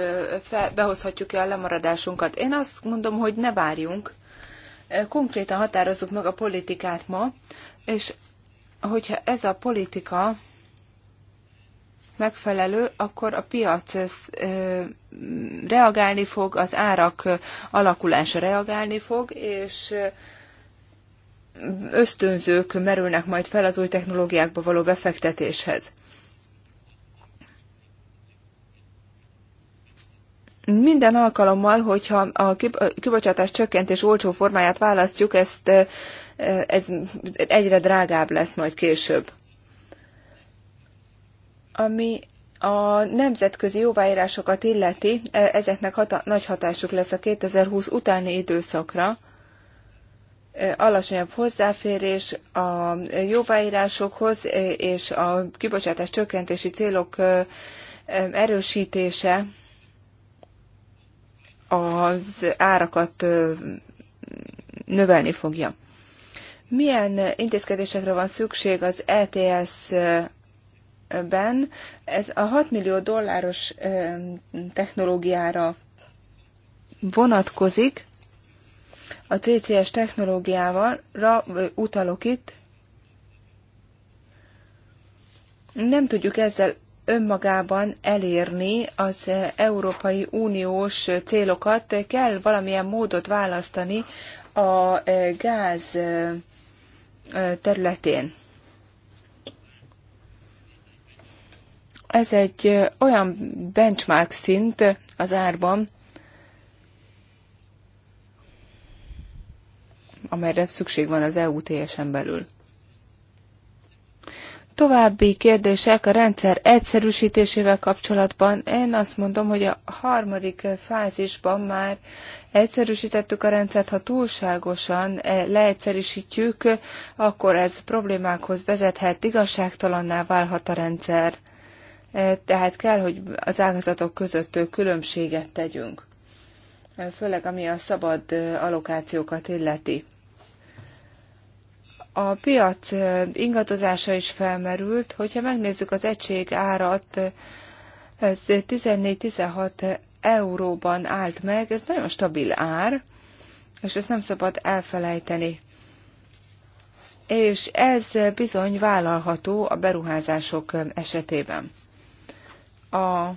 behozhatjuk-e a lemaradásunkat? Én azt mondom, hogy ne várjunk konkrétan határozzuk meg a politikát ma, és hogyha ez a politika megfelelő, akkor a piac ez reagálni fog, az árak alakulása reagálni fog, és ösztönzők merülnek majd fel az új technológiákba való befektetéshez. minden alkalommal, hogyha a kibocsátás csökkentés olcsó formáját választjuk, ezt, ez egyre drágább lesz majd később. Ami a nemzetközi jóváírásokat illeti, ezeknek hata- nagy hatásuk lesz a 2020 utáni időszakra. Alacsonyabb hozzáférés a jóváírásokhoz és a kibocsátás csökkentési célok erősítése az árakat növelni fogja. Milyen intézkedésekre van szükség az ETS-ben? Ez a 6 millió dolláros technológiára vonatkozik. A CCS technológiával utalok itt. Nem tudjuk ezzel önmagában elérni az Európai Uniós célokat, kell valamilyen módot választani a gáz területén. Ez egy olyan benchmark szint az árban, amelyre szükség van az EU en belül. További kérdések a rendszer egyszerűsítésével kapcsolatban. Én azt mondom, hogy a harmadik fázisban már egyszerűsítettük a rendszert, ha túlságosan eh, leegyszerűsítjük, akkor ez problémákhoz vezethet, igazságtalanná válhat a rendszer. Eh, tehát kell, hogy az ágazatok között különbséget tegyünk, eh, főleg ami a szabad allokációkat illeti. A piac ingadozása is felmerült, hogyha megnézzük az egység árat, ez 14-16 euróban állt meg, ez nagyon stabil ár, és ezt nem szabad elfelejteni. És ez bizony vállalható a beruházások esetében. A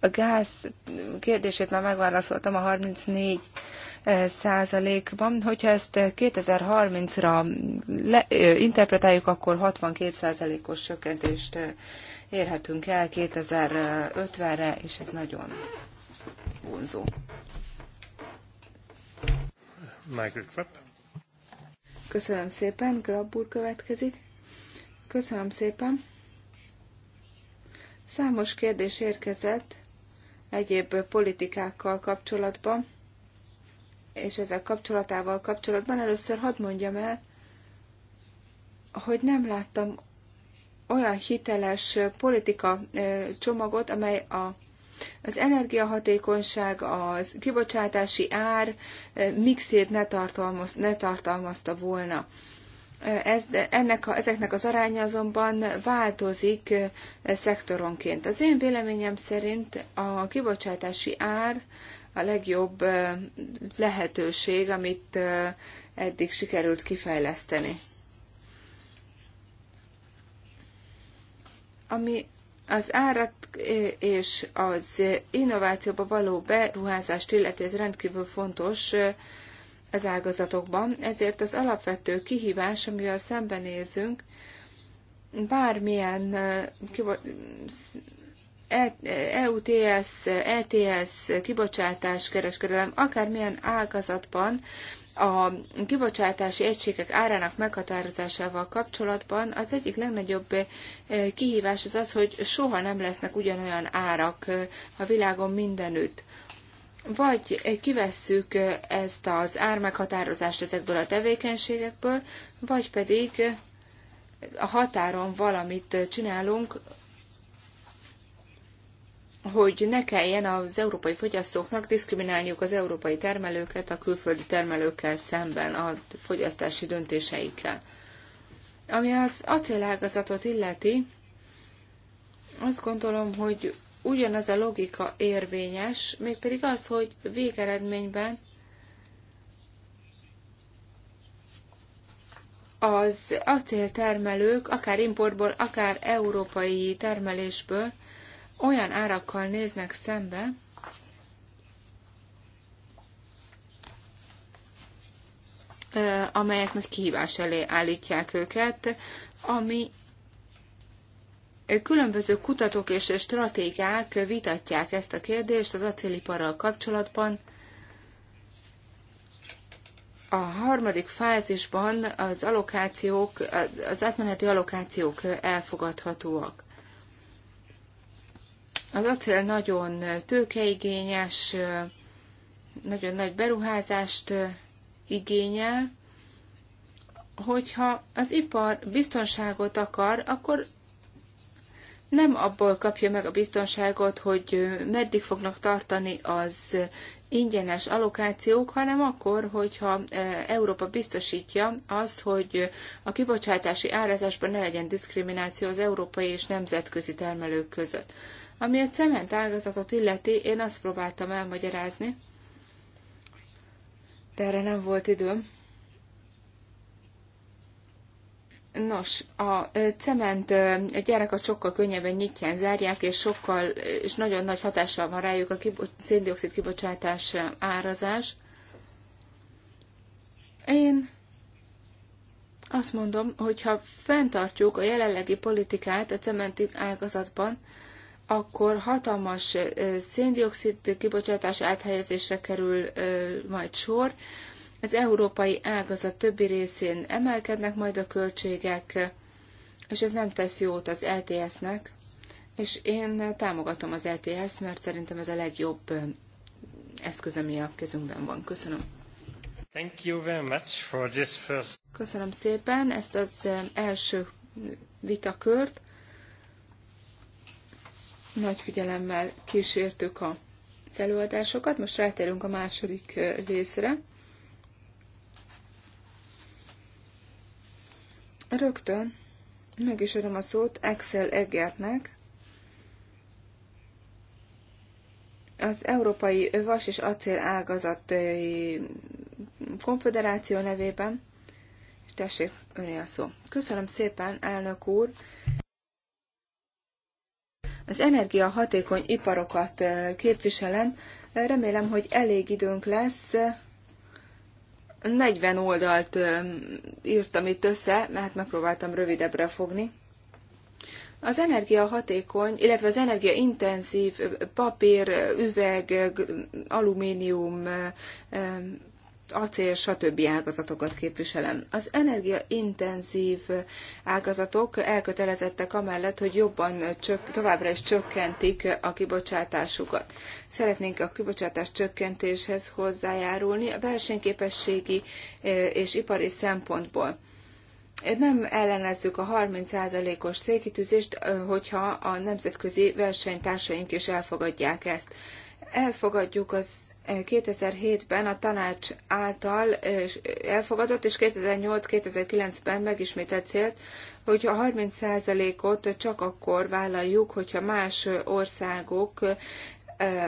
a gáz kérdését már megválaszoltam a 34 százalékban. Hogyha ezt 2030-ra interpretáljuk, akkor 62 százalékos csökkentést érhetünk el 2050-re, és ez nagyon vonzó. Köszönöm szépen, Grabb úr következik. Köszönöm szépen. Számos kérdés érkezett egyéb politikákkal kapcsolatban és ezzel kapcsolatával kapcsolatban először hadd mondjam el, hogy nem láttam olyan hiteles politika csomagot, amely a, az energiahatékonyság, az kibocsátási ár mixét ne, tartalmaz, ne tartalmazta volna. Ez, ennek a, ezeknek az aránya azonban változik szektoronként. Az én véleményem szerint a kibocsátási ár a legjobb lehetőség, amit eddig sikerült kifejleszteni. Ami az árat és az innovációba való beruházást illeti, ez rendkívül fontos az ágazatokban, ezért az alapvető kihívás, amivel szembenézünk, bármilyen EUTS, e ETS, kibocsátás, kereskedelem, akármilyen ágazatban a kibocsátási egységek árának meghatározásával kapcsolatban az egyik legnagyobb e, kihívás az az, hogy soha nem lesznek ugyanolyan árak e, a világon mindenütt. Vagy kivesszük ezt az ármeghatározást ezekből a tevékenységekből, vagy pedig a határon valamit csinálunk, hogy ne kelljen az európai fogyasztóknak diszkriminálniuk az európai termelőket a külföldi termelőkkel szemben a fogyasztási döntéseikkel. Ami az acélágazatot illeti, azt gondolom, hogy ugyanaz a logika érvényes, mégpedig az, hogy végeredményben az acéltermelők, akár importból, akár európai termelésből, olyan árakkal néznek szembe, amelyek nagy kihívás elé állítják őket, ami különböző kutatók és stratégiák vitatják ezt a kérdést az acéliparral kapcsolatban. A harmadik fázisban az allokációk, az átmeneti allokációk elfogadhatóak. Az acél nagyon tőkeigényes, nagyon nagy beruházást igényel. Hogyha az ipar biztonságot akar, akkor nem abból kapja meg a biztonságot, hogy meddig fognak tartani az ingyenes allokációk, hanem akkor, hogyha e, Európa biztosítja azt, hogy a kibocsátási árazásban ne legyen diszkrimináció az európai és nemzetközi termelők között. Ami a cement ágazatot illeti, én azt próbáltam elmagyarázni, de erre nem volt időm. Nos, a cement gyárakat sokkal könnyebben nyitján zárják, és sokkal, és nagyon nagy hatással van rájuk a kibo- széndiokszid kibocsátás árazás. Én azt mondom, hogy ha fenntartjuk a jelenlegi politikát a cementi ágazatban, akkor hatalmas széndiokszid kibocsátás áthelyezésre kerül majd sor. Az európai ágazat többi részén emelkednek majd a költségek, és ez nem tesz jót az LTS-nek, és én támogatom az LTS-t, mert szerintem ez a legjobb eszköz, ami a kezünkben van. Köszönöm. Thank you very much for this first... Köszönöm szépen ezt az első vitakört nagy figyelemmel kísértük a előadásokat. Most rátérünk a második részre. Rögtön meg is adom a szót Excel Egertnek, az Európai Vas és Acél Ágazat Konfederáció nevében, és tessék, öné a szó. Köszönöm szépen, elnök úr! az energiahatékony iparokat képviselem. Remélem, hogy elég időnk lesz. 40 oldalt írtam itt össze, mert megpróbáltam rövidebbre fogni. Az energiahatékony, illetve az energiaintenzív papír, üveg, alumínium acél, stb. ágazatokat képviselem. Az energiaintenzív ágazatok elkötelezettek amellett, hogy jobban csök, továbbra is csökkentik a kibocsátásukat. Szeretnénk a kibocsátás csökkentéshez hozzájárulni a versenyképességi e, és ipari szempontból. Nem ellenezzük a 30%-os célkitűzést, e, hogyha a nemzetközi versenytársaink is elfogadják ezt. Elfogadjuk az 2007-ben a tanács által elfogadott, és 2008-2009-ben megismételt célt, hogy a 30%-ot csak akkor vállaljuk, hogyha más országok,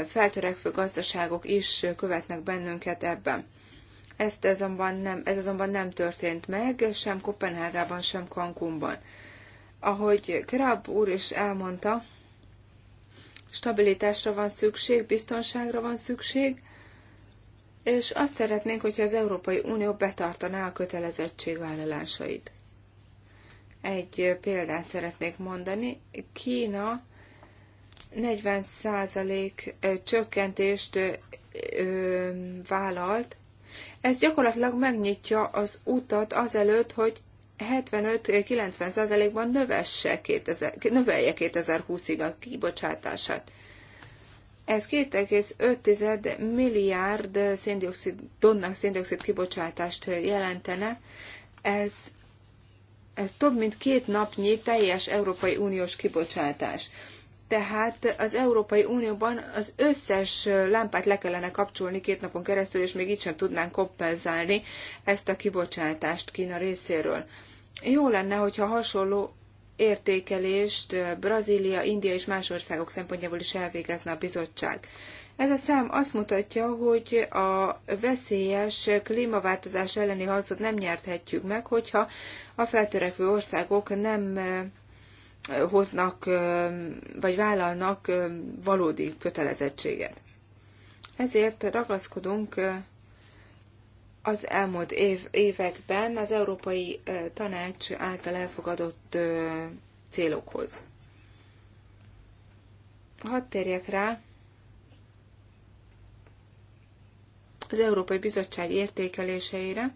feltörekvő gazdaságok is követnek bennünket ebben. Ezt azonban nem, ez azonban nem történt meg, sem Kopenhágában, sem Cancúnban. Ahogy Krab úr is elmondta, stabilitásra van szükség, biztonságra van szükség, és azt szeretnénk, hogyha az Európai Unió betartaná a kötelezettségvállalásait. Egy példát szeretnék mondani. Kína 40% csökkentést vállalt. Ez gyakorlatilag megnyitja az utat azelőtt, hogy 75-90%-ban növelje 2020-ig a kibocsátását. Ez 2,5 milliárd széndiokszid, tonna széndiokszid kibocsátást jelentene. Ez több mint két napnyi teljes Európai Uniós kibocsátás. Tehát az Európai Unióban az összes lámpát le kellene kapcsolni két napon keresztül, és még így sem tudnánk kompenzálni ezt a kibocsátást Kína részéről. Jó lenne, hogyha hasonló értékelést Brazília, India és más országok szempontjából is elvégezne a bizottság. Ez a szám azt mutatja, hogy a veszélyes klímaváltozás elleni harcot nem nyerthetjük meg, hogyha a feltörekvő országok nem hoznak vagy vállalnak valódi kötelezettséget. Ezért ragaszkodunk az elmúlt év, években az Európai Tanács által elfogadott célokhoz. Hadd térjek rá az Európai Bizottság értékeléseire,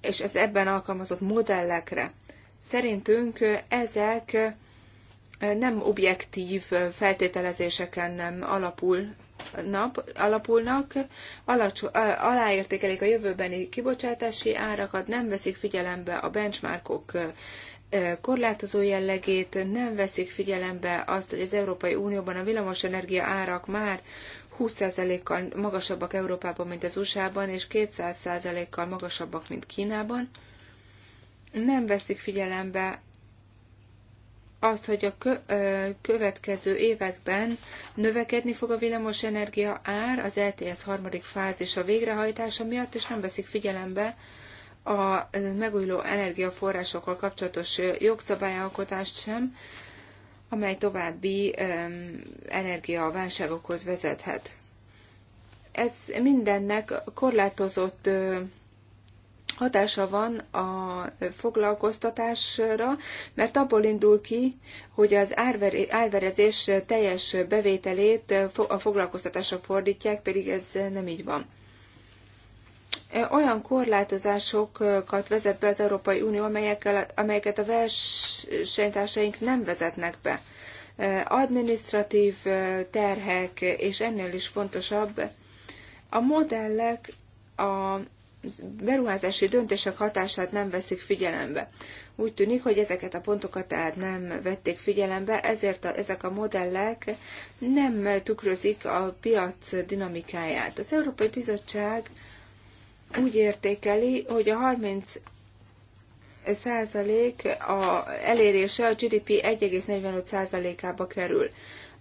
és az ebben alkalmazott modellekre. Szerintünk ezek nem objektív feltételezéseken alapul nap alapulnak, alacsó, aláértékelik a jövőbeni kibocsátási árakat, nem veszik figyelembe a benchmarkok korlátozó jellegét, nem veszik figyelembe azt, hogy az Európai Unióban a villamosenergia árak már 20%-kal magasabbak Európában, mint az USA-ban, és 200%-kal magasabbak, mint Kínában. Nem veszik figyelembe azt, hogy a következő években növekedni fog a villamosenergia energia ár az LTS harmadik fázis a végrehajtása miatt, és nem veszik figyelembe a megújuló energiaforrásokkal kapcsolatos jogszabályalkotást sem, amely további energiaválságokhoz vezethet. Ez mindennek korlátozott hatása van a foglalkoztatásra, mert abból indul ki, hogy az árverezés teljes bevételét a foglalkoztatásra fordítják, pedig ez nem így van. E, olyan korlátozásokat vezet be az Európai Unió, amelyeket a versenytársaink nem vezetnek be. E, administratív e, terhek, és ennél is fontosabb, a modellek a beruházási döntések hatását nem veszik figyelembe. Úgy tűnik, hogy ezeket a pontokat tehát nem vették figyelembe, ezért a, ezek a modellek nem tükrözik a piac dinamikáját. Az Európai Bizottság úgy értékeli, hogy a 30 százalék a elérése a GDP 1,45 százalékába kerül.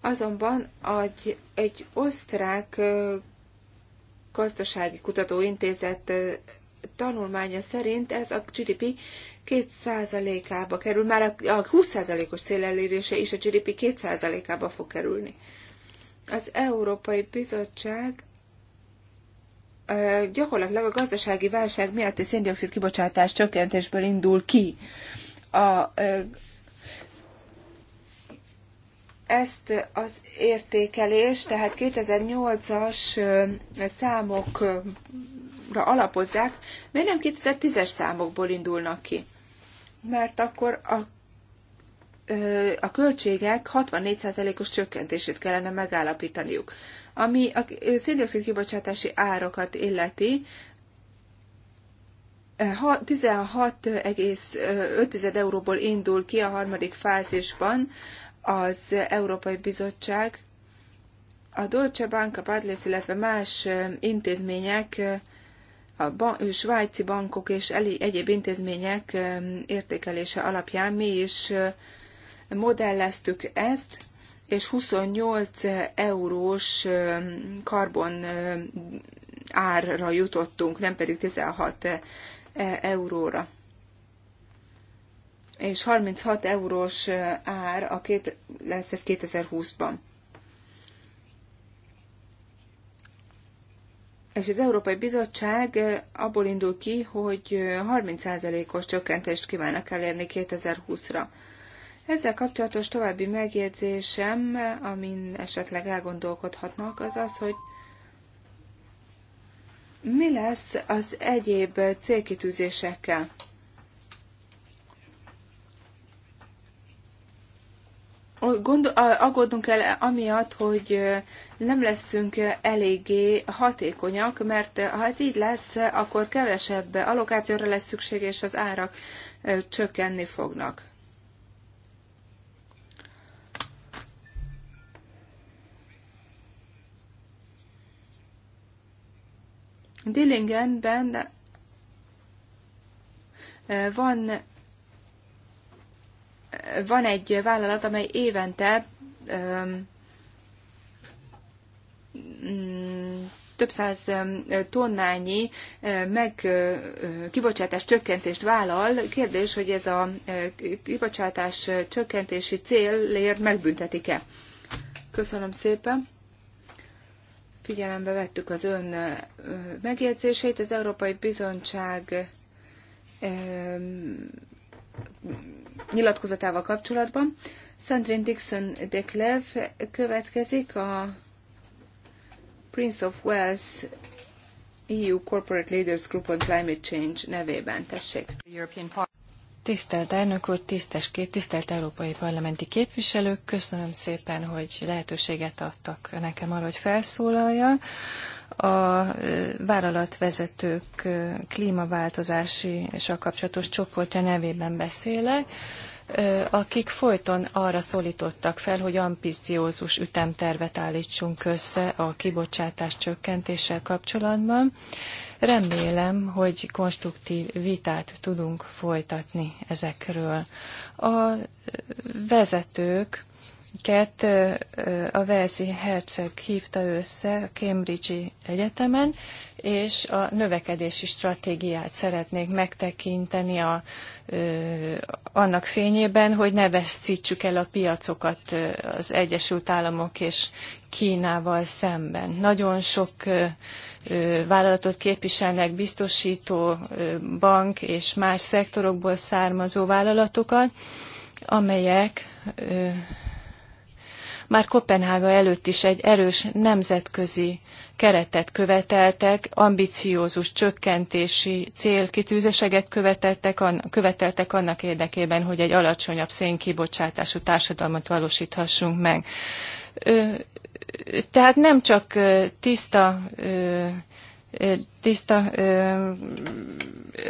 Azonban egy, egy osztrák Gazdasági Kutatóintézet tanulmánya szerint ez a GDP 2%-ába kerül, már a 20%-os cél elérése is a GDP 2%-ába fog kerülni. Az Európai Bizottság gyakorlatilag a gazdasági válság miatti széndiokszid kibocsátás csökkentésből indul ki. A ezt az értékelést, tehát 2008-as számokra alapozzák, miért nem 2010-es számokból indulnak ki? Mert akkor a, a költségek 64%-os csökkentését kellene megállapítaniuk. Ami a széndiokszid kibocsátási árakat illeti, 16,5 euróból indul ki a harmadik fázisban az Európai Bizottság, a Dolce Bank, a Barclays, illetve más intézmények, a ban- svájci bankok és egyéb intézmények értékelése alapján mi is modelleztük ezt, és 28 eurós karbon árra jutottunk, nem pedig 16 euróra és 36 eurós ár a két, lesz ez 2020-ban. És az Európai Bizottság abból indul ki, hogy 30%-os csökkentést kívánnak elérni 2020-ra. Ezzel kapcsolatos további megjegyzésem, amin esetleg elgondolkodhatnak, az az, hogy mi lesz az egyéb célkitűzésekkel. gondol, aggódnunk kell amiatt, hogy nem leszünk eléggé hatékonyak, mert ha ez így lesz, akkor kevesebb allokációra lesz szükség, és az árak csökkenni fognak. Dillingenben van van egy vállalat, amely évente mm, több száz tonnányi meg kibocsátás csökkentést vállal. Kérdés, hogy ez a kibocsátás csökkentési célért megbüntetik-e? Köszönöm szépen. Figyelembe vettük az ön megjegyzéseit. Az Európai Bizottság nyilatkozatával kapcsolatban. Sandrine Dixon de Clev következik a Prince of Wales EU Corporate Leaders Group on Climate Change nevében. Tessék! Tisztelt elnök úr, tisztes kép, tisztelt európai parlamenti képviselők, köszönöm szépen, hogy lehetőséget adtak nekem arra, hogy felszólaljak a vállalatvezetők klímaváltozási és a kapcsolatos csoportja nevében beszélek, akik folyton arra szólítottak fel, hogy ambiciózus ütemtervet állítsunk össze a kibocsátás csökkentéssel kapcsolatban. Remélem, hogy konstruktív vitát tudunk folytatni ezekről. A vezetők amiket a Velszi herceg hívta össze a Cambridge-i egyetemen, és a növekedési stratégiát szeretnék megtekinteni a, annak fényében, hogy ne veszítsük el a piacokat az Egyesült Államok és Kínával szemben. Nagyon sok vállalatot képviselnek biztosító, bank és más szektorokból származó vállalatokat, amelyek már Kopenhága előtt is egy erős nemzetközi keretet követeltek, ambiciózus csökkentési célkitűzéseket követeltek, követeltek annak érdekében, hogy egy alacsonyabb szénkibocsátású társadalmat valósíthassunk meg. Tehát nem csak tiszta tiszta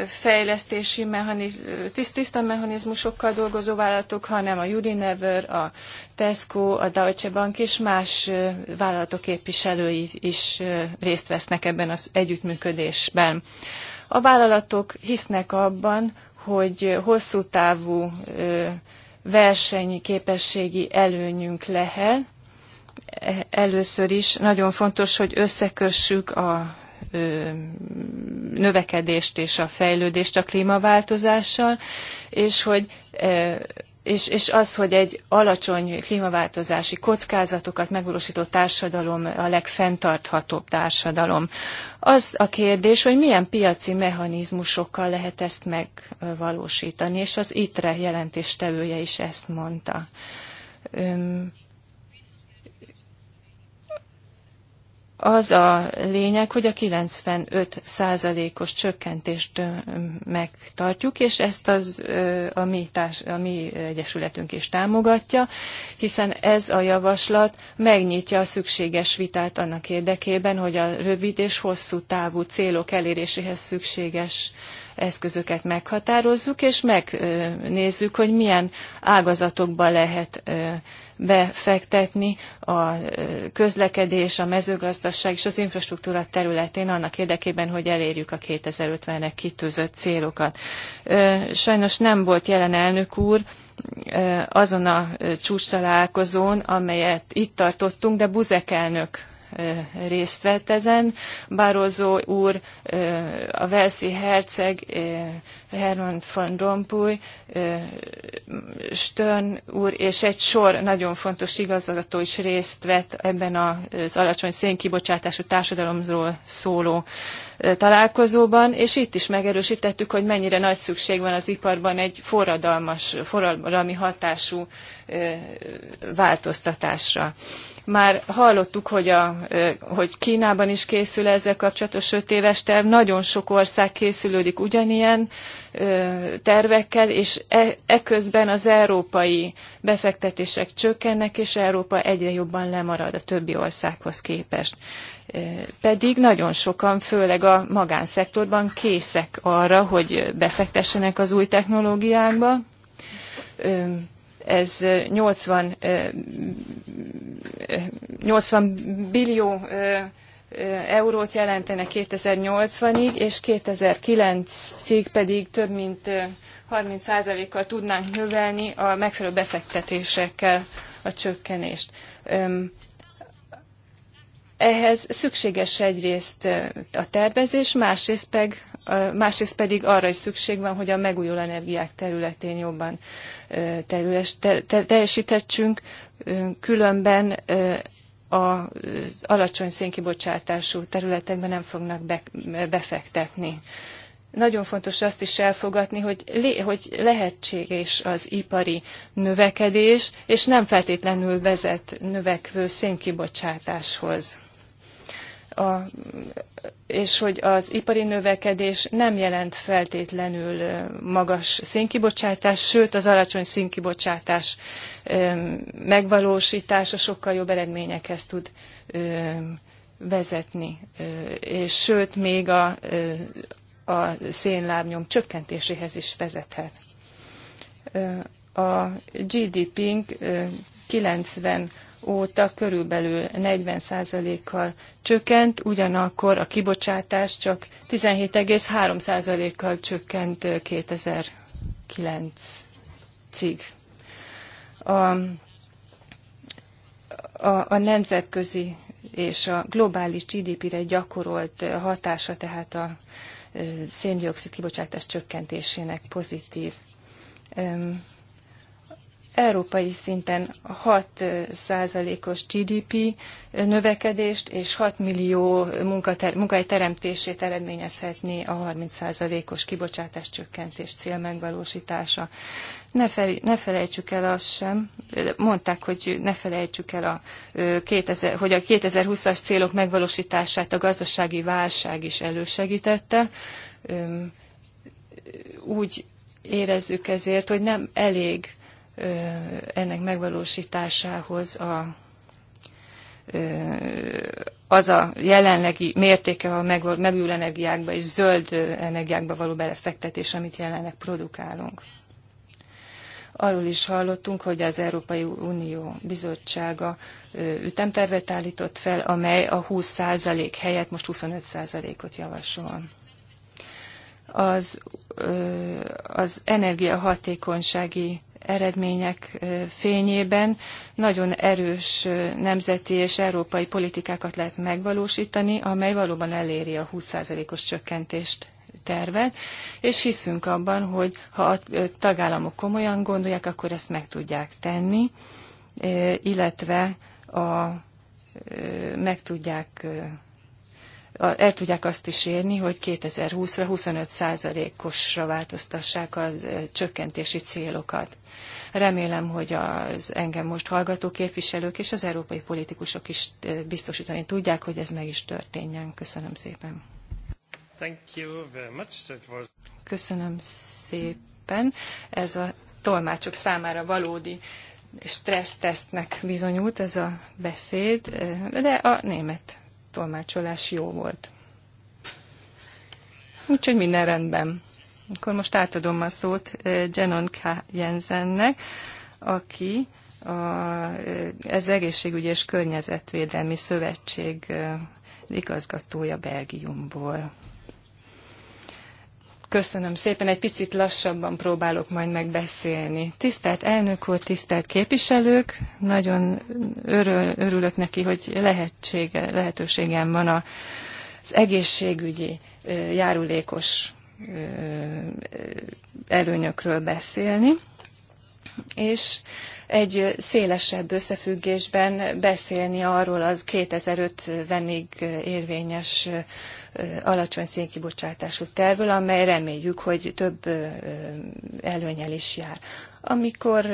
fejlesztési mechaniz, tiszta mechanizmusokkal dolgozó vállalatok, hanem a Unilever, a Tesco, a Deutsche Bank és más vállalatok képviselői is részt vesznek ebben az együttműködésben. A vállalatok hisznek abban, hogy hosszú távú versenyképességi előnyünk lehet. E-, először is nagyon fontos, hogy összekössük a növekedést és a fejlődést a klímaváltozással, és hogy és, és az, hogy egy alacsony klímaváltozási kockázatokat megvalósító társadalom a legfenntarthatóbb társadalom. Az a kérdés, hogy milyen piaci mechanizmusokkal lehet ezt megvalósítani, és az ITRE jelentéstevője is ezt mondta. az a lényeg, hogy a 95%-os csökkentést megtartjuk, és ezt az, a, mi társ, a mi egyesületünk is támogatja, hiszen ez a javaslat megnyitja a szükséges vitát annak érdekében, hogy a rövid és hosszú távú célok eléréséhez szükséges eszközöket meghatározzuk, és megnézzük, hogy milyen ágazatokban lehet befektetni a közlekedés, a mezőgazdaság és az infrastruktúra területén annak érdekében, hogy elérjük a 2050-re kitűzött célokat. Sajnos nem volt jelen elnök úr, azon a csúcs találkozón, amelyet itt tartottunk, de Buzek elnök részt vett ezen. Bározó úr, a Velszi herceg Herman van Rompuy, Stern úr, és egy sor nagyon fontos igazgató is részt vett ebben az alacsony szénkibocsátású társadalomról szóló találkozóban, és itt is megerősítettük, hogy mennyire nagy szükség van az iparban egy forradalmas, forradalmi hatású változtatásra. Már hallottuk, hogy, a, hogy Kínában is készül ezzel kapcsolatos öt terv, nagyon sok ország készülődik ugyanilyen tervekkel, és e, eközben e az európai befektetések csökkennek, és Európa egyre jobban lemarad a többi országhoz képest. Pedig nagyon sokan, főleg a magánszektorban készek arra, hogy befektessenek az új technológiákba. Ez 80, 80 billió eurót jelentene 2080-ig, és 2009-ig pedig több mint 30%-kal tudnánk növelni a megfelelő befektetésekkel a csökkenést. Ehhez szükséges egyrészt a tervezés, másrészt pedig, másrészt pedig arra is szükség van, hogy a megújuló energiák területén jobban teljesítettünk, különben az alacsony szénkibocsátású területekben nem fognak befektetni. Nagyon fontos azt is elfogadni, hogy, lé, hogy lehetséges az ipari növekedés, és nem feltétlenül vezet növekvő szénkibocsátáshoz. A, és hogy az ipari növekedés nem jelent feltétlenül magas színkibocsátás, sőt az alacsony szénkibocsátás megvalósítása sokkal jobb eredményekhez tud vezetni, és sőt még a, a szénlábnyom csökkentéséhez is vezethet. A GDP-nk 90 óta körülbelül 40%-kal csökkent, ugyanakkor a kibocsátás csak 17,3%-kal csökkent 2009-ig. A, a, a nemzetközi és a globális GDP-re gyakorolt hatása tehát a széndiokszid kibocsátás csökkentésének pozitív európai szinten 6%-os GDP növekedést és 6 millió munkahely teremtését eredményezhetné a 30%-os kibocsátás csökkentés cél megvalósítása. Ne, fel, ne felejtsük el azt sem, mondták, hogy ne felejtsük el, a, 2000, hogy a 2020-as célok megvalósítását a gazdasági válság is elősegítette. Úgy érezzük ezért, hogy nem elég ennek megvalósításához a, az a jelenlegi mértéke a megújuló energiákba és zöld energiákba való belefektetés, amit jelenleg produkálunk. Arról is hallottunk, hogy az Európai Unió Bizottsága ütemtervet állított fel, amely a 20% helyett most 25%-ot javasol. Az, az energiahatékonysági eredmények fényében nagyon erős nemzeti és európai politikákat lehet megvalósítani, amely valóban eléri a 20%-os csökkentést tervet, és hiszünk abban, hogy ha a tagállamok komolyan gondolják, akkor ezt meg tudják tenni, illetve a, meg tudják el tudják azt is érni, hogy 2020-ra 25 százalékosra változtassák a csökkentési célokat. Remélem, hogy az engem most hallgató képviselők és az európai politikusok is biztosítani tudják, hogy ez meg is történjen. Köszönöm szépen. Was... Köszönöm szépen. Ez a tolmácsok számára valódi stressztesztnek bizonyult ez a beszéd, de a német tolmácsolás jó volt. Úgyhogy minden rendben. Akkor most átadom a szót eh, Jenon K. Jensennek, aki a, eh, ez egészségügyi és környezetvédelmi szövetség eh, igazgatója Belgiumból. Köszönöm szépen, egy picit lassabban próbálok majd megbeszélni. Tisztelt elnök úr, tisztelt képviselők, nagyon örül, örülök neki, hogy lehetsége, lehetőségem van az egészségügyi járulékos előnyökről beszélni, és egy szélesebb összefüggésben beszélni arról az 2005 ig érvényes alacsony szénkibocsátású tervről, amely reméljük, hogy több előnyel is jár amikor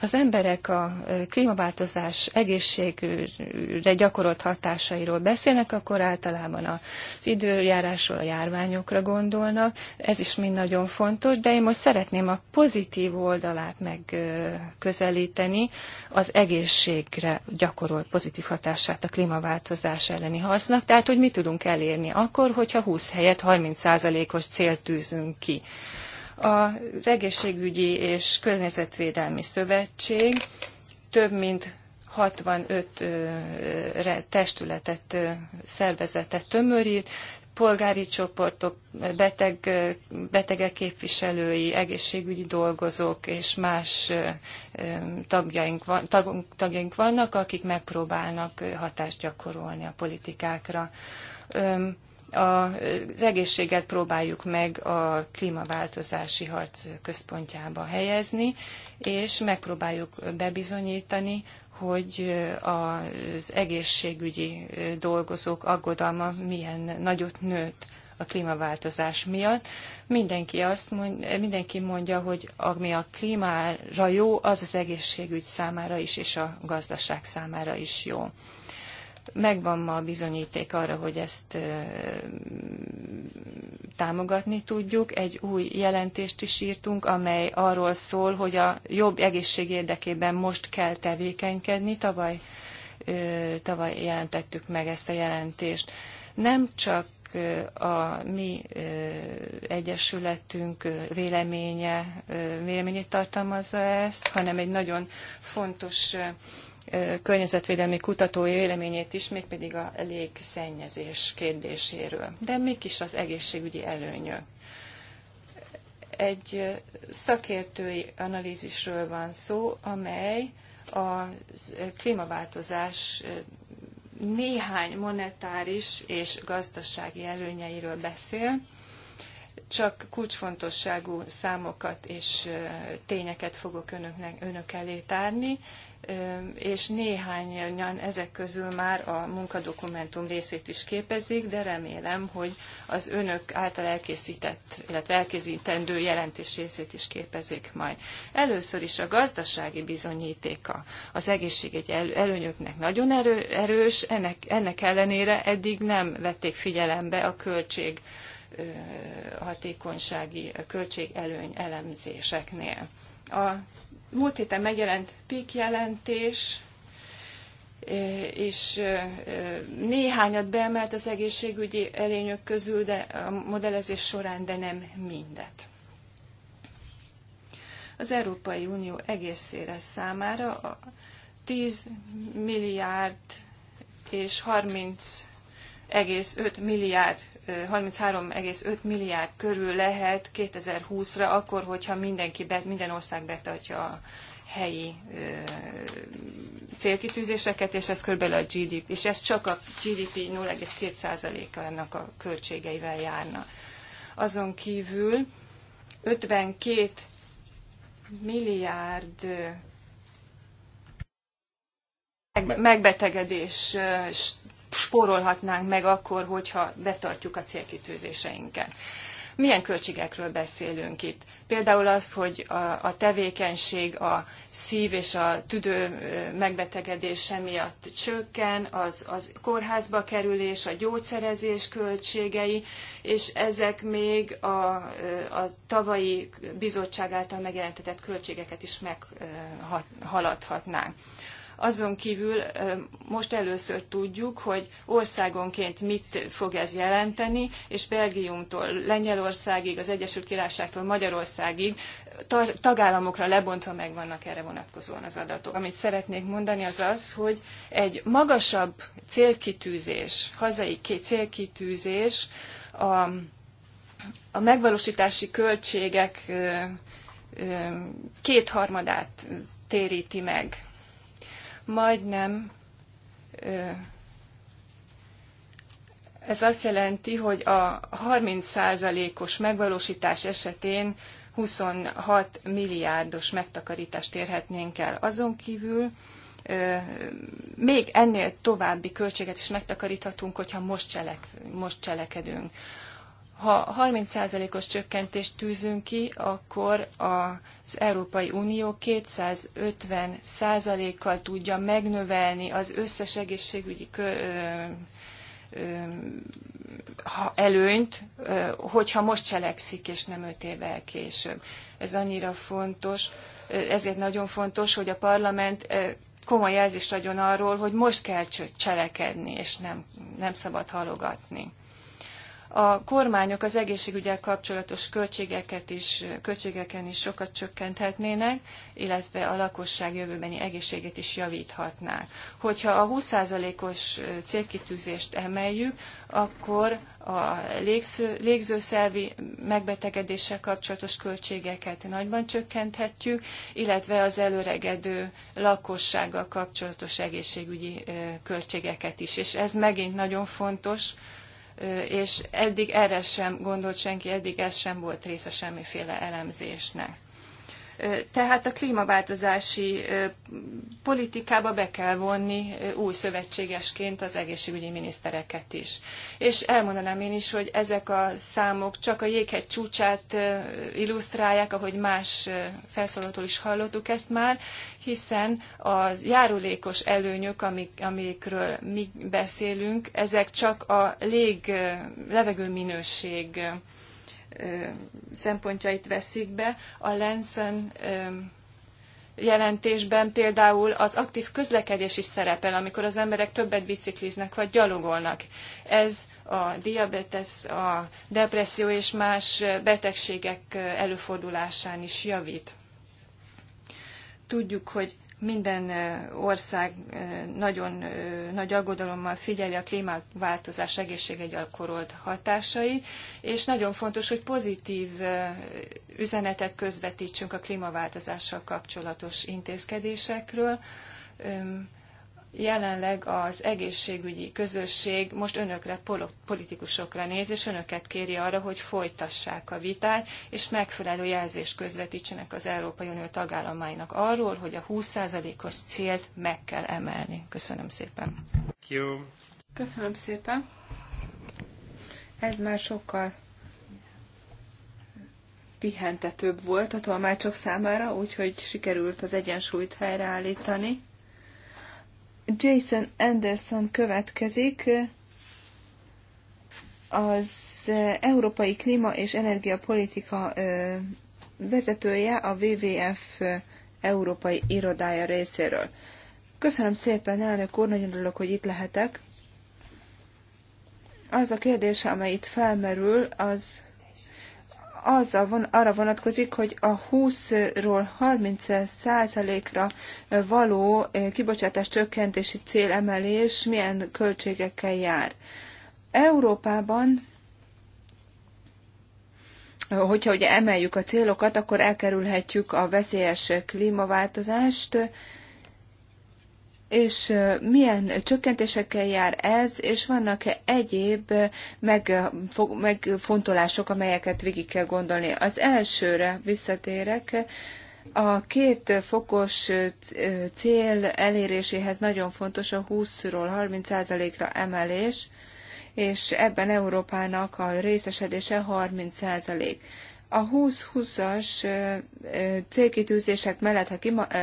az emberek a klímaváltozás egészségre gyakorolt hatásairól beszélnek, akkor általában az időjárásról, a járványokra gondolnak. Ez is mind nagyon fontos, de én most szeretném a pozitív oldalát megközelíteni, az egészségre gyakorolt pozitív hatását a klímaváltozás elleni hasznak, tehát hogy mit tudunk elérni akkor, hogyha 20 helyett 30%-os célt tűzünk ki. Az Egészségügyi és Környezetvédelmi Szövetség több mint 65 testületet, szervezetet tömörít, polgári csoportok, beteg, betegek képviselői, egészségügyi dolgozók és más tagjaink, tag, tagjaink vannak, akik megpróbálnak hatást gyakorolni a politikákra az egészséget próbáljuk meg a klímaváltozási harc központjába helyezni, és megpróbáljuk bebizonyítani, hogy az egészségügyi dolgozók aggodalma milyen nagyot nőtt a klímaváltozás miatt. Mindenki, azt mond, mindenki mondja, hogy ami a klímára jó, az az egészségügy számára is, és a gazdaság számára is jó. Megvan ma a bizonyíték arra, hogy ezt támogatni tudjuk. Egy új jelentést is írtunk, amely arról szól, hogy a jobb egészség érdekében most kell tevékenykedni. Tavaly, tavaly jelentettük meg ezt a jelentést. Nem csak a mi egyesületünk véleménye, véleményét tartalmazza ezt, hanem egy nagyon fontos környezetvédelmi kutatói véleményét is, mégpedig a légszennyezés kérdéséről. De mik is az egészségügyi előnyök? Egy szakértői analízisről van szó, amely a klímaváltozás néhány monetáris és gazdasági előnyeiről beszél, csak kulcsfontosságú számokat és tényeket fogok önöknek, önök elé tárni, és néhányan ezek közül már a munkadokumentum részét is képezik, de remélem, hogy az önök által elkészített, illetve elkészítendő jelentés részét is képezik majd. Először is a gazdasági bizonyítéka az egészségügyi előnyöknek nagyon erő, erős, ennek, ennek ellenére eddig nem vették figyelembe a költség hatékonysági költségelőny elemzéseknél. A múlt héten megjelent PIK jelentés, és néhányat beemelt az egészségügyi elényök közül, de a modellezés során, de nem mindet. Az Európai Unió egészére számára a 10 milliárd és 30 3,5 milliárd, 33,5 milliárd körül lehet 2020-ra, akkor, hogyha mindenki, minden ország betartja a helyi célkitűzéseket, és ez körülbelül a GDP, és ez csak a GDP 0,2%-ának a költségeivel járna. Azon kívül 52 milliárd megbetegedést spórolhatnánk meg akkor, hogyha betartjuk a célkitűzéseinket. Milyen költségekről beszélünk itt? Például azt, hogy a, a tevékenység a szív és a tüdő megbetegedése miatt csökken, az, az kórházba kerülés, a gyógyszerezés költségei, és ezek még a, a tavalyi bizottság által megjelentetett költségeket is meghaladhatnánk. Azon kívül most először tudjuk, hogy országonként mit fog ez jelenteni, és Belgiumtól Lengyelországig, az Egyesült Királyságtól Magyarországig tagállamokra lebontva megvannak erre vonatkozóan az adatok. Amit szeretnék mondani az az, hogy egy magasabb célkitűzés, hazai célkitűzés a, a megvalósítási költségek kétharmadát téríti meg majdnem ez azt jelenti, hogy a 30%-os megvalósítás esetén 26 milliárdos megtakarítást érhetnénk el. Azon kívül még ennél további költséget is megtakaríthatunk, hogyha most, cselek, most cselekedünk. Ha 30%-os csökkentést tűzünk ki, akkor az Európai Unió 250%-kal tudja megnövelni az összes egészségügyi előnyt, hogyha most cselekszik, és nem öt évvel később. Ez annyira fontos, ezért nagyon fontos, hogy a parlament komoly jelzést adjon arról, hogy most kell cselekedni, és nem, nem szabad halogatni. A kormányok az egészségügyel kapcsolatos költségeket is, költségeken is sokat csökkenthetnének, illetve a lakosság jövőbeni egészségét is javíthatnák. Hogyha a 20%-os célkitűzést emeljük, akkor a légző, légzőszervi megbetegedéssel kapcsolatos költségeket nagyban csökkenthetjük, illetve az előregedő lakossággal kapcsolatos egészségügyi költségeket is. És ez megint nagyon fontos, és eddig erre sem gondolt senki, eddig ez sem volt része semmiféle elemzésnek. Tehát a klímaváltozási politikába be kell vonni új szövetségesként az egészségügyi minisztereket is. És elmondanám én is, hogy ezek a számok csak a jéghegy csúcsát illusztrálják, ahogy más felszólalótól is hallottuk ezt már, hiszen az járulékos előnyök, amik, amikről mi beszélünk, ezek csak a lég, levegő minőség szempontjait veszik be. A Lensen jelentésben például az aktív közlekedés is szerepel, amikor az emberek többet bicikliznek vagy gyalogolnak. Ez a diabetes, a depresszió és más betegségek előfordulásán is javít. Tudjuk, hogy minden ország nagyon nagy aggodalommal figyeli a klímaváltozás egészségre gyakorolt hatásai, és nagyon fontos, hogy pozitív üzenetet közvetítsünk a klímaváltozással kapcsolatos intézkedésekről jelenleg az egészségügyi közösség most önökre, politikusokra néz, és önöket kéri arra, hogy folytassák a vitát, és megfelelő jelzést közvetítsenek az Európai Unió tagállamainak arról, hogy a 20%-os célt meg kell emelni. Köszönöm szépen. Köszönöm szépen. Ez már sokkal pihentetőbb volt a tolmácsok számára, úgyhogy sikerült az egyensúlyt helyreállítani Jason Anderson következik az eh, Európai Klíma és Energiapolitika eh, vezetője a WWF eh, Európai Irodája részéről. Köszönöm szépen, elnök úr, nagyon örülök, hogy itt lehetek. Az a kérdés, amely itt felmerül, az azzal von, arra vonatkozik, hogy a 20-ról 30 százalékra való eh, kibocsátás csökkentési célemelés milyen költségekkel jár. Európában hogyha ugye emeljük a célokat, akkor elkerülhetjük a veszélyes klímaváltozást, és milyen csökkentésekkel jár ez, és vannak-e egyéb megfontolások, amelyeket végig kell gondolni. Az elsőre visszatérek, a két fokos cél eléréséhez nagyon fontos a 20-ról 30%-ra emelés, és ebben Európának a részesedése 30% a 20-20-as célkitűzések mellett, ha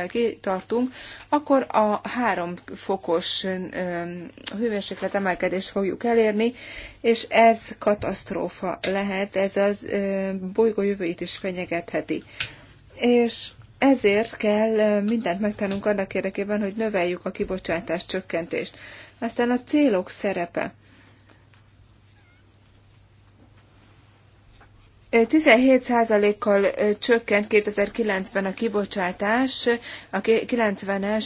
kitartunk, akkor a három fokos hőmérséklet emelkedést fogjuk elérni, és ez katasztrófa lehet, ez az bolygó jövőjét is fenyegetheti. És ezért kell mindent megtennünk annak érdekében, hogy növeljük a kibocsátás csökkentést. Aztán a célok szerepe. 17%-kal csökkent 2009-ben a kibocsátás a 90-es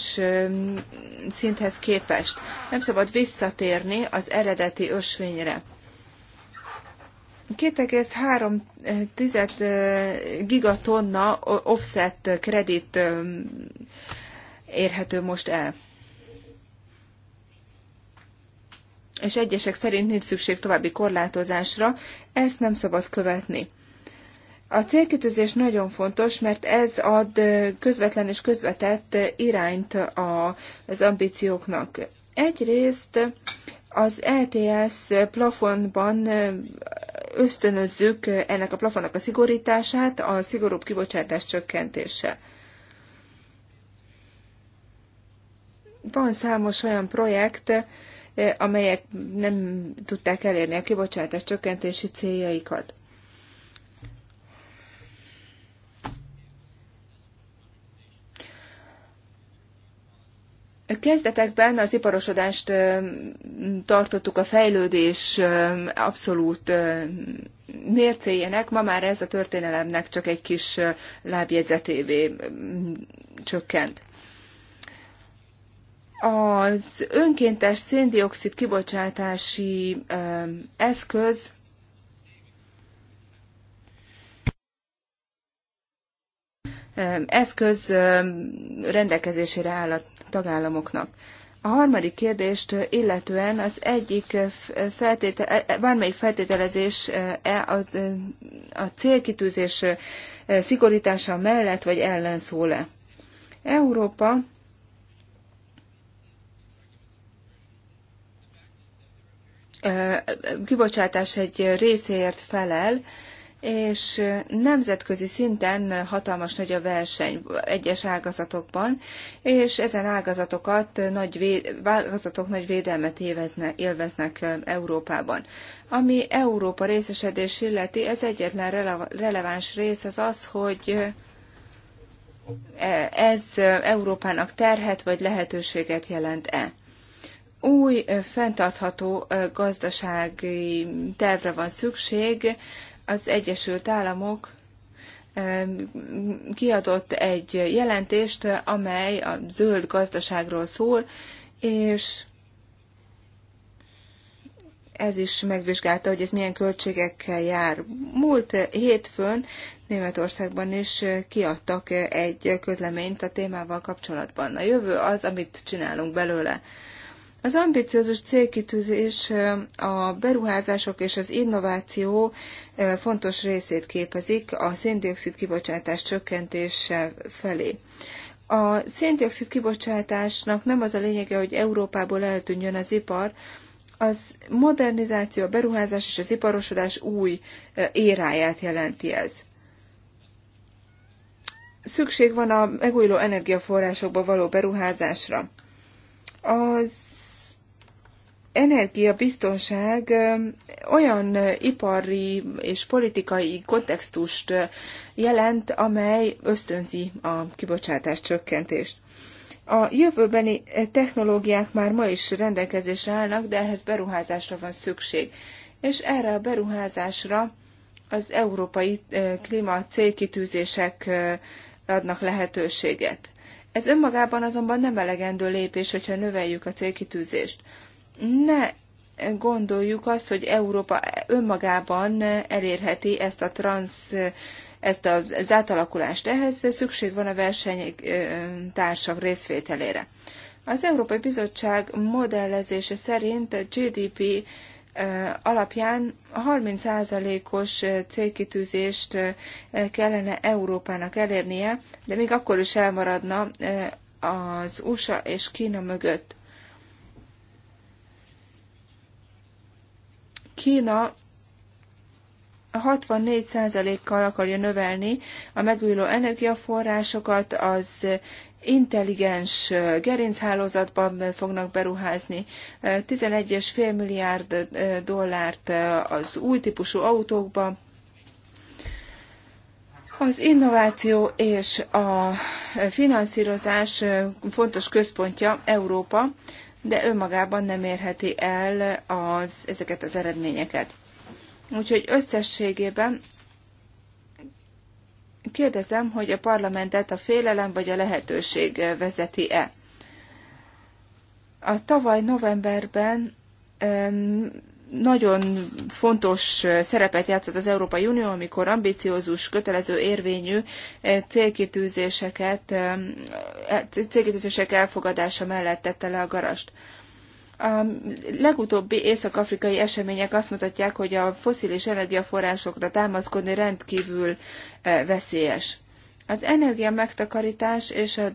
szinthez képest. Nem szabad visszatérni az eredeti ösvényre. 2,3 gigatonna offset kredit érhető most el. És egyesek szerint nincs szükség további korlátozásra, ezt nem szabad követni. A célkitűzés nagyon fontos, mert ez ad közvetlen és közvetett irányt az ambícióknak. Egyrészt az LTS e plafonban ösztönözzük ennek a plafonnak a szigorítását, a szigorúbb kibocsátás csökkentése. Van számos olyan projekt, amelyek nem tudták elérni a kibocsátás csökkentési céljaikat. Kezdetekben az iparosodást tartottuk a fejlődés abszolút mércéjének, ma már ez a történelemnek csak egy kis lábjegyzetévé csökkent. Az önkéntes széndiokszid kibocsátási eszköz eszköz rendelkezésére áll a tagállamoknak. A harmadik kérdést illetően az egyik feltétele, e, bármelyik feltételezés e, az a célkitűzés szigorítása mellett vagy ellen szól-e. Európa kibocsátás egy részéért felel, és nemzetközi szinten hatalmas nagy a verseny egyes ágazatokban, és ezen ágazatokat nagy véd, ágazatok nagy védelmet évezne, élveznek Európában. Ami Európa részesedés illeti, ez egyetlen rele, releváns rész az az, hogy e, ez Európának terhet vagy lehetőséget jelent-e új fenntartható gazdasági tervre van szükség, az Egyesült Államok kiadott egy jelentést, amely a zöld gazdaságról szól, és ez is megvizsgálta, hogy ez milyen költségekkel jár. Múlt hétfőn Németországban is kiadtak egy közleményt a témával kapcsolatban. A jövő az, amit csinálunk belőle. Az ambiciózus célkitűzés a beruházások és az innováció fontos részét képezik a széndiokszid kibocsátás csökkentése felé. A széndiokszid kibocsátásnak nem az a lényege, hogy Európából eltűnjön az ipar, az modernizáció, a beruházás és az iparosodás új éráját jelenti ez. Szükség van a megújuló energiaforrásokba való beruházásra. Az energiabiztonság olyan ipari és politikai kontextust jelent, amely ösztönzi a kibocsátás csökkentést. A jövőbeni technológiák már ma is rendelkezésre állnak, de ehhez beruházásra van szükség. És erre a beruházásra az európai klíma célkitűzések adnak lehetőséget. Ez önmagában azonban nem elegendő lépés, hogyha növeljük a célkitűzést ne gondoljuk azt, hogy Európa önmagában elérheti ezt a transz ezt az átalakulást. Ehhez szükség van a versenytársak részvételére. Az Európai Bizottság modellezése szerint a GDP alapján 30%-os célkitűzést kellene Európának elérnie, de még akkor is elmaradna az USA és Kína mögött. Kína 64%-kal akarja növelni a megújuló energiaforrásokat, az intelligens gerinchálózatban fognak beruházni. 11,5 milliárd dollárt az új típusú autókba. Az innováció és a finanszírozás fontos központja Európa, de önmagában nem érheti el az, ezeket az eredményeket. Úgyhogy összességében kérdezem, hogy a parlamentet a félelem vagy a lehetőség vezeti-e. A tavaly novemberben nagyon fontos szerepet játszott az Európai Unió, amikor ambiciózus, kötelező érvényű eh, célkitűzéseket, eh, eh, célkitűzések elfogadása mellett tette le a garast. A legutóbbi észak-afrikai események azt mutatják, hogy a foszilis energiaforrásokra támaszkodni rendkívül veszélyes. Az energia megtakarítás és a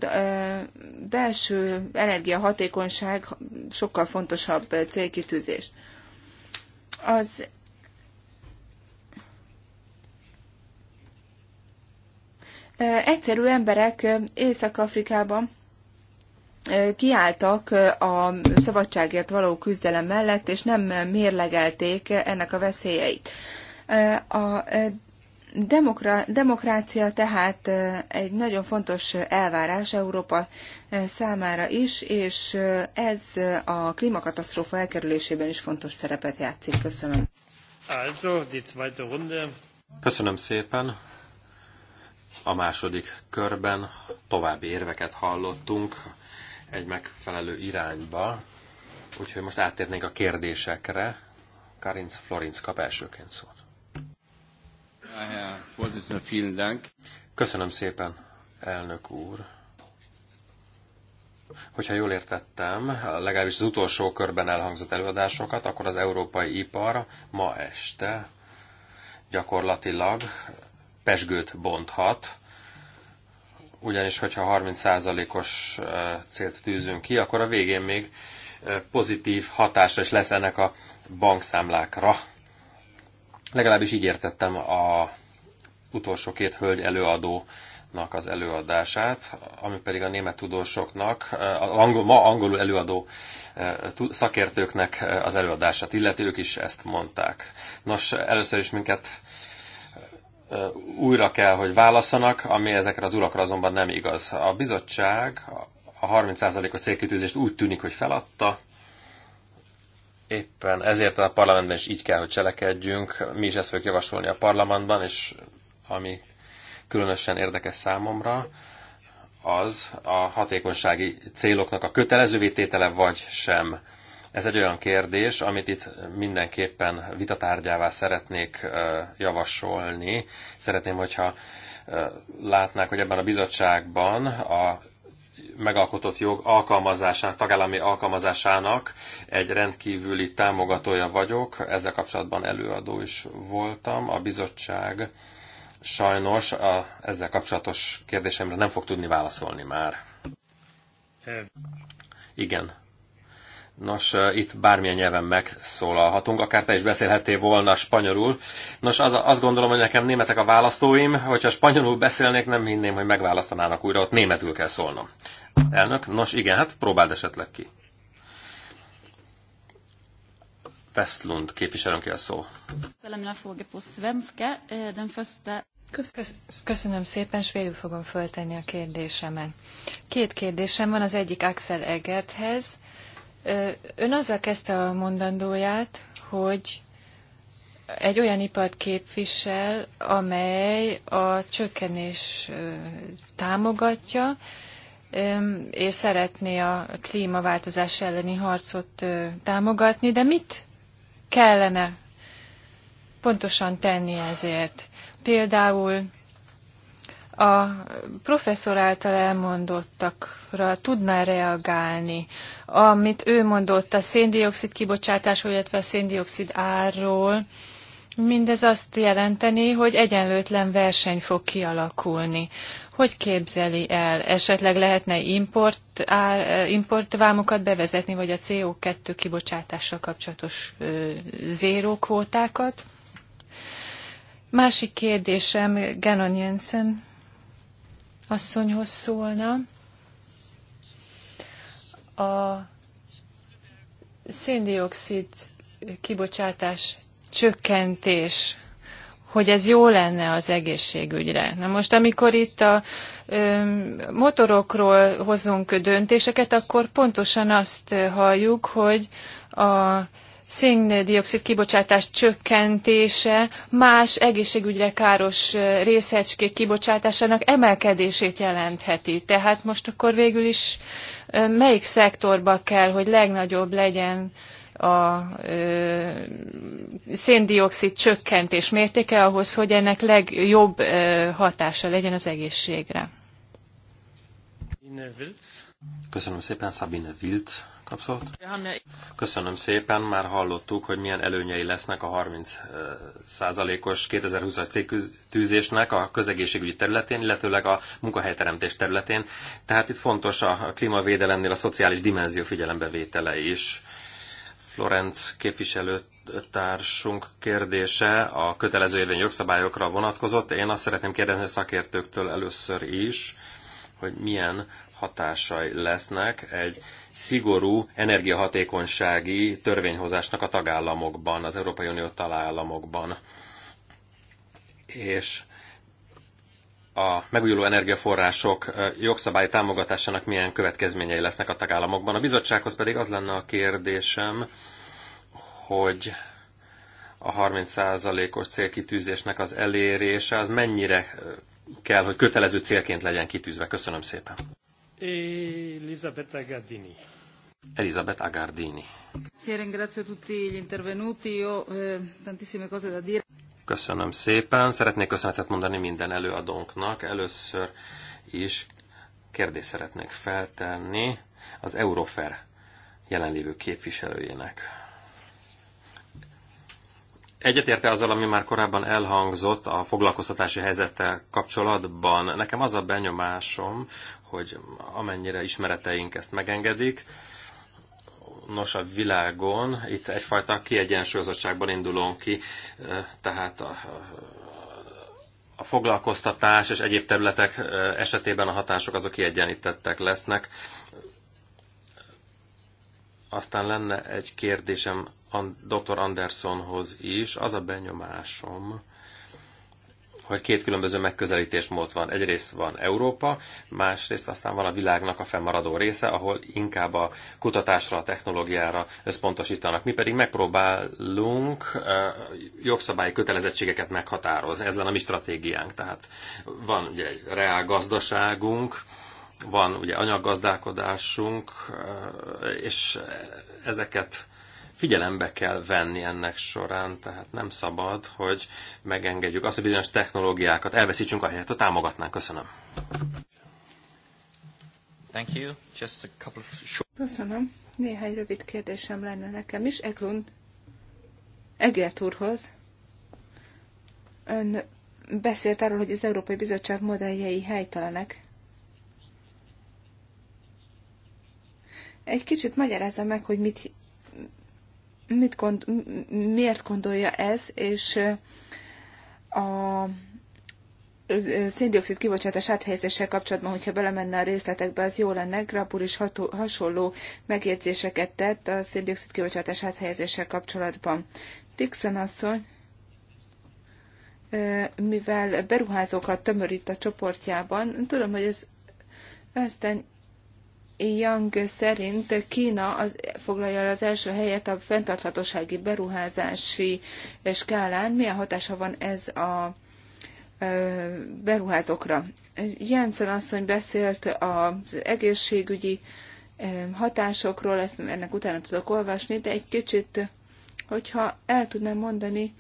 belső energiahatékonyság sokkal fontosabb célkitűzés az egyszerű emberek Észak-Afrikában kiálltak a szabadságért való küzdelem mellett, és nem mérlegelték ennek a veszélyeit. A Demokra, demokrácia tehát egy nagyon fontos elvárás Európa számára is, és ez a klímakatasztrófa elkerülésében is fontos szerepet játszik. Köszönöm. Also, die zweite Runde. Köszönöm szépen. A második körben további érveket hallottunk egy megfelelő irányba, úgyhogy most áttérnénk a kérdésekre. Karinc Florinc kap elsőként szól. Köszönöm szépen, elnök úr. Hogyha jól értettem, legalábbis az utolsó körben elhangzott előadásokat, akkor az európai ipar ma este gyakorlatilag pesgőt bonthat, ugyanis hogyha 30%-os célt tűzünk ki, akkor a végén még pozitív hatása is lesz ennek a bankszámlákra Legalábbis így értettem a utolsó két hölgy előadónak az előadását, ami pedig a német tudósoknak, a angol, ma angolul előadó eh, szakértőknek eh, az előadását illeti, ők is ezt mondták. Nos, először is minket eh, újra kell, hogy válaszanak, ami ezekre az urakra azonban nem igaz. A bizottság a 30%-os célkitűzést úgy tűnik, hogy feladta, éppen ezért a parlamentben is így kell, hogy cselekedjünk. Mi is ezt fogjuk javasolni a parlamentben, és ami különösen érdekes számomra, az a hatékonysági céloknak a kötelezővé tétele vagy sem. Ez egy olyan kérdés, amit itt mindenképpen vitatárgyává szeretnék javasolni. Szeretném, hogyha látnák, hogy ebben a bizottságban a megalkotott jog alkalmazásának, tagállami alkalmazásának egy rendkívüli támogatója vagyok. Ezzel kapcsolatban előadó is voltam. A bizottság sajnos a ezzel kapcsolatos kérdésemre nem fog tudni válaszolni már. Igen. Nos, itt bármilyen nyelven megszólalhatunk, akár te is beszélhetél volna spanyolul. Nos, az, azt gondolom, hogy nekem németek a választóim, hogyha spanyolul beszélnék, nem hinném, hogy megválasztanának újra, ott németül kell szólnom. Elnök, nos igen, hát próbáld esetleg ki. Westlund ki a szó. Köszönöm szépen, svédül fogom föltenni a kérdésemet. Két kérdésem van, az egyik Axel Egerthez. Ön azzal kezdte a mondandóját, hogy egy olyan ipart képvisel, amely a csökkenés támogatja, és szeretné a klímaváltozás elleni harcot támogatni, de mit kellene pontosan tenni ezért? Például a professzor által elmondottakra tudná reagálni, amit ő mondott a széndiokszid kibocsátásról, illetve a széndiokszid árról, mindez azt jelenteni, hogy egyenlőtlen verseny fog kialakulni. Hogy képzeli el? Esetleg lehetne import, ár, importvámokat bevezetni, vagy a CO2 kibocsátással kapcsolatos ö, zéró kvótákat? Másik kérdésem Ganon Jensen asszonyhoz szólna. A széndiokszid kibocsátás csökkentés, hogy ez jó lenne az egészségügyre. Na most, amikor itt a ö, motorokról hozunk döntéseket, akkor pontosan azt halljuk, hogy a széndiokszid kibocsátás csökkentése más egészségügyre káros részecskék kibocsátásának emelkedését jelentheti. Tehát most akkor végül is melyik szektorba kell, hogy legnagyobb legyen a ö, széndiokszid csökkentés mértéke ahhoz, hogy ennek legjobb ö, hatása legyen az egészségre. Köszönöm szépen, Sabine Wild kapszót. Köszönöm szépen, már hallottuk, hogy milyen előnyei lesznek a 30%-os 2020-as céltűzésnek a közegészségügyi területén, illetőleg a munkahelyteremtés területén. Tehát itt fontos a klímavédelemnél a szociális dimenzió figyelembevétele is. Florenc képviselőtársunk kérdése a kötelező érvényű jogszabályokra vonatkozott. Én azt szeretném kérdezni a szakértőktől először is, hogy milyen hatásai lesznek egy szigorú energiahatékonysági törvényhozásnak a tagállamokban, az Európai Unió tagállamokban. És a megújuló energiaforrások jogszabály támogatásának milyen következményei lesznek a tagállamokban. A bizottsághoz pedig az lenne a kérdésem, hogy a 30%-os célkitűzésnek az elérése az mennyire kell, hogy kötelező célként legyen kitűzve. Köszönöm szépen. Elisabetta Elisabeth Agardini. Köszönöm szépen. Szeretnék köszönetet mondani minden előadónknak. Először is kérdést szeretnék feltenni az Eurofer jelenlévő képviselőjének. Egyetérte azzal, ami már korábban elhangzott a foglalkoztatási helyzettel kapcsolatban. Nekem az a benyomásom, hogy amennyire ismereteink ezt megengedik, nos a világon, itt egyfajta kiegyensúlyozottságban indulunk ki, tehát a, a foglalkoztatás és egyéb területek esetében a hatások azok kiegyenítettek lesznek. Aztán lenne egy kérdésem dr. Andersonhoz is. Az a benyomásom, hogy két különböző megközelítés mód van. Egyrészt van Európa, másrészt aztán van a világnak a fennmaradó része, ahol inkább a kutatásra, a technológiára összpontosítanak. Mi pedig megpróbálunk eh, jogszabályi kötelezettségeket meghatározni. Ez lenne a mi stratégiánk. Tehát van ugye egy reál gazdaságunk, van ugye anyaggazdálkodásunk, eh, és ezeket figyelembe kell venni ennek során, tehát nem szabad, hogy megengedjük azt, hogy bizonyos technológiákat elveszítsünk a helyet, a támogatnánk. Köszönöm. Thank you. Just a couple of short... Köszönöm. Néhány rövid kérdésem lenne nekem is. Eglund Egert úrhoz. Ön beszélt arról, hogy az Európai Bizottság modelljei helytelenek. Egy kicsit magyarázza meg, hogy mit mit gond, miért gondolja ez, és a széndiokszid kibocsátás áthelyezéssel kapcsolatban, hogyha belemenne a részletekbe, az jó lenne. Grabur is hatu, hasonló megjegyzéseket tett a széndiokszid kibocsátás áthelyezéssel kapcsolatban. Dixon asszony, mivel beruházókat tömörít a csoportjában, tudom, hogy ez Ösztön Yang szerint Kína az, foglalja el az első helyet a fenntarthatósági beruházási skálán. Milyen hatása van ez a beruházókra? Jensen asszony beszélt az egészségügyi hatásokról, ezt ennek utána tudok olvasni, de egy kicsit, hogyha el tudnám mondani,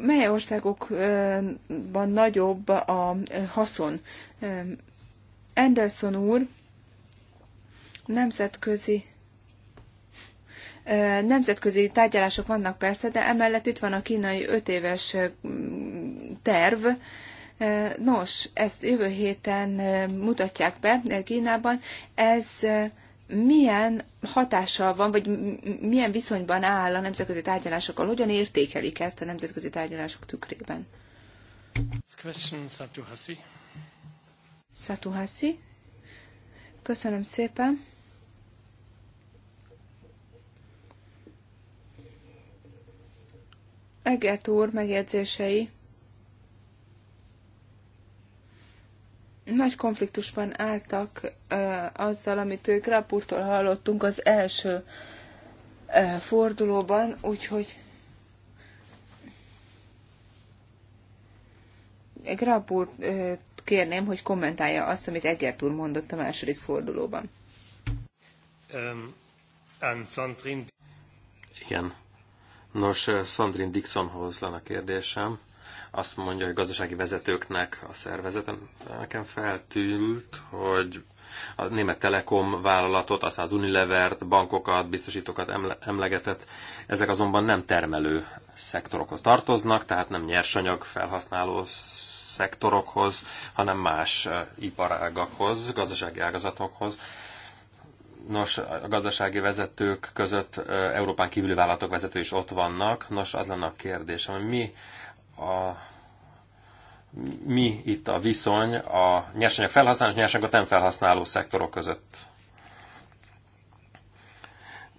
mely országokban nagyobb a haszon. Anderson úr Nemzetközi Nemzetközi tárgyalások vannak persze, de emellett itt van a kínai öt éves terv. Nos, ezt jövő héten mutatják be Kínában. Ez milyen hatással van, vagy milyen viszonyban áll a nemzetközi tárgyalásokkal? Hogyan értékelik ezt a nemzetközi tárgyalások tükrében? Satuhasi. Satuhasi. Köszönöm szépen. Eget úr megjegyzései nagy konfliktusban álltak ö, azzal, amit ők Rapurtól hallottunk az első ö, fordulóban, úgyhogy Grabur kérném, hogy kommentálja azt, amit Egert úr mondott a második fordulóban. Um, Igen, Nos, Sandrine Dixonhoz lenne a kérdésem. Azt mondja, hogy gazdasági vezetőknek a szervezeten nekem feltűnt, hogy a német Telekom vállalatot, aztán az Unilevert, bankokat, biztosítókat emlegetett. Ezek azonban nem termelő szektorokhoz tartoznak, tehát nem nyersanyag felhasználó szektorokhoz, hanem más eh, iparágakhoz, gazdasági ágazatokhoz Nos, a gazdasági vezetők között Európán kívüli vállalatok vezetői is ott vannak. Nos, az lenne a kérdésem, hogy mi a mi itt a viszony a nyersanyag felhasználó és nyersanyagot nem felhasználó szektorok között.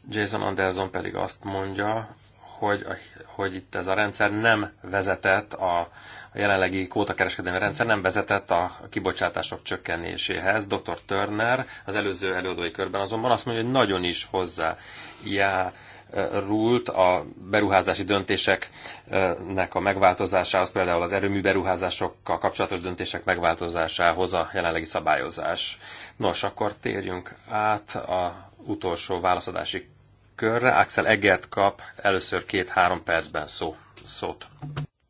Jason Anderson pedig azt mondja, hogy, hogy itt ez a rendszer nem vezetett, a, a jelenlegi kvótakereskedelmi rendszer nem vezetett a kibocsátások csökkenéséhez. Dr. Turner az előző előadói körben azonban azt mondja, hogy nagyon is hozzá járult a beruházási döntéseknek a megváltozásához, például az erőmű beruházásokkal kapcsolatos döntések megváltozásához a jelenlegi szabályozás. Nos, akkor térjünk át a utolsó válaszadási körre. Axel Egert kap először két-három percben szó, szót.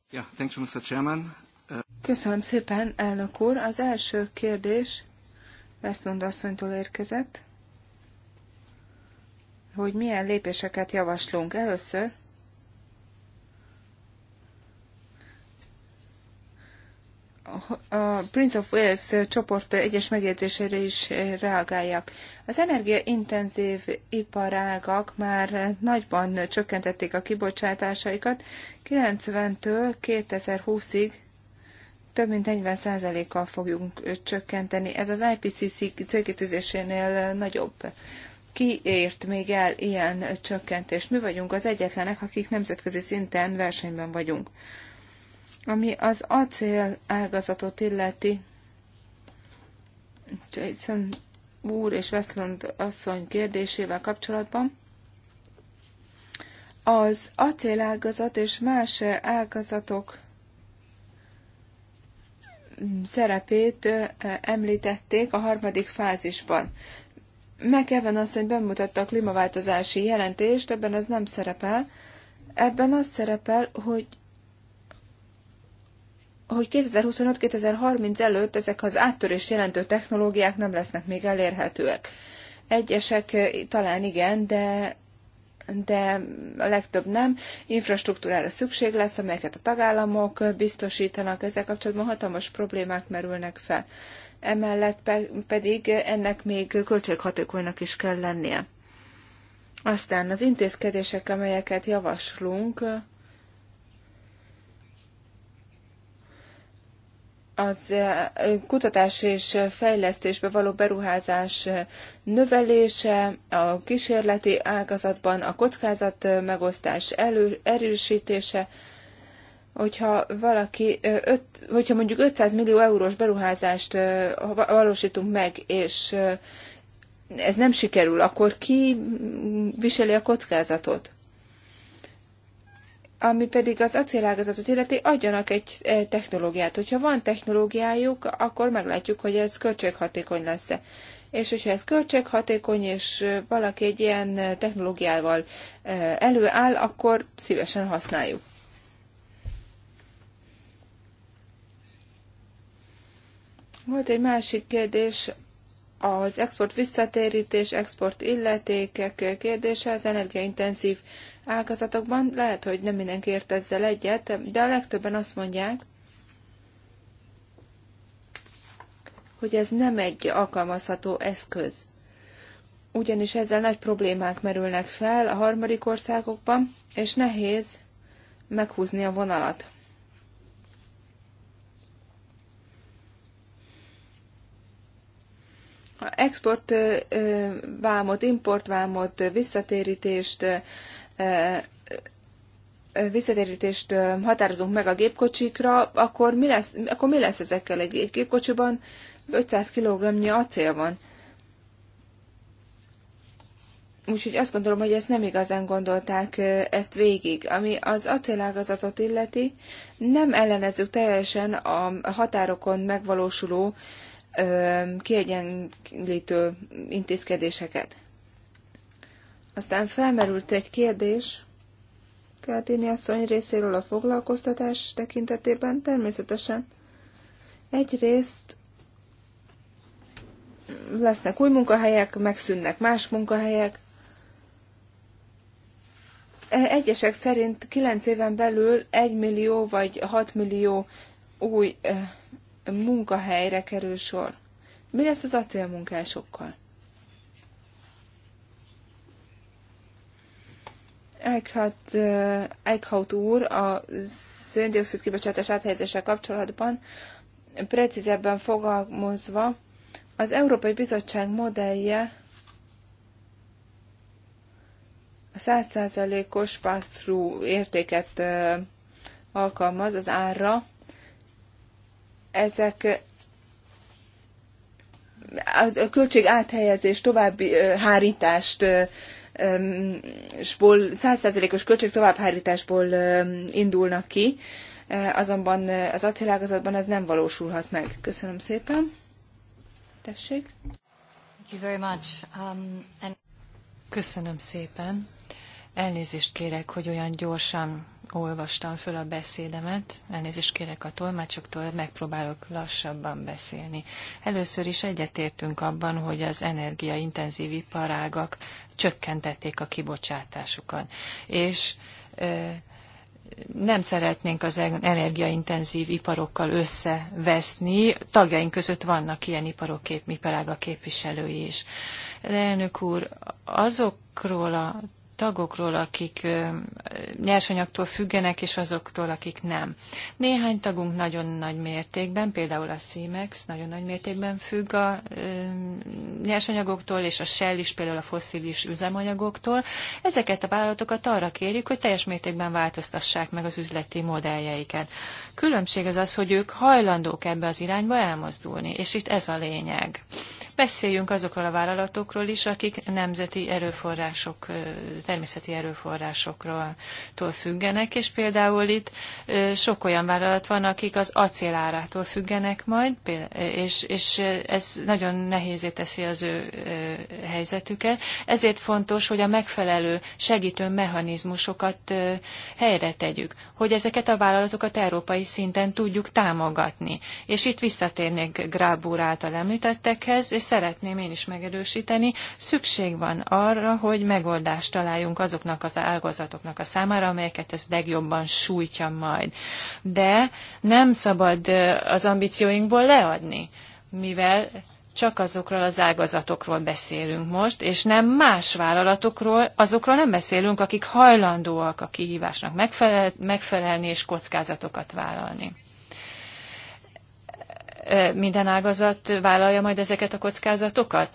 Yeah, thanks, Mr. Chairman. Uh... Köszönöm szépen, elnök úr. Az első kérdés Westlund asszonytól érkezett, hogy milyen lépéseket javaslunk. Először a Prince of Wales csoport egyes megjegyzésére is reagáljak. Az energiaintenzív iparágak már nagyban csökkentették a kibocsátásaikat, 90-től 2020-ig több mint 40%-kal fogjuk csökkenteni. Ez az IPCC célkitűzésénél nagyobb. Ki ért még el ilyen csökkentést? Mi vagyunk az egyetlenek, akik nemzetközi szinten versenyben vagyunk. Ami az acél ágazatot illeti, Jason úr és Westland asszony kérdésével kapcsolatban, az ágazat és más ágazatok szerepét említették a harmadik fázisban. Meg McEwen asszony bemutatta a klímaváltozási jelentést, ebben ez nem szerepel. Ebben az szerepel, hogy hogy 2025-2030 előtt ezek az áttörés jelentő technológiák nem lesznek még elérhetőek. Egyesek eh, talán igen, de de a legtöbb nem. Infrastruktúrára szükség lesz, amelyeket a tagállamok biztosítanak. Ezzel kapcsolatban hatalmas problémák merülnek fel. Emellett pe- pedig ennek még költséghatékonynak is kell lennie. Aztán az intézkedések, amelyeket javaslunk, az kutatás és fejlesztésbe való beruházás növelése, a kísérleti ágazatban a kockázat megosztás elő, erősítése, hogyha valaki, öt, hogyha mondjuk 500 millió eurós beruházást valósítunk meg, és ez nem sikerül, akkor ki viseli a kockázatot? ami pedig az acélágazatot illeti, adjanak egy e, technológiát. Hogyha van technológiájuk, akkor meglátjuk, hogy ez költséghatékony lesz-e. És hogyha ez költséghatékony, és valaki egy ilyen technológiával e, előáll, akkor szívesen használjuk. Volt egy másik kérdés, az export visszatérítés, export illetékek kérdése, az energiaintenzív ágazatokban. Lehet, hogy nem mindenki ért ezzel egyet, de a legtöbben azt mondják, hogy ez nem egy alkalmazható eszköz. Ugyanis ezzel nagy problémák merülnek fel a harmadik országokban, és nehéz meghúzni a vonalat. A export vámot, import vámot, visszatérítést visszatérítést határozunk meg a gépkocsikra, akkor mi lesz, akkor mi lesz ezekkel egy gépkocsiban? 500 kg acél van. Úgyhogy azt gondolom, hogy ezt nem igazán gondolták ezt végig. Ami az acélágazatot illeti, nem ellenezzük teljesen a határokon megvalósuló kiegyenlítő intézkedéseket. Aztán felmerült egy kérdés Kárdini asszony részéről a foglalkoztatás tekintetében. Természetesen egyrészt lesznek új munkahelyek, megszűnnek más munkahelyek. E, egyesek szerint 9 éven belül 1 millió vagy 6 millió új e, munkahelyre kerül sor. Mi lesz az acélmunkásokkal? Eh, Eichhout úr a széndiokszid kibocsátás áthelyezése kapcsolatban precízebben fogalmazva az Európai Bizottság modellje a 100%-os pass-through értéket eh, alkalmaz az ára. Ezek eh, az a költség áthelyezés további hárítást 100 százszázalékos költség továbbhárításból indulnak ki, azonban az acélágazatban ez nem valósulhat meg. Köszönöm szépen. Tessék. Um, Köszönöm szépen. Elnézést kérek, hogy olyan gyorsan olvastam föl a beszédemet, elnézést kérek a tolmácsoktól, megpróbálok lassabban beszélni. Először is egyetértünk abban, hogy az energiaintenzív iparágak csökkentették a kibocsátásukat. És e, nem szeretnénk az energiaintenzív iparokkal összeveszni. Tagjaink között vannak ilyen iparok, iparága képviselői is. De elnök úr, azokról a tagokról, akik nyersanyagtól függenek, és azoktól, akik nem. Néhány tagunk nagyon nagy mértékben, például a CIMEX nagyon nagy mértékben függ a nyersanyagoktól, és a Shell is például a foszilis üzemanyagoktól. Ezeket a vállalatokat arra kérjük, hogy teljes mértékben változtassák meg az üzleti modelljeiket. Különbség az az, hogy ők hajlandók ebbe az irányba elmozdulni, és itt ez a lényeg. Beszéljünk azokról a vállalatokról is, akik nemzeti erőforrások, természeti erőforrásokról függenek, és például itt sok olyan vállalat van, akik az acélárától függenek majd, és, és ez nagyon nehézé teszi az ő helyzetüket. Ezért fontos, hogy a megfelelő segítő mechanizmusokat helyre tegyük, hogy ezeket a vállalatokat európai szinten tudjuk támogatni. És itt visszatérnék Grábúr által említettekhez, és szeretném én is megerősíteni, szükség van arra, hogy megoldást találjunk azoknak az ágazatoknak a számára, amelyeket ez legjobban sújtja majd. De nem szabad az ambícióinkból leadni, mivel csak azokról az ágazatokról beszélünk most, és nem más vállalatokról, azokról nem beszélünk, akik hajlandóak a kihívásnak megfelel, megfelelni és kockázatokat vállalni minden ágazat vállalja majd ezeket a kockázatokat?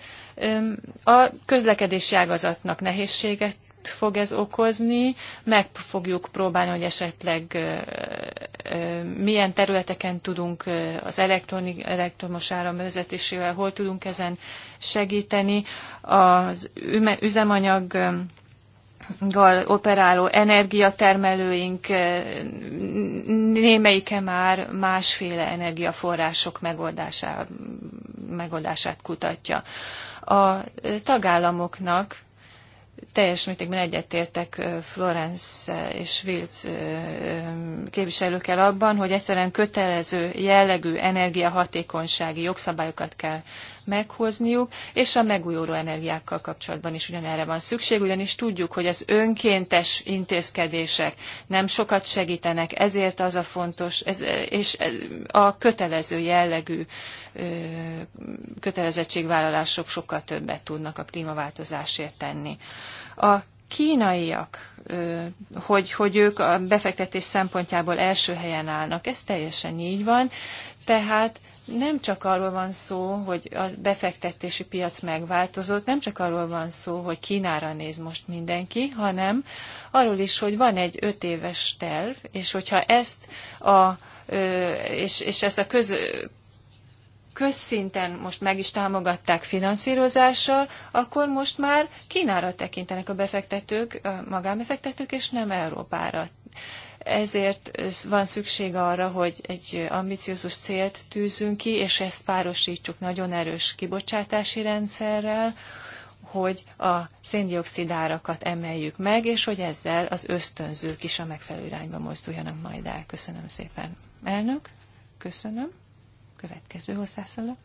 A közlekedési ágazatnak nehézséget fog ez okozni, meg fogjuk próbálni, hogy esetleg milyen területeken tudunk az elektronik, elektromos áramvezetésével, hol tudunk ezen segíteni. Az üzemanyag gal operáló energiatermelőink eh, némelyike már másféle energiaforrások megoldását kutatja. A eh, tagállamoknak teljes mértékben egyetértek eh, Florence és Wilc képviselőkkel abban, hogy egyszerűen kötelező jellegű energiahatékonysági jogszabályokat kell meghozniuk, és a megújuló energiákkal kapcsolatban is ugyanerre van szükség, ugyanis tudjuk, hogy az önkéntes intézkedések nem sokat segítenek, ezért az a fontos, ez, és a kötelező jellegű kötelezettségvállalások sokkal többet tudnak a klímaváltozásért tenni. A kínaiak, hogy, hogy ők a befektetés szempontjából első helyen állnak, ez teljesen így van, tehát nem csak arról van szó, hogy a befektetési piac megváltozott, nem csak arról van szó, hogy Kínára néz most mindenki, hanem arról is, hogy van egy öt éves terv, és hogyha ezt a, és, és ezt a köz, közszinten most meg is támogatták finanszírozással, akkor most már Kínára tekintenek a befektetők, a magánbefektetők, és nem Európára. Ezért van szükség arra, hogy egy ambiciózus célt tűzzünk ki, és ezt párosítsuk nagyon erős kibocsátási rendszerrel, hogy a széndiokszid árakat emeljük meg, és hogy ezzel az ösztönzők is a megfelelő irányba mozduljanak majd el. Köszönöm szépen. Elnök, köszönöm. Következő hozzászóló.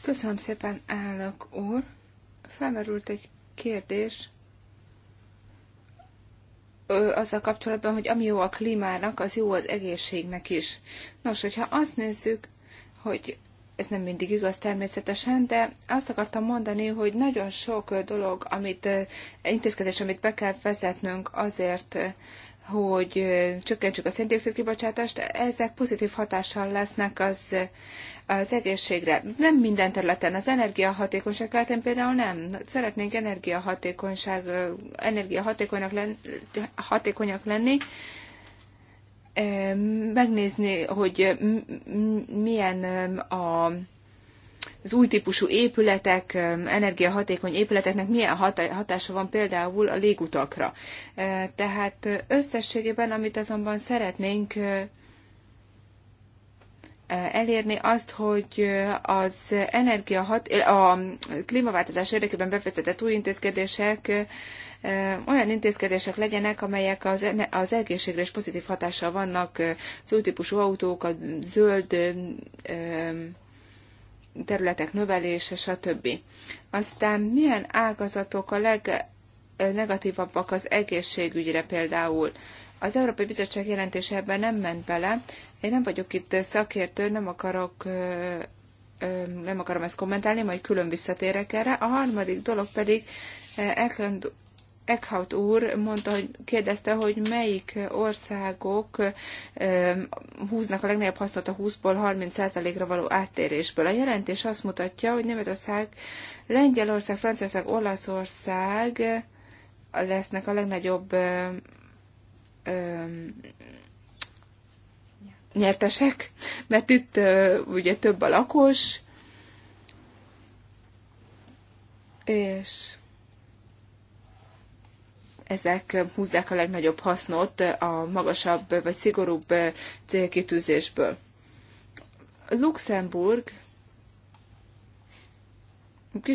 Köszönöm szépen, elnök úr. Felmerült egy kérdés azzal kapcsolatban, hogy ami jó a klímának, az jó az egészségnek is. Nos, hogyha azt nézzük, hogy ez nem mindig igaz természetesen, de azt akartam mondani, hogy nagyon sok dolog, amit intézkedés, amit be kell vezetnünk azért, hogy csökkentsük a széndiokszid kibocsátást, ezek pozitív hatással lesznek az az egészségre. Nem minden területen, az energiahatékonyság területen például nem. Szeretnénk energiahatékonyság, energiahatékonyak lenni, hatékonyak lenni, megnézni, hogy milyen a az új típusú épületek, energiahatékony épületeknek milyen hatása van például a légutakra. Tehát összességében, amit azonban szeretnénk elérni azt, hogy az energia hat, a klímaváltozás érdekében bevezetett új intézkedések olyan intézkedések legyenek, amelyek az, az egészségre is pozitív hatással vannak, az új típusú autók, a zöld területek növelése, stb. Aztán milyen ágazatok a legnegatívabbak az egészségügyre például? Az Európai Bizottság jelentése ebben nem ment bele, én nem vagyok itt szakértő, nem akarok nem akarom ezt kommentálni, majd külön visszatérek erre. A harmadik dolog pedig Eklund Eckhout úr mondta, hogy kérdezte, hogy melyik országok húznak a legnagyobb hasznot a 20-ból 30%-ra való áttérésből. A jelentés azt mutatja, hogy Németország, Lengyelország, Franciaország, Olaszország lesznek a legnagyobb nyertesek, mert itt ugye több a lakos, és ezek húzzák a legnagyobb hasznot a magasabb vagy szigorúbb célkitűzésből. Luxemburg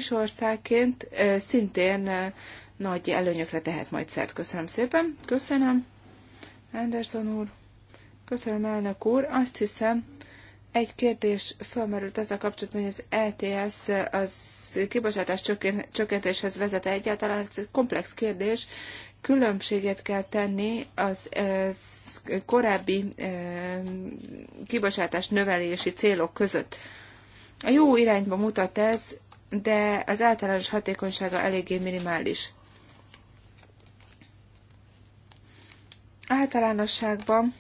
országként szintén nagy előnyökre tehet majd szert. Köszönöm szépen. Köszönöm, Anderson úr. Köszönöm, elnök úr. Azt hiszem, egy kérdés felmerült ezzel kapcsolatban, hogy az ETS az kibocsátás csökkentéshez vezet egyáltalán. Ez egy komplex kérdés. Különbséget kell tenni az, az korábbi e, kibocsátás növelési célok között. A jó irányba mutat ez, de az általános hatékonysága eléggé minimális. Általánosságban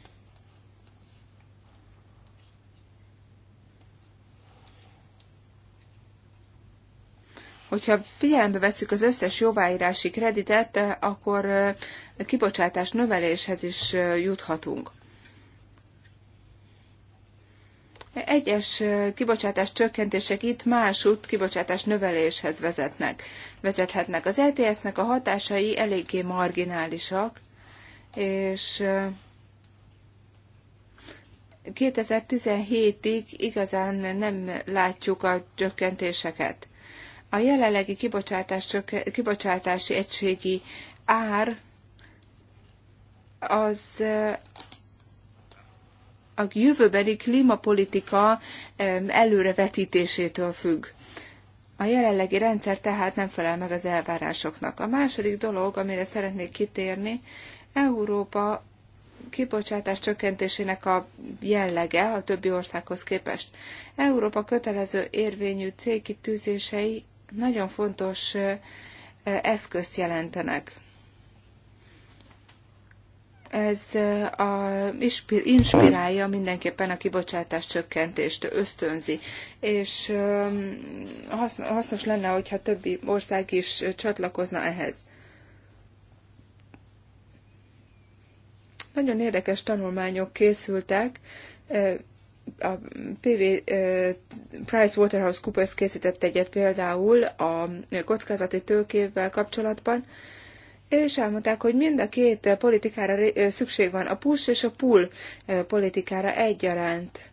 Hogyha figyelembe vesszük az összes jóváírási kreditet, akkor kibocsátás növeléshez is juthatunk. Egyes kibocsátás csökkentések itt másút kibocsátás növeléshez vezetnek, vezethetnek. Az ETS-nek a hatásai eléggé marginálisak, és 2017-ig igazán nem látjuk a csökkentéseket. A jelenlegi kibocsátási egységi ár az a jövőbeli klímapolitika előrevetítésétől függ. A jelenlegi rendszer tehát nem felel meg az elvárásoknak. A második dolog, amire szeretnék kitérni, Európa kibocsátás csökkentésének a jellege a többi országhoz képest. Európa kötelező érvényű célkitűzései nagyon fontos eszközt jelentenek. Ez a, inspirálja mindenképpen a kibocsátás csökkentést, ösztönzi, és hasznos lenne, hogyha többi ország is csatlakozna ehhez. Nagyon érdekes tanulmányok készültek, a PV Price Waterhouse Coopers készített egyet például a kockázati tőkével kapcsolatban, és elmondták, hogy mind a két politikára szükség van, a push és a pull politikára egyaránt.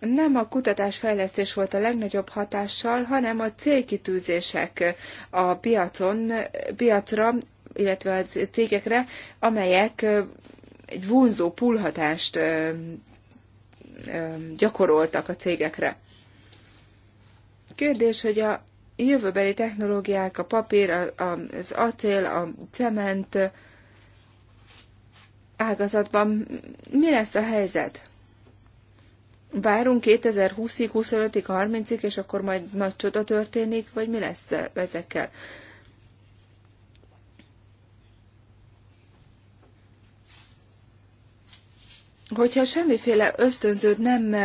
Nem a kutatásfejlesztés volt a legnagyobb hatással, hanem a célkitűzések a piacon, piacra, illetve a cégekre, amelyek egy vonzó pull hatást gyakoroltak a cégekre. Kérdés, hogy a jövőbeli technológiák, a papír, az acél, a cement ágazatban mi lesz a helyzet? Várunk 2020-ig, 25-ig, 30-ig, és akkor majd nagy csoda történik, vagy mi lesz ezekkel? hogyha semmiféle ösztönzőt nem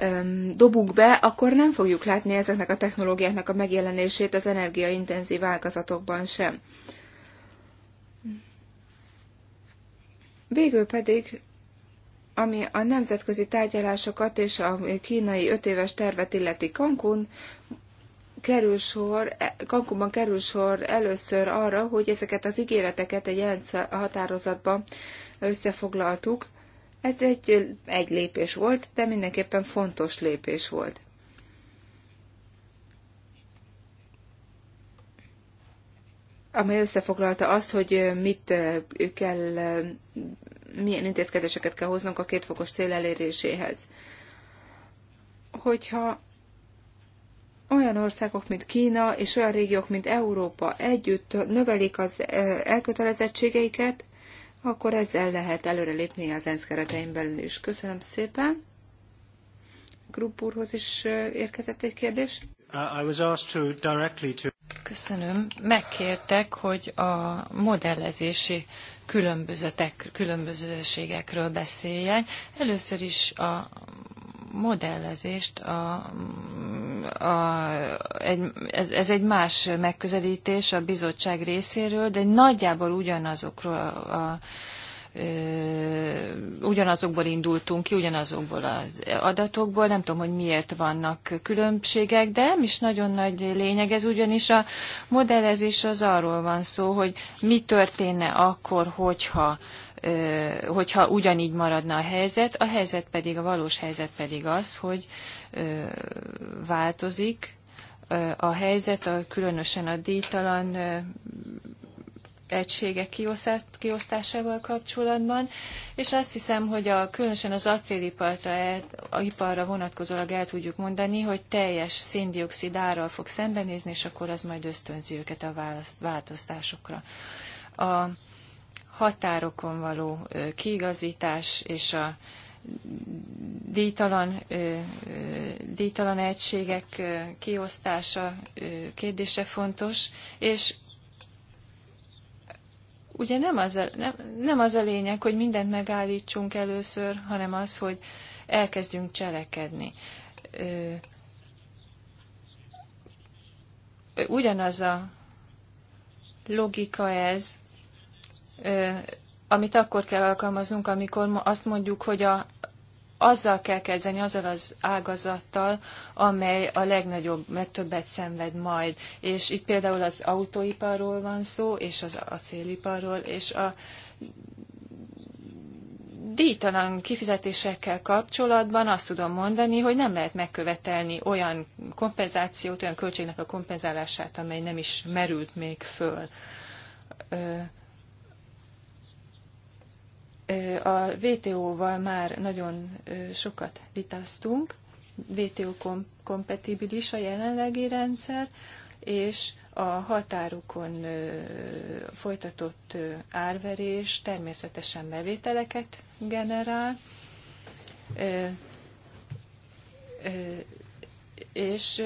öm, dobunk be, akkor nem fogjuk látni ezeknek a technológiáknak a megjelenését az energiaintenzív ágazatokban sem. Végül pedig, ami a nemzetközi tárgyalásokat és a kínai öt éves tervet illeti Cancún, kerül sor, e, Cancunban kerül sor először arra, hogy ezeket az ígéreteket egy ENSZ határozatba összefoglaltuk, ez egy, egy lépés volt, de mindenképpen fontos lépés volt. amely összefoglalta azt, hogy mit kell, milyen intézkedéseket kell hoznunk a kétfokos cél eléréséhez. Hogyha olyan országok, mint Kína, és olyan régiók, mint Európa együtt növelik az elkötelezettségeiket, akkor ezzel lehet előrelépni az ENSZ keretein belül is. Köszönöm szépen. Grupp úrhoz is érkezett egy kérdés. Uh, I was asked to directly to... Köszönöm. Megkértek, hogy a modellezési különbözetek, különbözőségekről beszéljen. Először is a modellezést, a, a, egy, ez, ez egy más megközelítés a bizottság részéről, de nagyjából ugyanazokról a, a ugyanazokból indultunk ki, ugyanazokból az adatokból. Nem tudom, hogy miért vannak különbségek, de nem is nagyon nagy lényeg ez, ugyanis a modellezés az arról van szó, hogy mi történne akkor, hogyha hogyha ugyanígy maradna a helyzet, a helyzet pedig, a valós helyzet pedig az, hogy változik a helyzet, a, különösen a díjtalan egységek kiosztásával kapcsolatban, és azt hiszem, hogy a, különösen az acéliparra, a iparra vonatkozólag el tudjuk mondani, hogy teljes széndiokszid árral fog szembenézni, és akkor az majd ösztönzi őket a változtásokra. A határokon való kiigazítás és a díjtalan, díjtalan egységek kiosztása kérdése fontos, és ugye nem az, a, nem, nem az a lényeg, hogy mindent megállítsunk először, hanem az, hogy elkezdjünk cselekedni. Ugyanaz a logika ez, amit akkor kell alkalmaznunk, amikor azt mondjuk, hogy a, azzal kell kezdeni, azzal az ágazattal, amely a legnagyobb, legtöbbet szenved majd. És itt például az autóiparról van szó, és az acéliparról, és a díjtalan kifizetésekkel kapcsolatban azt tudom mondani, hogy nem lehet megkövetelni olyan kompenzációt, olyan költségnek a kompenzálását, amely nem is merült még föl a WTO-val már nagyon sokat vitáztunk, WTO kompatibilis a jelenlegi rendszer, és a határokon folytatott árverés természetesen bevételeket generál, és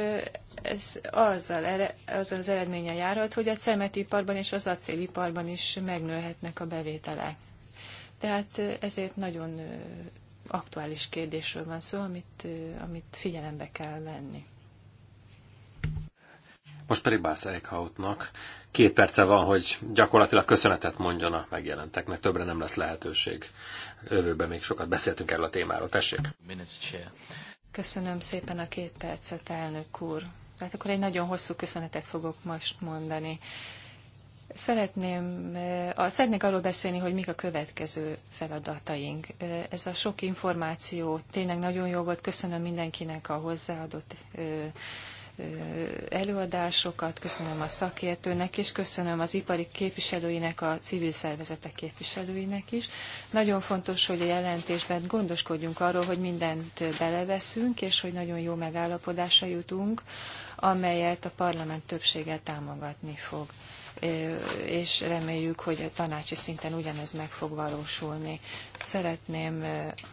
ez azzal, azzal az eredménye járhat, hogy a cementiparban és az acéliparban is megnőhetnek a bevételek. Tehát ezért nagyon aktuális kérdésről van szó, amit, amit figyelembe kell venni. Most pedig Bász Eichhautnak két perce van, hogy gyakorlatilag köszönetet mondjon a megjelenteknek. Többre nem lesz lehetőség. Övőben még sokat beszéltünk erről a témáról. Tessék! Köszönöm szépen a két percet, elnök úr. Tehát akkor egy nagyon hosszú köszönetet fogok most mondani. Szeretném, eh, szeretnék arról beszélni, hogy mik a következő feladataink. Eh, ez a sok információ tényleg nagyon jó volt. Köszönöm mindenkinek a hozzáadott eh, előadásokat, köszönöm a szakértőnek és köszönöm az ipari képviselőinek, a civil szervezetek képviselőinek is. Nagyon fontos, hogy a jelentésben gondoskodjunk arról, hogy mindent beleveszünk, és hogy nagyon jó megállapodásra jutunk, amelyet a parlament többsége támogatni fog és reméljük, hogy a tanácsi szinten ugyanez meg fog valósulni. Szeretném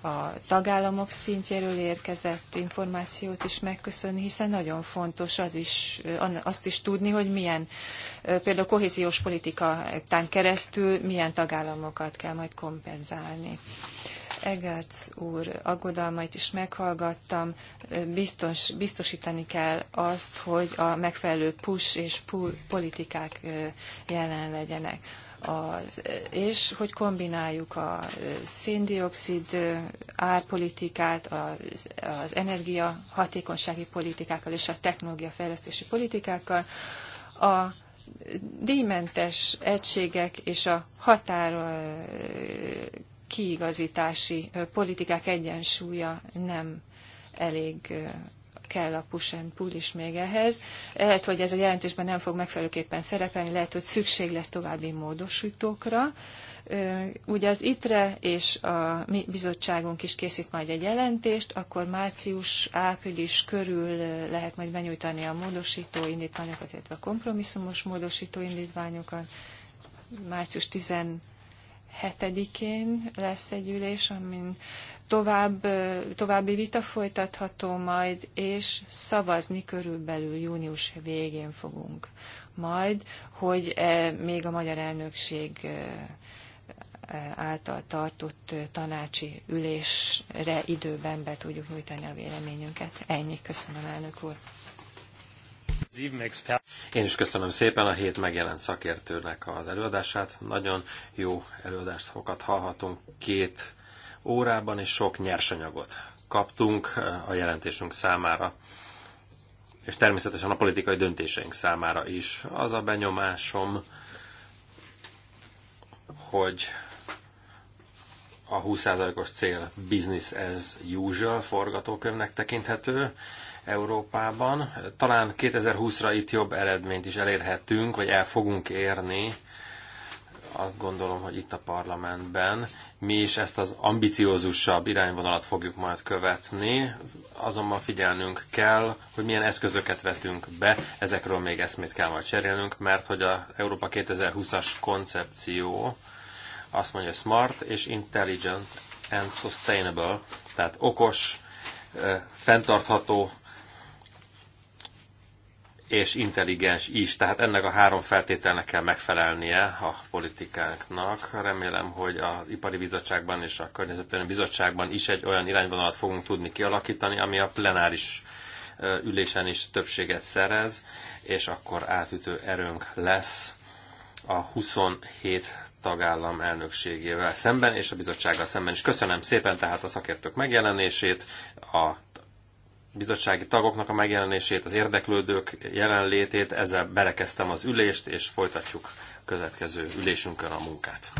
a tagállamok szintjéről érkezett információt is megköszönni, hiszen nagyon fontos az is, azt is tudni, hogy milyen például kohéziós politikán keresztül milyen tagállamokat kell majd kompenzálni. Egerc úr aggodalmait is meghallgattam. Biztos, biztosítani kell azt, hogy a megfelelő push és pull politikák jelen legyenek. Az, és hogy kombináljuk a széndiokszid árpolitikát, az, az energia hatékonysági politikákkal és a technológia fejlesztési politikákkal. A díjmentes egységek és a határ kiigazítási politikák egyensúlya nem elég kell a push and pull is még ehhez. Lehet, hogy ez a jelentésben nem fog megfelelőképpen szerepelni, lehet, hogy szükség lesz további módosítókra. Ugye az ITRE és a mi bizottságunk is készít majd egy jelentést, akkor március-április körül lehet majd benyújtani a módosító indítványokat, illetve a kompromisszumos módosító indítványokat. Március 10 7-én lesz egy ülés, amin tovább, további vita folytatható majd, és szavazni körülbelül június végén fogunk majd, hogy e, még a magyar elnökség e, által tartott tanácsi ülésre időben be tudjuk nyújtani a véleményünket. Ennyi, köszönöm elnök úr. Én is köszönöm szépen a hét megjelent szakértőnek az előadását. Nagyon jó előadást fokat hallhatunk két órában, és sok nyersanyagot kaptunk eh, a jelentésünk számára, és természetesen a politikai döntéseink számára is. Az a benyomásom, hogy a 20%-os cél business as usual forgatókönyvnek tekinthető, Európában. Talán 2020-ra itt jobb eredményt is elérhetünk, vagy el fogunk érni. Azt gondolom, hogy itt a parlamentben mi is ezt az ambiciózusabb irányvonalat fogjuk majd követni, azonban figyelnünk kell, hogy milyen eszközöket vetünk be, ezekről még eszmét kell majd cserélnünk, mert hogy a Európa 2020-as koncepció azt mondja smart és intelligent and sustainable, tehát okos, fenntartható és intelligens is. Tehát ennek a három feltételnek kell megfelelnie a politikáknak. Remélem, hogy az Ipari Bizottságban és a Környezetvédelmi Bizottságban is egy olyan irányvonalat fogunk tudni kialakítani, ami a plenáris ülésen is többséget szerez, és akkor átütő erőnk lesz a 27 tagállam elnökségével szemben és a bizottsággal szemben is. Köszönöm szépen tehát a szakértők megjelenését, a bizottsági tagoknak a megjelenését, az érdeklődők jelenlétét, ezzel berekeztem az ülést, és folytatjuk következő ülésünkön a munkát.